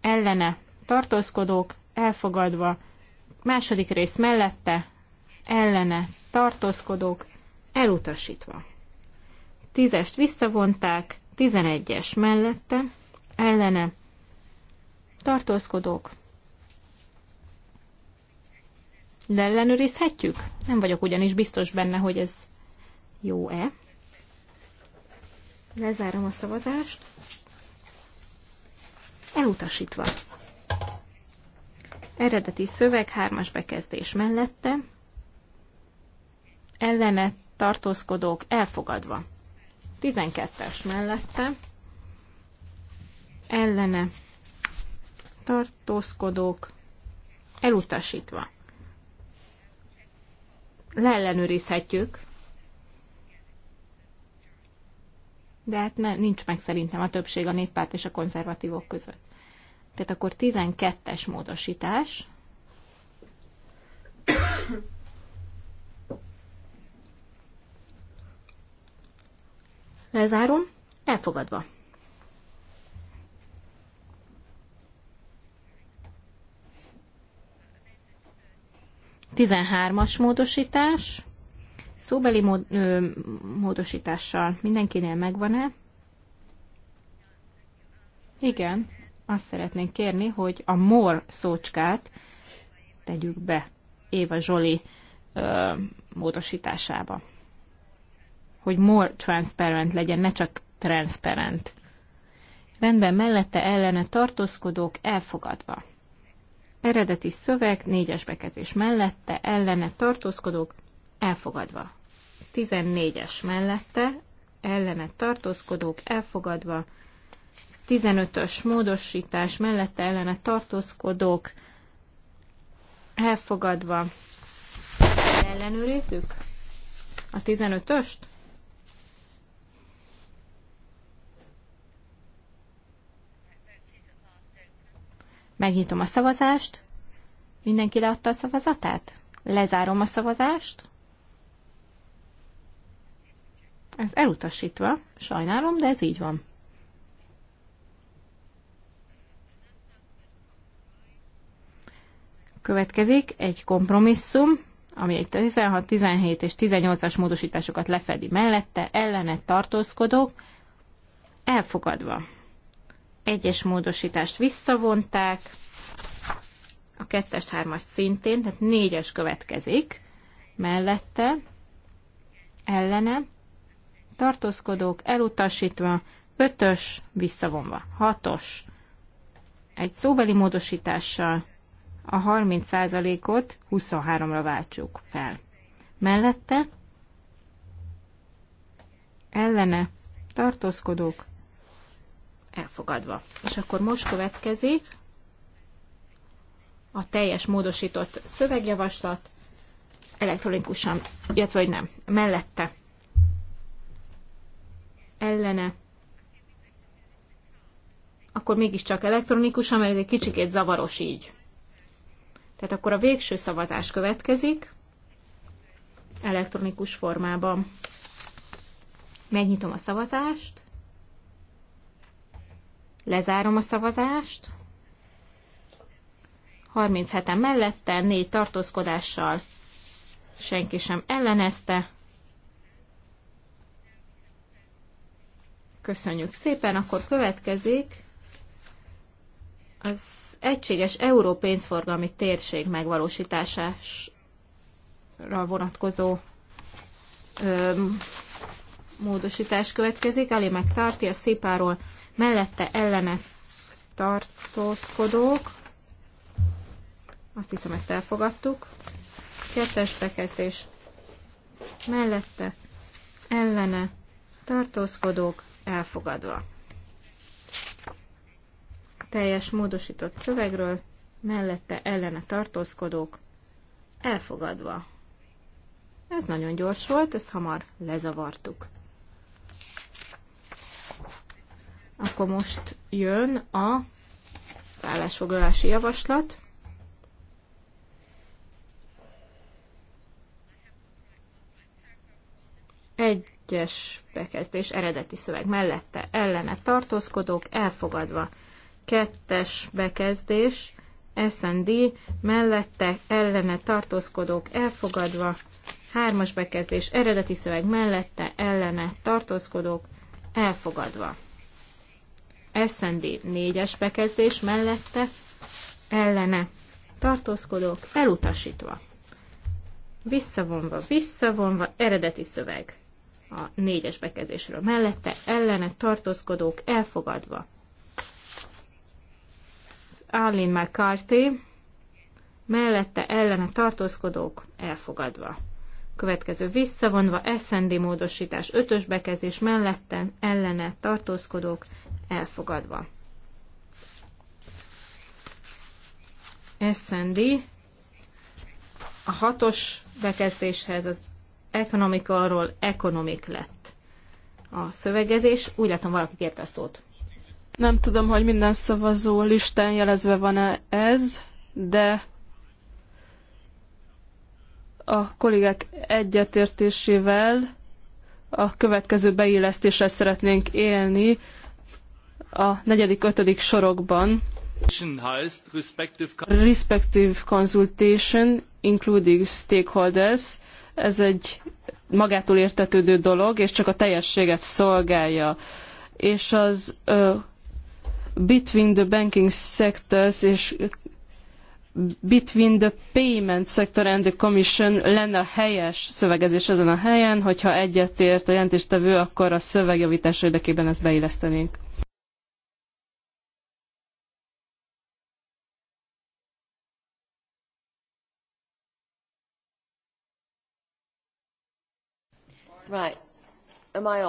ellene tartózkodók, elfogadva, második rész mellette, ellene tartózkodók, elutasítva. Tízest visszavonták, tizenegyes mellette, ellene tartózkodók. Leellenőrizhetjük? Nem vagyok ugyanis biztos benne, hogy ez jó-e? Lezárom a szavazást. Elutasítva. Eredeti szöveg hármas bekezdés mellette. Ellene tartózkodók elfogadva. 12-es mellette. Ellene tartózkodók elutasítva. Leellenőrizhetjük de hát ne, nincs meg szerintem a többség a néppárt és a konzervatívok között. Tehát akkor 12-es módosítás. Lezárom, elfogadva. Tizenhármas módosítás szóbeli mód, ö, módosítással. Mindenkinél megvan-e? Igen, azt szeretnénk kérni, hogy a mor szócskát tegyük be Éva Zsoli ö, módosításába. Hogy more transparent legyen, ne csak transparent. Rendben mellette ellene tartózkodók elfogadva. Eredeti szöveg, négyes bekezdés mellette ellene tartózkodók elfogadva. 14-es mellette, ellene tartózkodók elfogadva, 15-ös módosítás mellette ellene tartózkodók elfogadva. Ellenőrizzük a 15-öst? Megnyitom a szavazást. Mindenki leadta a szavazatát? Lezárom a szavazást. Ez elutasítva, sajnálom, de ez így van. Következik egy kompromisszum, ami egy 16, 17 és 18-as módosításokat lefedi mellette, ellene tartózkodók, elfogadva. Egyes módosítást visszavonták, a kettest, hármas szintén, tehát négyes következik, mellette, ellene, tartózkodók elutasítva, ötös visszavonva, hatos, egy szóbeli módosítással a 30%-ot 23-ra váltsuk fel. Mellette ellene tartózkodók elfogadva. És akkor most következik a teljes módosított szövegjavaslat elektronikusan, illetve hogy nem, mellette ellene, akkor mégiscsak elektronikus, mert egy kicsikét zavaros így. Tehát akkor a végső szavazás következik elektronikus formában. Megnyitom a szavazást, lezárom a szavazást, 37-en mellette, négy tartózkodással, senki sem ellenezte, Köszönjük szépen, akkor következik az egységes euró pénzforgalmi térség megvalósítására vonatkozó öm, módosítás következik. Ali megtarti a szépáról mellette ellene tartózkodók. Azt hiszem, ezt elfogadtuk. Kettes bekezdés mellette ellene tartózkodók elfogadva. Teljes módosított szövegről, mellette ellene tartózkodók, elfogadva. Ez nagyon gyors volt, ezt hamar lezavartuk. Akkor most jön a állásfoglalási javaslat. Egy egyes bekezdés eredeti szöveg mellette ellene tartózkodók elfogadva. Kettes bekezdés SND mellette ellene tartózkodók elfogadva. Hármas bekezdés eredeti szöveg mellette ellene tartózkodók elfogadva. SND négyes bekezdés mellette ellene tartózkodók elutasítva. Visszavonva, visszavonva, eredeti szöveg a négyes bekezdésről. Mellette ellene tartózkodók elfogadva. Az Arlene McCarthy mellette ellene tartózkodók elfogadva. Következő visszavonva eszendi módosítás ötös bekezdés mellette ellene tartózkodók elfogadva. Eszendi a hatos bekezdéshez az economicalról ekonomik lett a szövegezés. Úgy látom, valaki kérte a szót. Nem tudom, hogy minden szavazó listán jelezve van-e ez, de a kollégák egyetértésével a következő beillesztéssel szeretnénk élni a negyedik, ötödik sorokban. Respective consultation, including stakeholders, ez egy magától értetődő dolog, és csak a teljességet szolgálja. És az uh, between the banking sectors és between the payment sector and the commission lenne a helyes szövegezés ezen a helyen, hogyha egyetért a jelentéstevő, akkor a szövegjavítás érdekében ezt beillesztenénk. Uh,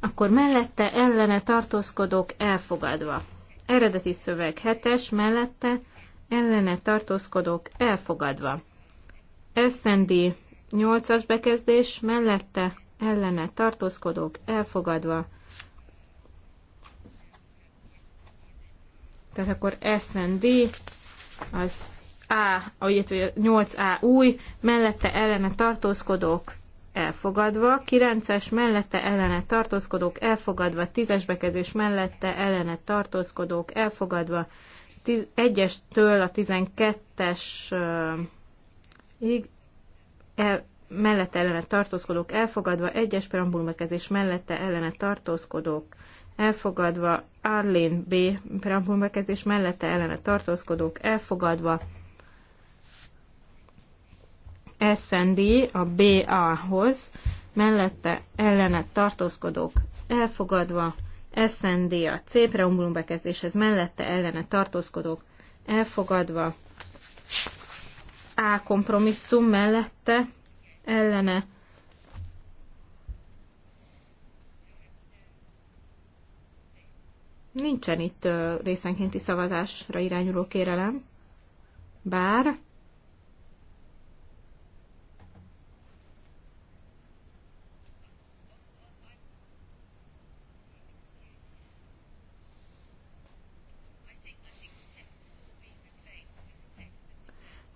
akkor mellette ellene tartózkodók elfogadva. Eredeti szöveg 7 mellette ellene tartózkodók elfogadva. SND 8-as bekezdés, mellette ellene tartózkodók elfogadva. Tehát akkor SND az A, illetve 8A új, mellette ellene tartózkodók elfogadva, 9-es mellette ellene tartózkodók elfogadva, 10-es bekezdés mellette ellene tartózkodók elfogadva, 1-estől a 12 es el, mellette ellene tartózkodók elfogadva, 1-es bekezdés mellette ellene tartózkodók elfogadva, Arlene B preambulbekezdés mellette ellene tartózkodók elfogadva, SND a BA-hoz, mellette ellenet tartózkodók elfogadva, SND a C preambulum bekezdéshez, mellette ellenet tartózkodók elfogadva, A kompromisszum mellette ellene Nincsen itt részenkénti szavazásra irányuló kérelem, bár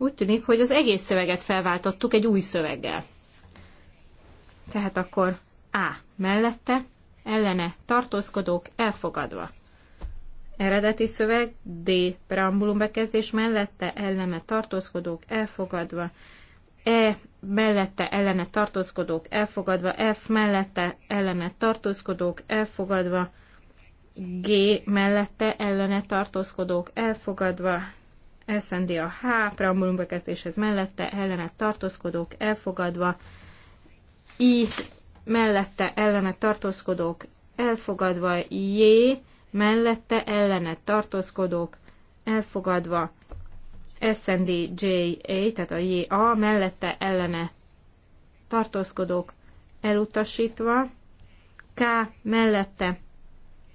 Úgy tűnik, hogy az egész szöveget felváltottuk egy új szöveggel. Tehát akkor A mellette, ellene tartózkodók elfogadva. Eredeti szöveg D preambulum bekezdés mellette, ellene tartózkodók elfogadva. E mellette ellene tartózkodók elfogadva, F mellette ellene tartózkodók elfogadva, G mellette ellene tartózkodók elfogadva, SND a H, preambulum bekezdéshez mellette, ellene tartózkodók elfogadva, I mellette ellene tartózkodók elfogadva, J mellette ellene tartózkodók elfogadva, SNDJA, tehát a JA mellette ellene tartózkodók elutasítva, K mellette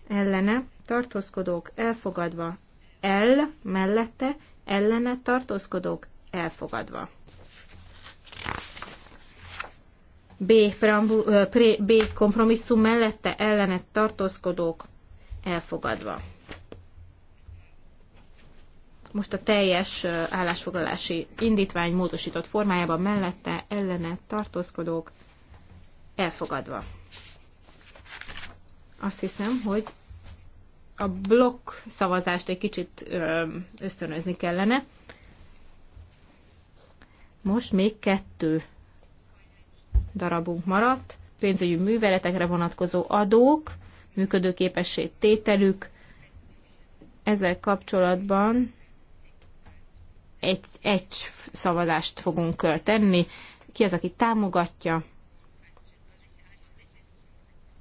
ellene tartózkodók elfogadva, L mellette ellene tartózkodók elfogadva. B, preambul, ö, pre, B kompromisszum mellette ellene tartózkodók elfogadva. Most a teljes állásfoglalási indítvány módosított formájában mellette ellene tartózkodók elfogadva. Azt hiszem, hogy a blokk szavazást egy kicsit ösztönözni kellene. Most még kettő darabunk maradt. Pénzügyi műveletekre vonatkozó adók, működőképesség tételük. Ezzel kapcsolatban egy, egy szavazást fogunk tenni. Ki az, aki támogatja?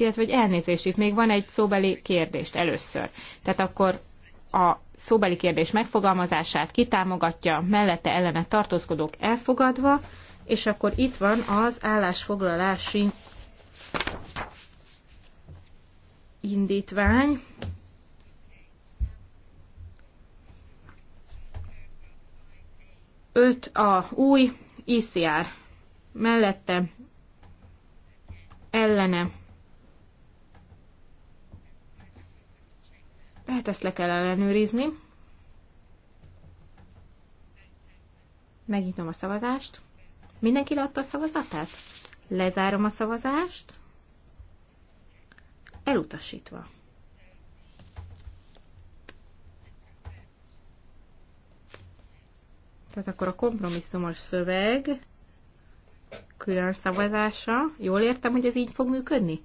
illetve hogy elnézést, itt még van egy szóbeli kérdést először. Tehát akkor a szóbeli kérdés megfogalmazását kitámogatja, mellette ellene tartózkodók elfogadva, és akkor itt van az állásfoglalási indítvány. Öt a új ICR mellette ellene Hát ezt le kell ellenőrizni. Megnyitom a szavazást. Mindenki leadta a szavazatát? Lezárom a szavazást. Elutasítva. Tehát akkor a kompromisszumos szöveg külön szavazása. Jól értem, hogy ez így fog működni?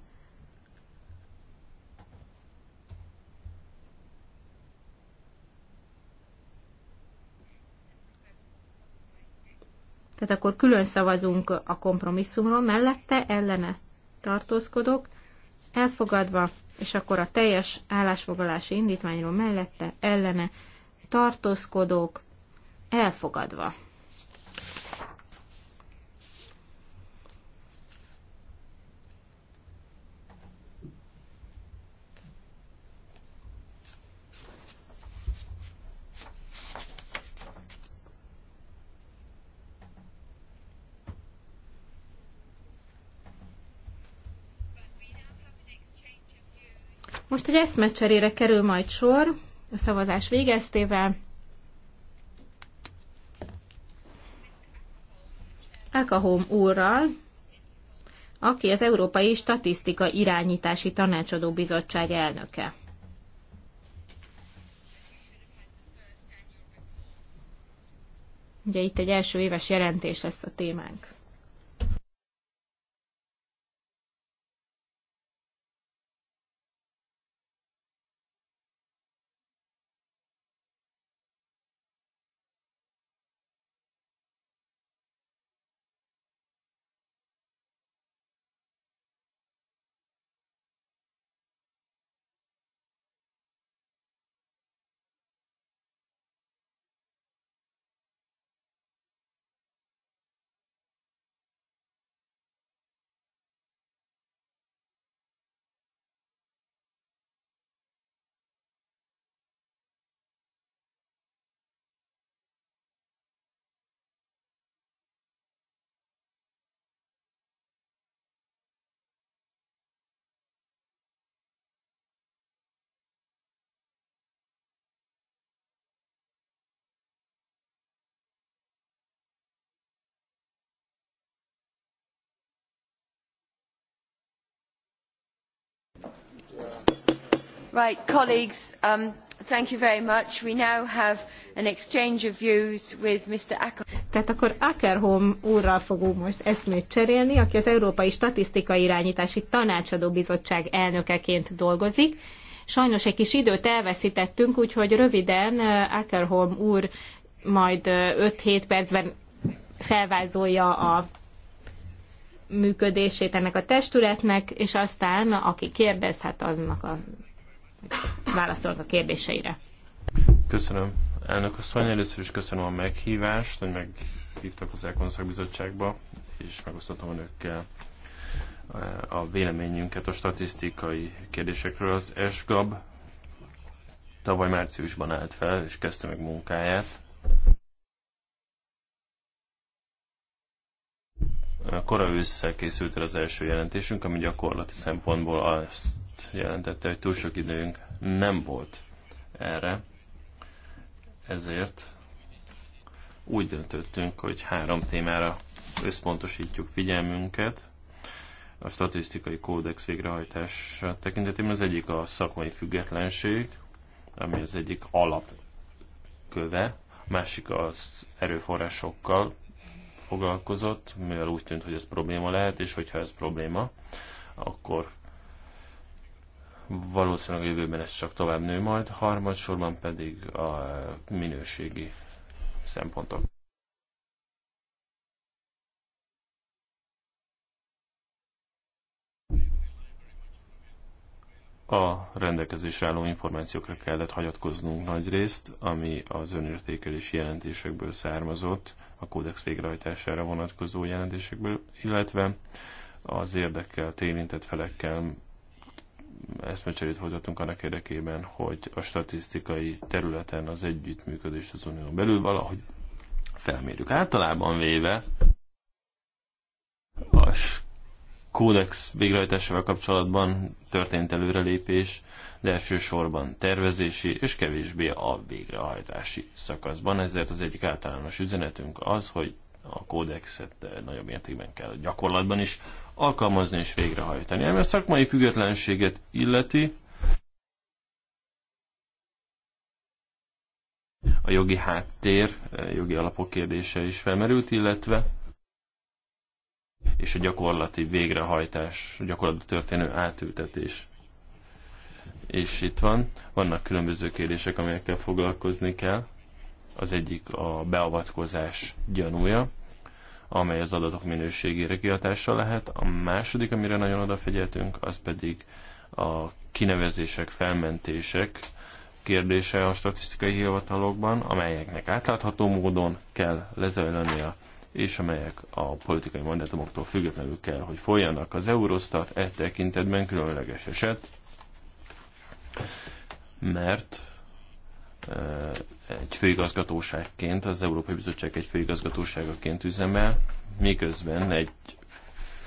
Tehát akkor külön szavazunk a kompromisszumról, mellette ellene tartózkodok, elfogadva, és akkor a teljes állásfoglalási indítványról mellette ellene tartózkodok, elfogadva. Most egy eszmecserére kerül majd sor a szavazás végeztével. Akahom úrral, aki az Európai Statisztika Irányítási Tanácsadó Bizottság elnöke. Ugye itt egy első éves jelentés lesz a témánk. Right, colleagues, um, thank you very much. We now have an exchange of views with Mr. Acker. Tehát akkor Ackerholm úrral fogunk most eszmét cserélni, aki az Európai Statisztikai Irányítási Tanácsadó Bizottság elnökeként dolgozik. Sajnos egy kis időt elveszítettünk, úgyhogy röviden uh, Ackerholm úr majd 5-7 uh, percben felvázolja a működését ennek a testületnek, és aztán aki kérdez, hát annak a válaszolnak a kérdéseire. Köszönöm. Elnök asszony, először is köszönöm a meghívást, hogy meghívtak az Elkonszak Bizottságba, és megosztottam önökkel eh, a véleményünket a statisztikai kérdésekről. Az ESGAB tavaly márciusban állt fel, és kezdte meg munkáját. Kora ősszel készült el az első jelentésünk, ami gyakorlati szempontból azt jelentette, hogy túl sok időnk nem volt erre. Ezért úgy döntöttünk, hogy három témára összpontosítjuk figyelmünket. A statisztikai kódex végrehajtás tekintetében az egyik a szakmai függetlenség, ami az egyik alapköve, másik az erőforrásokkal foglalkozott, mivel úgy tűnt, hogy ez probléma lehet, és hogyha ez probléma, akkor valószínűleg a jövőben ez csak tovább nő majd, harmadsorban pedig a minőségi szempontok. a rendelkezésre álló információkra kellett hagyatkoznunk nagy részt, ami az önértékelési jelentésekből származott, a kódex végrehajtására vonatkozó jelentésekből, illetve az érdekkel, érintett felekkel eszmecserét folytatunk annak érdekében, hogy a statisztikai területen az együttműködést az unión belül valahogy felmérjük. Általában véve a kódex végrehajtásával kapcsolatban történt előrelépés de elsősorban tervezési és kevésbé a végrehajtási szakaszban. Ezért az egyik általános üzenetünk az, hogy a kódexet nagyobb mértékben kell gyakorlatban is alkalmazni és végrehajtani. Ami a szakmai függetlenséget illeti, a jogi háttér, eh, jogi alapok kérdése is felmerült, illetve és a gyakorlati végrehajtás, a gyakorlatban történő átültetés és itt van. Vannak különböző kérdések, amelyekkel foglalkozni kell. Az egyik a beavatkozás gyanúja, amely az adatok minőségére kihatással lehet. A második, amire nagyon odafigyeltünk, az pedig a kinevezések, felmentések kérdése a statisztikai hivatalokban, amelyeknek átlátható módon kell lezajlania, és amelyek a politikai mandátumoktól függetlenül kell, hogy folyjanak Az Eurostat e tekintetben különleges eset, mert eh, egy főigazgatóságként, az Európai Bizottság egy főigazgatóságaként üzemel, miközben egy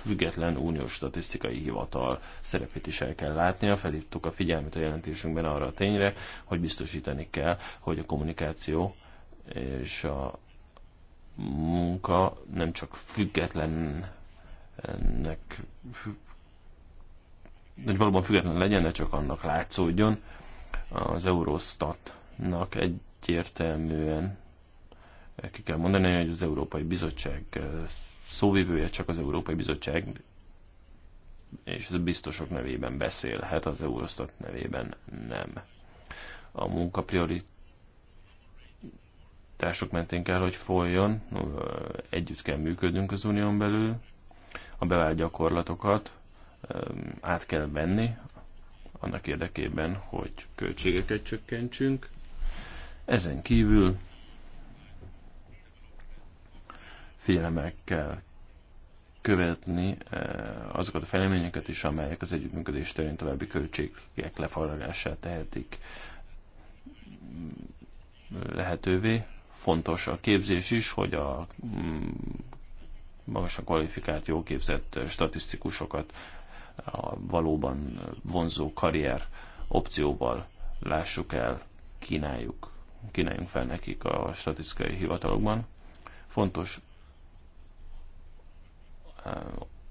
független uniós statisztikai hivatal szerepét is el kell látnia. Felhívtuk a figyelmet a jelentésünkben arra a tényre, hogy biztosítani kell, hogy a kommunikáció és a munka nem csak függetlennek hogy valóban független legyen, ne csak annak látszódjon. Az Eurostatnak egyértelműen ki kell mondani, hogy az Európai Bizottság eh, szóvivője csak az Európai Bizottság és a biztosok nevében beszélhet, az Eurostat nevében nem. A munka prioritások mentén kell, hogy folyjon, eh, együtt kell működnünk az unión belül, a bevált gyakorlatokat át kell venni annak érdekében, hogy költségeket csökkentsünk. Ezen kívül figyelemmel kell követni azokat a fejleményeket is, amelyek az együttműködés terén további költségek lefaragását tehetik mm, lehetővé. Fontos a képzés is, hogy a mm, magasan kvalifikált, jó képzett statisztikusokat a valóban vonzó karrier opcióval lássuk el, kínáljuk, kínáljunk fel nekik a statisztikai hivatalokban. Fontos eh,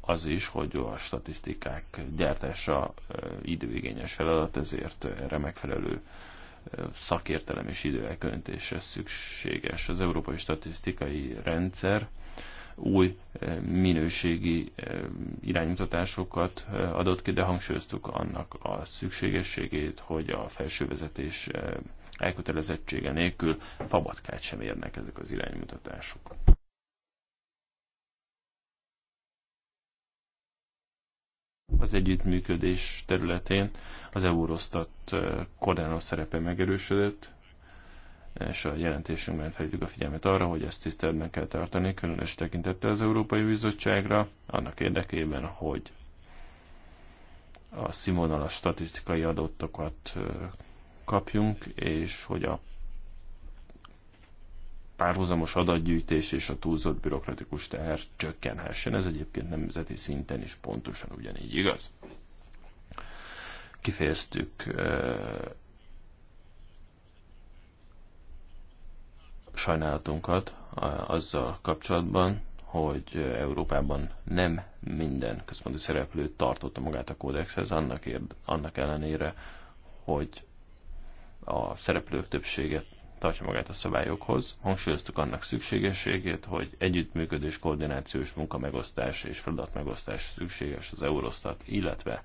az is, hogy a statisztikák gyártása eh, időigényes feladat, ezért erre megfelelő eh, szakértelem és időelköntésre szükséges. Az európai statisztikai rendszer új eh, minőségi eh, iránymutatásokat eh, adott ki, de hangsúlyoztuk annak a szükségességét, hogy a felsővezetés elkötelezettsége nélkül fabatkát sem érnek ezek az iránymutatások. az együttműködés területén az Eurostat koordináló szerepe megerősödött, és a jelentésünkben felhívjuk a figyelmet arra, hogy ezt tiszteletben kell tartani, különös tekintettel az Európai Bizottságra, annak érdekében, hogy a színvonalas statisztikai adatokat kapjunk, és hogy a párhuzamos adatgyűjtés és a túlzott bürokratikus teher csökkenhessen. Ez egyébként nemzeti szinten is pontosan ugyanígy igaz. Kifejeztük sajnálatunkat azzal kapcsolatban, hogy Európában nem minden központi szereplő tartotta magát a kódexhez, annak, ér, annak ellenére, hogy a szereplők többséget tartja magát a szabályokhoz. Hangsúlyoztuk annak szükségességét, hogy együttműködés, koordinációs munkamegosztás és feladatmegosztás szükséges az Eurostat, illetve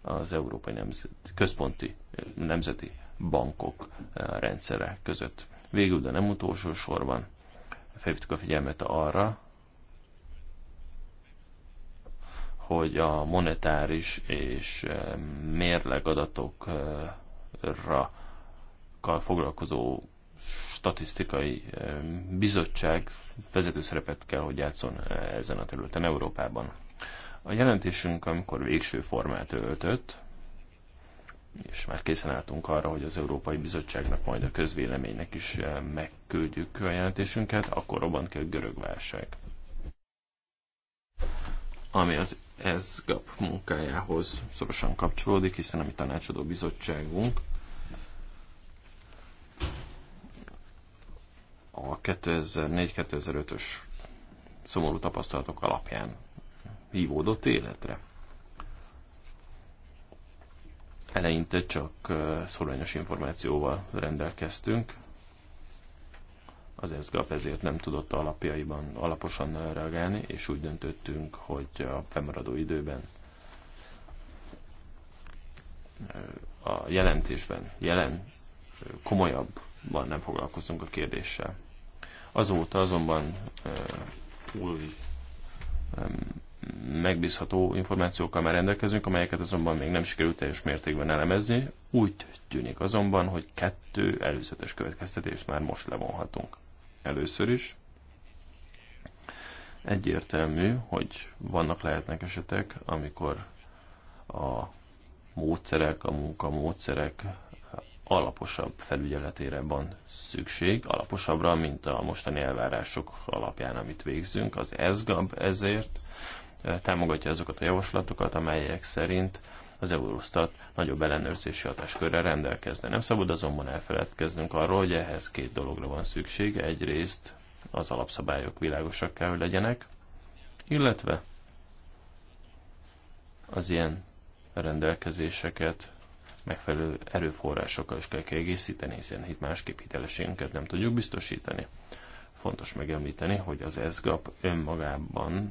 az Európai nemzeti Központi Nemzeti Bankok eh, rendszere között. Végül, de nem utolsó sorban felhívtuk a figyelmet arra, hogy a monetáris és eh, mérlegadatokra foglalkozó statisztikai eh, bizottság vezető szerepet kell, hogy játszon eh, ezen a területen Európában. A jelentésünk, amikor végső formát öltött, és már készen álltunk arra, hogy az Európai Bizottságnak, majd a közvéleménynek is eh, megküldjük a jelentésünket, akkor robbant ki a görög válság. Ami az ESGAP munkájához szorosan kapcsolódik, hiszen a mi tanácsadó bizottságunk a 2004-2005-ös szomorú tapasztalatok alapján hívódott életre. Eleinte csak szorványos információval rendelkeztünk. Az ESGAP ezért nem tudott alapjaiban alaposan reagálni, és úgy döntöttünk, hogy a fennmaradó időben a jelentésben jelen komolyabban nem foglalkozunk a kérdéssel. Azóta azonban új megbízható információkkal már rendelkezünk, amelyeket azonban még nem sikerült teljes mértékben elemezni. Úgy tűnik azonban, hogy kettő előzetes következtetést már most levonhatunk. Először is egyértelmű, hogy vannak lehetnek esetek, amikor a módszerek, a munkamódszerek alaposabb felügyeletére van szükség, alaposabbra, mint a mostani elvárások alapján, amit végzünk. Az ESGAB ezért támogatja azokat a javaslatokat, amelyek szerint az Eurostat nagyobb ellenőrzési hatáskörrel rendelkezne. Nem szabad azonban elfeledkeznünk arról, hogy ehhez két dologra van szüksége. Egyrészt az alapszabályok világosak kell, hogy legyenek, illetve az ilyen rendelkezéseket megfelelő erőforrásokkal is kell kiegészíteni, hiszen itt másképp hitelességünket nem tudjuk biztosítani. Fontos megemlíteni, hogy az ESGAP önmagában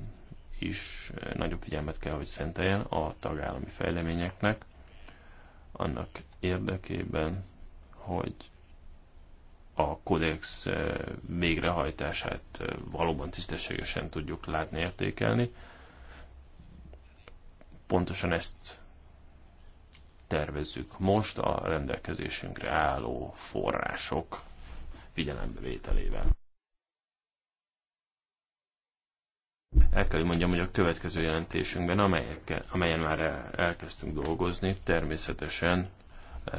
is nagyobb figyelmet kell, hogy szenteljen a tagállami fejleményeknek, annak érdekében, hogy a kódex eh, végrehajtását eh, valóban tisztességesen tudjuk látni, értékelni. Pontosan ezt tervezzük most a rendelkezésünkre álló források figyelembevételével. El kell, hogy mondjam, hogy a következő jelentésünkben, amelyekkel, amelyen már el, elkezdtünk dolgozni, természetesen e,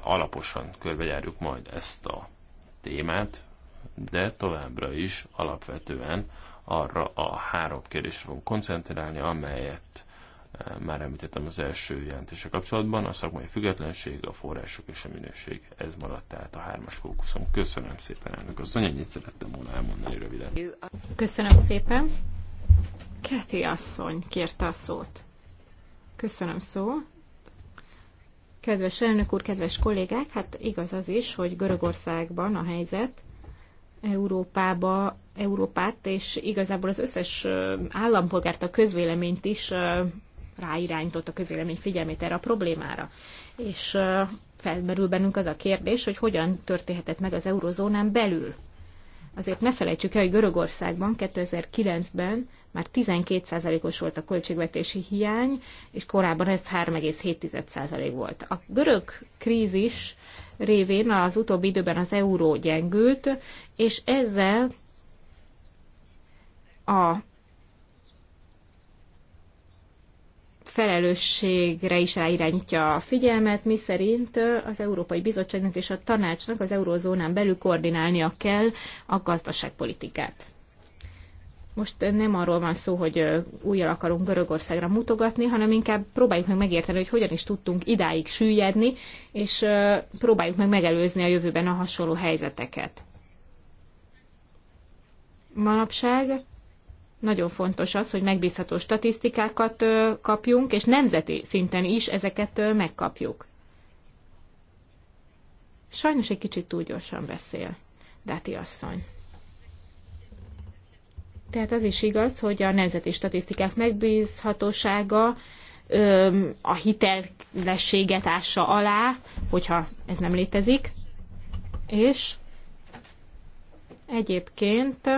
alaposan körbejárjuk majd ezt a témát, de továbbra is alapvetően arra a három kérdésre fogunk koncentrálni, amelyet Eh, már említettem az első jelentése kapcsolatban, a szakmai függetlenség, a források és a minőség. Ez maradt tehát a hármas fókuszom. Köszönöm szépen, elnök asszony, ennyit szerettem volna elmondani röviden. Köszönöm szépen. Keti asszony kérte a szót. Köszönöm szó. Kedves elnök úr, kedves kollégák, hát igaz az is, hogy Görögországban a helyzet Európába, Európát és igazából az összes állampolgárt, a közvéleményt is ráirányított a közélemény figyelmét erre a problémára. És felmerül bennünk az a kérdés, hogy hogyan történhetett meg az eurozónán belül. Azért ne felejtsük el, hogy Görögországban 2009-ben már 12%-os volt a költségvetési hiány, és korábban ez 3,7% volt. A görög krízis révén az utóbbi időben az euró gyengült, és ezzel a felelősségre is ráirányítja a figyelmet, Mi szerint az Európai Bizottságnak és a tanácsnak az eurózónán belül koordinálnia kell a gazdaságpolitikát. Most nem arról van szó, hogy újjal akarunk Görögországra mutogatni, hanem inkább próbáljuk meg megérteni, hogy hogyan is tudtunk idáig süllyedni, és próbáljuk meg megelőzni a jövőben a hasonló helyzeteket. Manapság nagyon fontos az, hogy megbízható statisztikákat kapjunk, és nemzeti szinten is ezeket megkapjuk. Sajnos egy kicsit túl gyorsan beszél, Dáti asszony. Tehát az is igaz, hogy a nemzeti statisztikák megbízhatósága a hitelességet ássa alá, hogyha ez nem létezik, és egyébként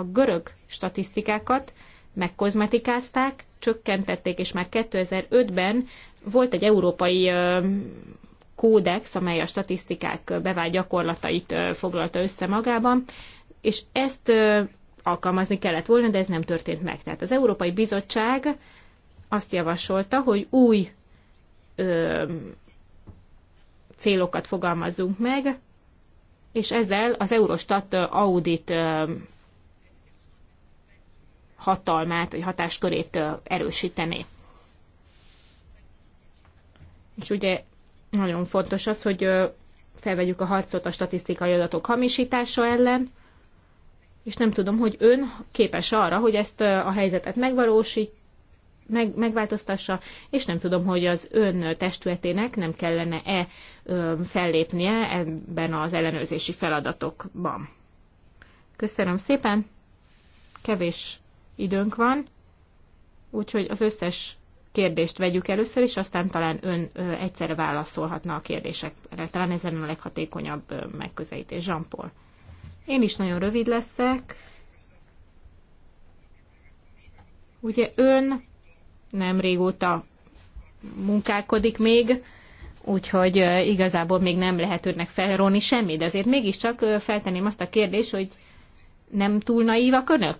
a görög statisztikákat megkozmetikázták, csökkentették, és már 2005-ben volt egy európai kódex, amely a statisztikák bevált gyakorlatait foglalta össze magában, és ezt alkalmazni kellett volna, de ez nem történt meg. Tehát az Európai Bizottság azt javasolta, hogy új ö, célokat fogalmazzunk meg, és ezzel az Eurostat audit hatalmát vagy hatáskörét erősítené. És ugye nagyon fontos az, hogy felvegyük a harcot a statisztikai adatok hamisítása ellen, és nem tudom, hogy ön képes arra, hogy ezt a helyzetet megvalósít, meg, megváltoztassa, és nem tudom, hogy az ön testületének nem kellene-e fellépnie ebben az ellenőrzési feladatokban. Köszönöm szépen! Kevés időnk van, úgyhogy az összes kérdést vegyük először, és aztán talán ön egyszerre válaszolhatna a kérdésekre. Talán ezen a leghatékonyabb megközelítés. jean -Paul. Én is nagyon rövid leszek. Ugye ön nem régóta munkálkodik még, úgyhogy igazából még nem lehet önnek felróni semmi, de azért mégiscsak feltenném azt a kérdést, hogy nem túl naívak önök?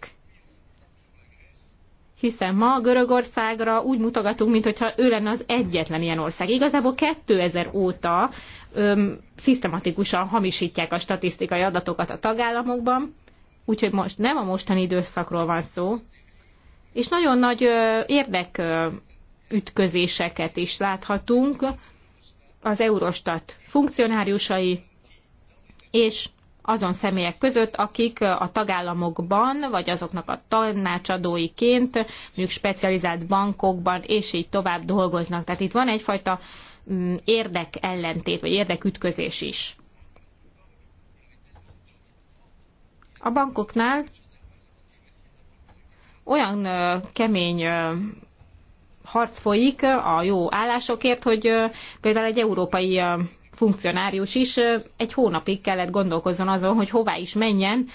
hiszen ma Görögországra úgy mutogatunk, mintha ő lenne az egyetlen ilyen ország. Igazából 2000 óta öm, szisztematikusan hamisítják a statisztikai adatokat a tagállamokban, úgyhogy most nem a mostani időszakról van szó, és nagyon nagy ö, érdek ö, ütközéseket is láthatunk az Eurostat funkcionáriusai és azon személyek között, akik a tagállamokban, vagy azoknak a tanácsadóiként, mondjuk specializált bankokban, és így tovább dolgoznak. Tehát itt van egyfajta mm, érdek ellentét, vagy érdekütközés is. A bankoknál olyan kemény harc folyik a jó állásokért, hogy például egy európai funkcionárius is egy hónapig kellett gondolkozzon azon, hogy hová is menjen,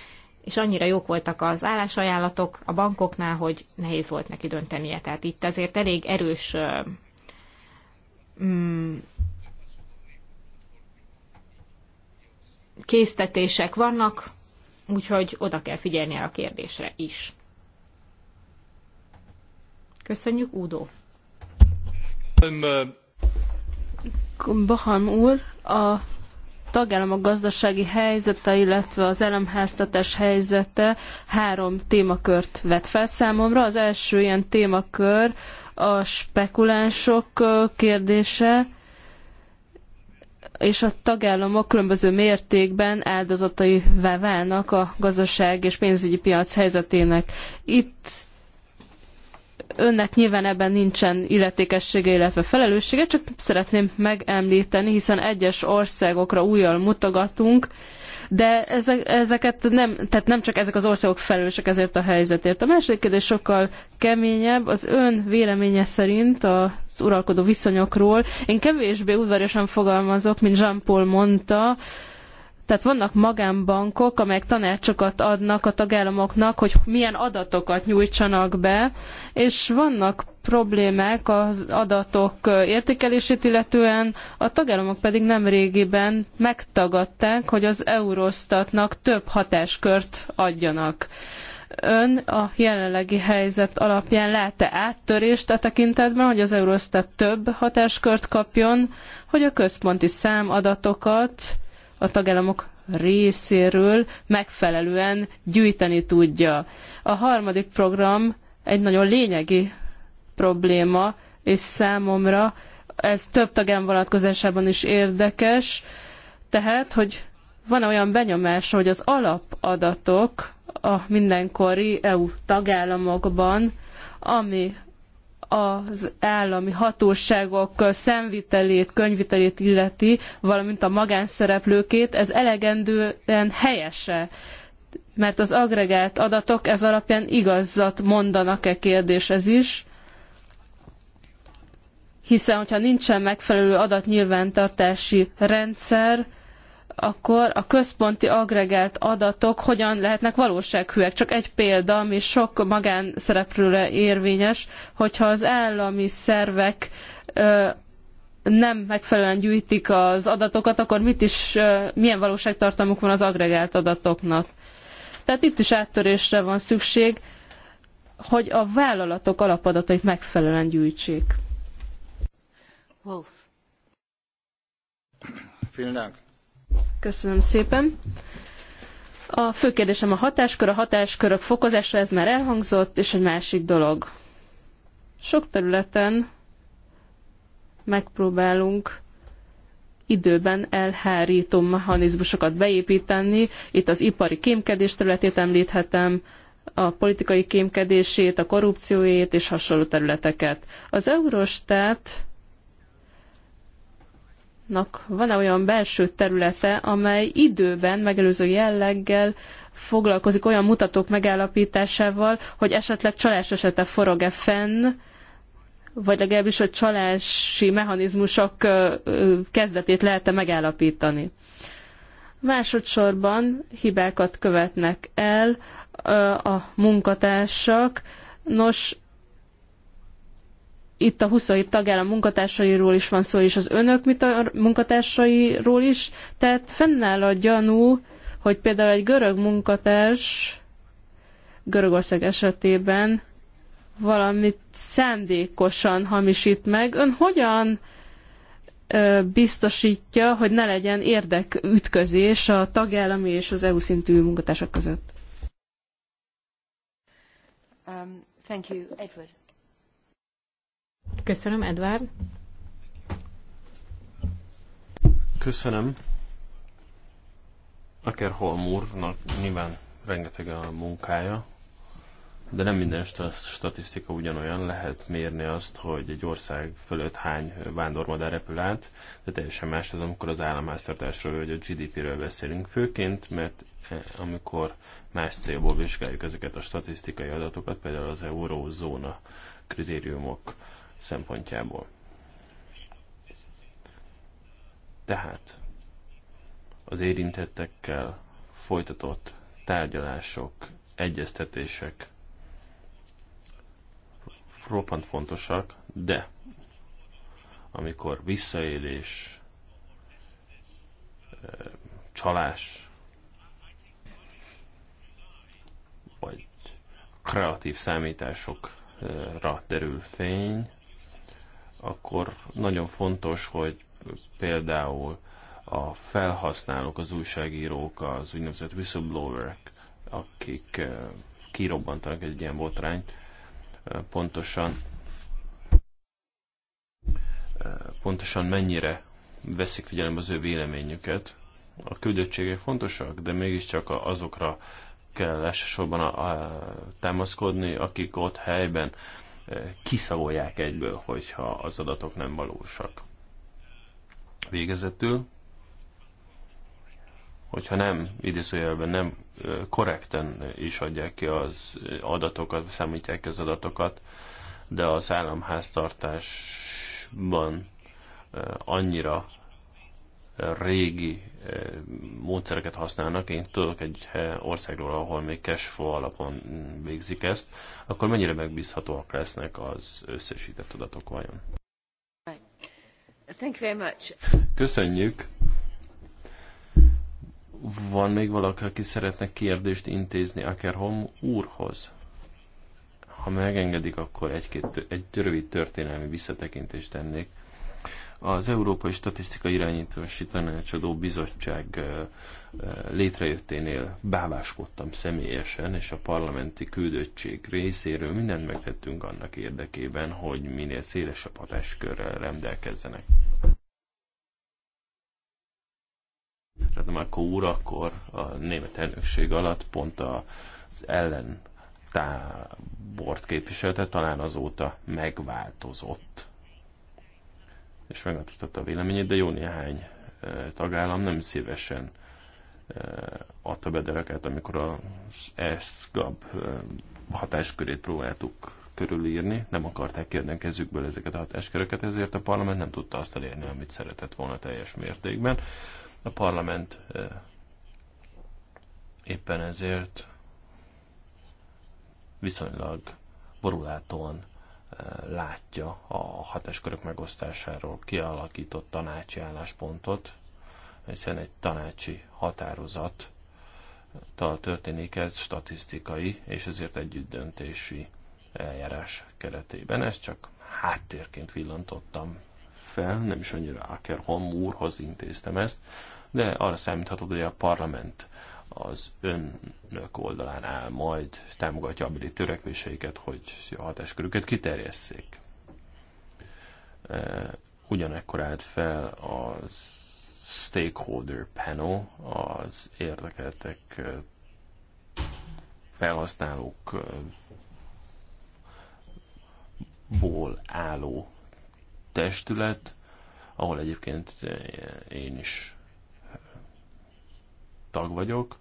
és annyira jók voltak az állásajánlatok a bankoknál, hogy nehéz volt neki döntenie. Tehát itt azért elég erős mm, késztetések vannak, úgyhogy oda kell figyelni a kérdésre is. Köszönjük, Udo! Baham úr, a tagállamok gazdasági helyzete, illetve az elemháztatás helyzete három témakört vet fel számomra. Az első ilyen témakör a spekulánsok kérdése, és a tagállamok különböző mértékben áldozataivá válnak a gazdaság és pénzügyi piac helyzetének. Itt Önnek nyilván ebben nincsen illetékessége, illetve felelőssége, csak szeretném megemlíteni, hiszen egyes országokra újjal mutogatunk, de ezek, ezeket nem, tehát nem csak ezek az országok felelősek ezért a helyzetért. A második kérdés sokkal keményebb, az ön véleménye szerint az uralkodó viszonyokról. Én kevésbé udvariasan fogalmazok, mint Jean-Paul mondta, tehát vannak magánbankok, amelyek tanácsokat adnak a tagállamoknak, hogy milyen adatokat nyújtsanak be, és vannak problémák az adatok értékelését illetően, a tagállamok pedig nemrégiben megtagadták, hogy az Eurostatnak több hatáskört adjanak. Ön a jelenlegi helyzet alapján lát-e áttörést a tekintetben, hogy az Eurostat több hatáskört kapjon, hogy a központi számadatokat a tagállamok részéről megfelelően gyűjteni tudja. A harmadik program egy nagyon lényegi probléma, és számomra ez több tagállam vonatkozásában is érdekes, tehát, hogy van -e olyan benyomás, hogy az alapadatok a mindenkori EU tagállamokban, ami az állami hatóságok szemvitelét, könyvitelét illeti, valamint a magánszereplőkét, ez elegendően helyese? Mert az agregált adatok ez alapján igazat mondanak-e kérdés ez is? Hiszen, hogyha nincsen megfelelő adatnyilvántartási rendszer, akkor a központi agregált adatok hogyan lehetnek valósághűek. Csak egy példa, ami sok magánszereplőre érvényes, hogyha az állami szervek nem megfelelően gyűjtik az adatokat, akkor mit is, milyen valóságtartalmuk van az agregált adatoknak. Tehát itt is áttörésre van szükség, hogy a vállalatok alapadatait megfelelően gyűjtsék. Wolf. Vielen Dank. Köszönöm szépen. A fő kérdésem a hatáskör, a hatáskörök fokozása, ez már elhangzott, és egy másik dolog. Sok területen megpróbálunk időben elhárító mechanizmusokat beépíteni. Itt az ipari kémkedés területét említhetem, a politikai kémkedését, a korrupciójét és hasonló területeket. Az Eurostat nak van-e olyan belső területe, amely időben megelőző jelleggel foglalkozik olyan mutatók megállapításával, hogy esetleg csalás esete forog-e fenn, vagy legalábbis a csalási mechanizmusok kezdetét lehet-e megállapítani. Másodszorban hibákat követnek el a munkatársak. Nos, itt a 27 tagállam munkatársairól is van szó, és az önök mit a munkatársairól is. Tehát fennáll a gyanú, hogy például egy görög munkatárs Görögország esetében valamit szándékosan hamisít meg. Ön hogyan ö, biztosítja, hogy ne legyen érdekütközés a tagállami és az EU szintű munkatársak között? Um, thank you, Edward. Köszönöm, Edvard. Köszönöm. Aker Holmúrnak nyilván rengeteg a munkája, de nem minden statisztika ugyanolyan. Lehet mérni azt, hogy egy ország fölött hány vándormadár repül át, de teljesen más az, amikor az államháztartásról vagy a GDP-ről beszélünk. Főként, mert eh, amikor más célból vizsgáljuk ezeket a statisztikai adatokat, például az eurózóna kritériumok szempontjából. Tehát az érintettekkel folytatott tárgyalások, egyeztetések roppant fontosak, de amikor visszaélés, csalás, vagy kreatív számításokra derül fény, akkor nagyon fontos, hogy például a felhasználók, az újságírók, az úgynevezett whistleblowerek, akik eh, kirobbantanak egy ilyen botrányt, eh, pontosan eh, pontosan mennyire veszik figyelembe az ő véleményüket. A küldöttségek fontosak, de mégiscsak azokra kell elsősorban a, támaszkodni, akik ott helyben kiszavolják egyből, hogyha az adatok nem valósak. Végezetül, hogyha nem, idézőjelben nem korrekten is adják ki az adatokat, számítják ki az adatokat, de az államháztartásban annyira régi eh, módszereket használnak, én tudok egy eh, országról, ahol még cashflow alapon mm, végzik ezt, akkor mennyire megbízhatóak lesznek az összesített adatok vajon? Thank you very much. Köszönjük! Van még valaki, aki szeretne kérdést intézni Akerholm úrhoz? Ha megengedik, akkor egy-két, egy rövid történelmi visszatekintést tennék. Az Európai Statisztika Irányítási Tanácsadó Bizottság létrejötténél báváskodtam személyesen, és a parlamenti küldöttség részéről mindent megtettünk annak érdekében, hogy minél szélesebb hatáskörrel rendelkezzenek. Rademárko úr akkor a német elnökség alatt pont az ellen tábort képviselte, talán azóta megváltozott és megváltoztatta a véleményét, de jó néhány tagállam nem szívesen adta be dereket, amikor az ESGAB hatáskörét próbáltuk körülírni, nem akarták kérni kezükből ezeket a hatásköröket, ezért a parlament nem tudta azt elérni, amit szeretett volna teljes mértékben. A parlament éppen ezért viszonylag borulátóan látja a hatáskörök megosztásáról kialakított tanácsi álláspontot, hiszen egy tanácsi határozat történik ez statisztikai és ezért együtt döntési eljárás keretében. Ezt csak háttérként villantottam fel, nem is annyira Akerholm úrhoz intéztem ezt, de arra számíthatod, hogy a parlament az önök oldalán áll, majd támogatja abili törekvéseiket, hogy a hatáskörüket kiterjesszék. E, ugyanekkor állt fel a stakeholder panel, az érdekeltek e, felhasználók e, ból álló testület, ahol egyébként én is tag vagyok,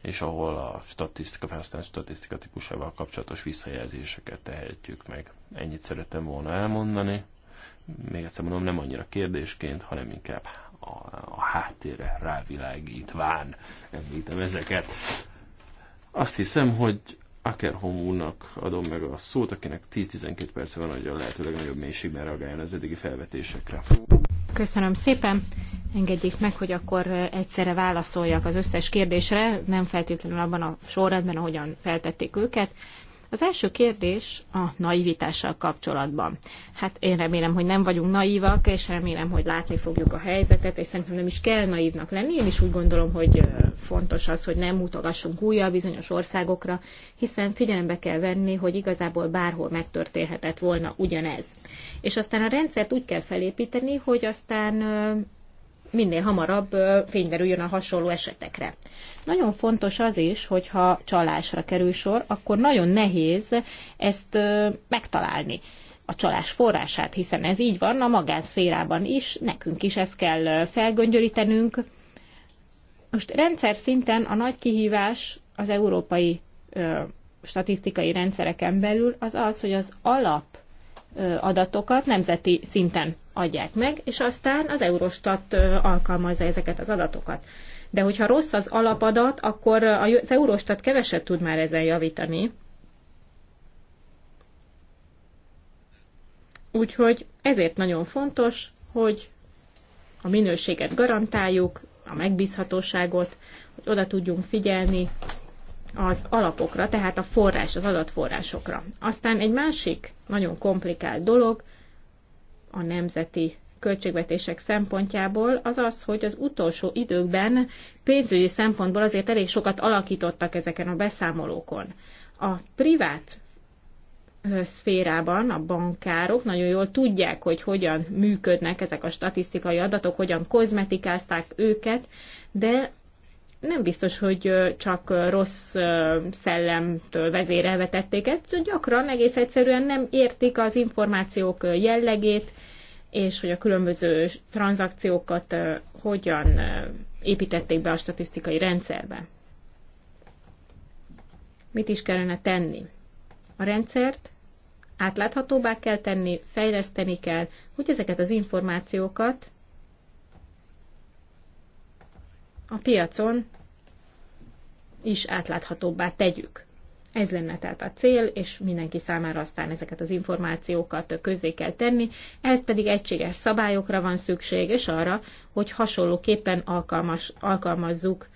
és ahol a statisztika, felhasználás statisztika típusával kapcsolatos visszajelzéseket tehetjük meg. Ennyit szerettem volna elmondani. Még egyszer mondom, nem annyira kérdésként, hanem inkább a, a háttérre rávilágítván említem ezeket. Azt hiszem, hogy Akerhomúnak adom meg a szót, akinek 10-12 perce van, hogy a lehető legnagyobb mélységben reagáljon az eddigi felvetésekre. Köszönöm szépen. Engedjék meg, hogy akkor egyszerre válaszoljak az összes kérdésre, nem feltétlenül abban a sorrendben, ahogyan feltették őket. Az első kérdés a naivitással kapcsolatban. Hát én remélem, hogy nem vagyunk naívak, és remélem, hogy látni fogjuk a helyzetet, és szerintem nem is kell naívnak lenni. Én is úgy gondolom, hogy fontos az, hogy nem mutogassunk újra bizonyos országokra, hiszen figyelembe kell venni, hogy igazából bárhol megtörténhetett volna ugyanez. És aztán a rendszert úgy kell felépíteni, hogy aztán minél hamarabb fényderüljön a hasonló esetekre. Nagyon fontos az is, hogyha csalásra kerül sor, akkor nagyon nehéz ezt megtalálni a csalás forrását, hiszen ez így van a magánszférában is, nekünk is ezt kell felgöngyörítenünk. Most rendszer szinten a nagy kihívás az európai ö, statisztikai rendszereken belül az az, hogy az alap adatokat nemzeti szinten adják meg, és aztán az Eurostat alkalmazza ezeket az adatokat. De hogyha rossz az alapadat, akkor az Eurostat keveset tud már ezen javítani. Úgyhogy ezért nagyon fontos, hogy a minőséget garantáljuk, a megbízhatóságot, hogy oda tudjunk figyelni az alapokra, tehát a forrás, az adatforrásokra. Aztán egy másik nagyon komplikált dolog a nemzeti költségvetések szempontjából az az, hogy az utolsó időkben pénzügyi szempontból azért elég sokat alakítottak ezeken a beszámolókon. A privát szférában a bankárok nagyon jól tudják, hogy hogyan működnek ezek a statisztikai adatok, hogyan kozmetikázták őket, de nem biztos, hogy csak rossz szellemtől vezérelve tették ezt, gyakran egész egyszerűen nem értik az információk jellegét, és hogy a különböző tranzakciókat hogyan építették be a statisztikai rendszerbe. Mit is kellene tenni? A rendszert átláthatóbbá kell tenni, fejleszteni kell, hogy ezeket az információkat a piacon is átláthatóbbá tegyük. Ez lenne tehát a cél, és mindenki számára aztán ezeket az információkat közé kell tenni. Ez pedig egységes szabályokra van szükség, és arra, hogy hasonlóképpen alkalmas, alkalmazzuk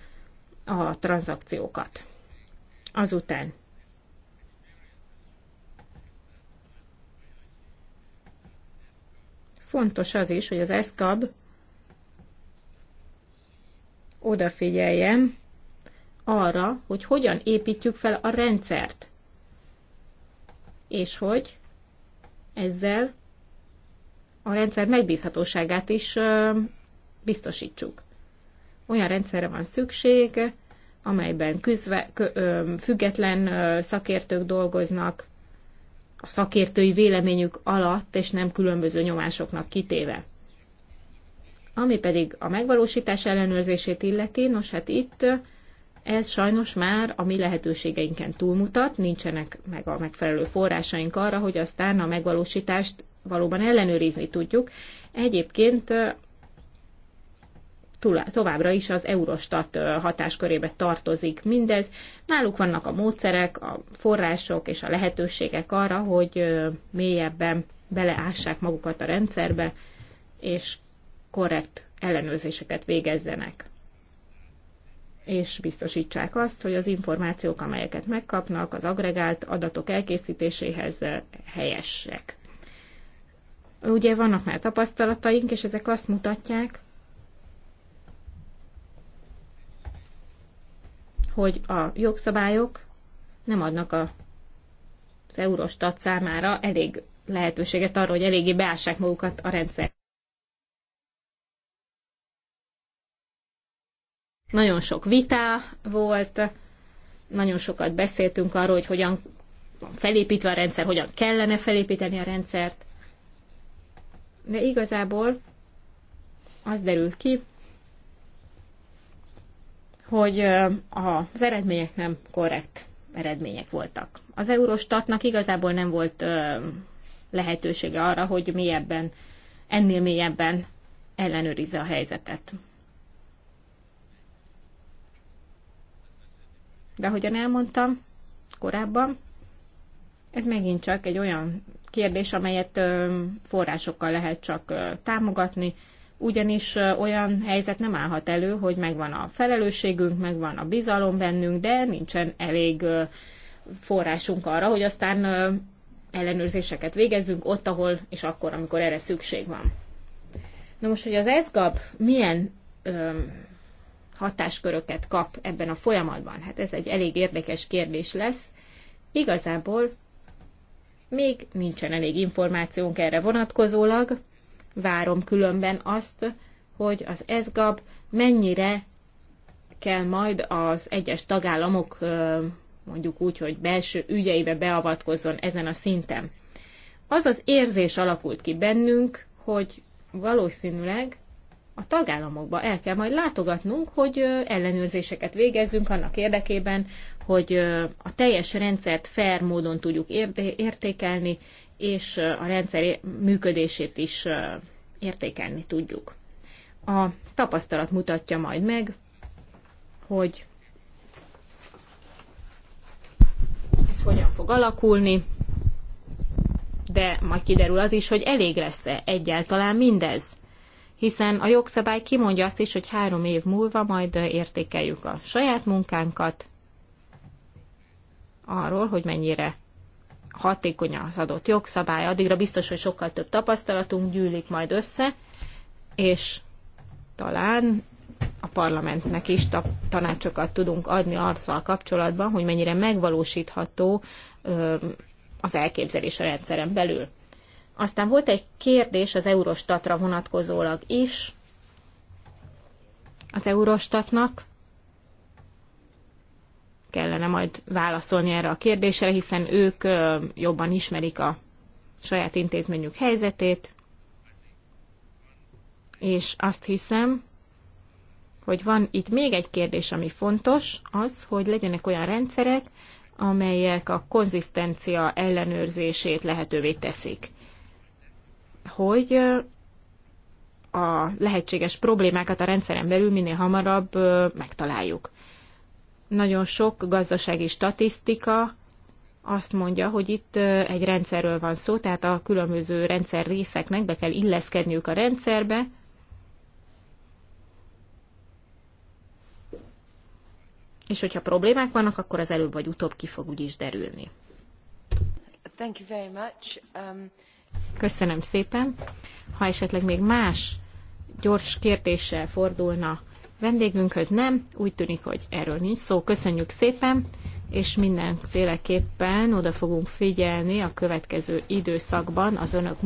a tranzakciókat. Azután fontos az is, hogy az ESCAB odafigyeljen arra, hogy hogyan építjük fel a rendszert, és hogy ezzel a rendszer megbízhatóságát is biztosítsuk. Olyan rendszerre van szükség, amelyben küzve, kö, ö, független ö, szakértők dolgoznak, a szakértői véleményük alatt, és nem különböző nyomásoknak kitéve. Ami pedig a megvalósítás ellenőrzését illeti, nos hát itt ez sajnos már a mi lehetőségeinken túlmutat, nincsenek meg a megfelelő forrásaink arra, hogy aztán a megvalósítást valóban ellenőrizni tudjuk. Egyébként továbbra is az Eurostat hatáskörébe tartozik mindez. Náluk vannak a módszerek, a források és a lehetőségek arra, hogy mélyebben beleássák magukat a rendszerbe, és korrekt ellenőrzéseket végezzenek és biztosítsák azt, hogy az információk, amelyeket megkapnak, az agregált adatok elkészítéséhez eh, helyesek. Ugye vannak már tapasztalataink, és ezek azt mutatják, hogy a jogszabályok nem adnak a, az Eurostat számára elég lehetőséget arra, hogy eléggé beássák magukat a rendszer. Nagyon sok vitá volt, nagyon sokat beszéltünk arról, hogy hogyan felépítve a rendszer, hogyan kellene felépíteni a rendszert. De igazából az derült ki, hogy az eredmények nem korrekt eredmények voltak. Az Eurostatnak igazából nem volt lehetősége arra, hogy mélyebben, ennél mélyebben ellenőrizze a helyzetet. De ahogyan elmondtam korábban, ez megint csak egy olyan kérdés, amelyet forrásokkal lehet csak támogatni, ugyanis olyan helyzet nem állhat elő, hogy megvan a felelősségünk, megvan a bizalom bennünk, de nincsen elég forrásunk arra, hogy aztán ellenőrzéseket végezzünk ott, ahol és akkor, amikor erre szükség van. Na most, hogy az ESGAP milyen hatásköröket kap ebben a folyamatban? Hát ez egy elég érdekes kérdés lesz. Igazából még nincsen elég információnk erre vonatkozólag. Várom különben azt, hogy az ESGAB mennyire kell majd az egyes tagállamok mondjuk úgy, hogy belső ügyeibe beavatkozzon ezen a szinten. Az az érzés alakult ki bennünk, hogy valószínűleg a tagállamokba el kell majd látogatnunk, hogy ellenőrzéseket végezzünk annak érdekében, hogy a teljes rendszert fair módon tudjuk értékelni, és a rendszer működését is értékelni tudjuk. A tapasztalat mutatja majd meg, hogy ez hogyan fog alakulni, de majd kiderül az is, hogy elég lesz-e egyáltalán mindez hiszen a jogszabály kimondja azt is, hogy három év múlva majd értékeljük a saját munkánkat, arról, hogy mennyire hatékony az adott jogszabály, addigra biztos, hogy sokkal több tapasztalatunk gyűlik majd össze, és talán a parlamentnek is tanácsokat tudunk adni arccal kapcsolatban, hogy mennyire megvalósítható az elképzelés a rendszeren belül. Aztán volt egy kérdés az Eurostatra vonatkozólag is, az Eurostatnak kellene majd válaszolni erre a kérdésre, hiszen ők jobban ismerik a saját intézményük helyzetét, és azt hiszem, hogy van itt még egy kérdés, ami fontos, az, hogy legyenek olyan rendszerek, amelyek a konzisztencia ellenőrzését lehetővé teszik hogy a lehetséges problémákat a rendszeren belül minél hamarabb megtaláljuk. Nagyon sok gazdasági statisztika azt mondja, hogy itt egy rendszerről van szó, tehát a különböző rendszer részeknek be kell illeszkedniük a rendszerbe, és hogyha problémák vannak, akkor az előbb vagy utóbb ki fog úgyis derülni. Thank you very much. Um... Köszönöm szépen. Ha esetleg még más gyors kérdéssel fordulna vendégünkhöz, nem, úgy tűnik, hogy erről nincs szó. köszönjük szépen, és mindenféleképpen oda fogunk figyelni a következő időszakban az önök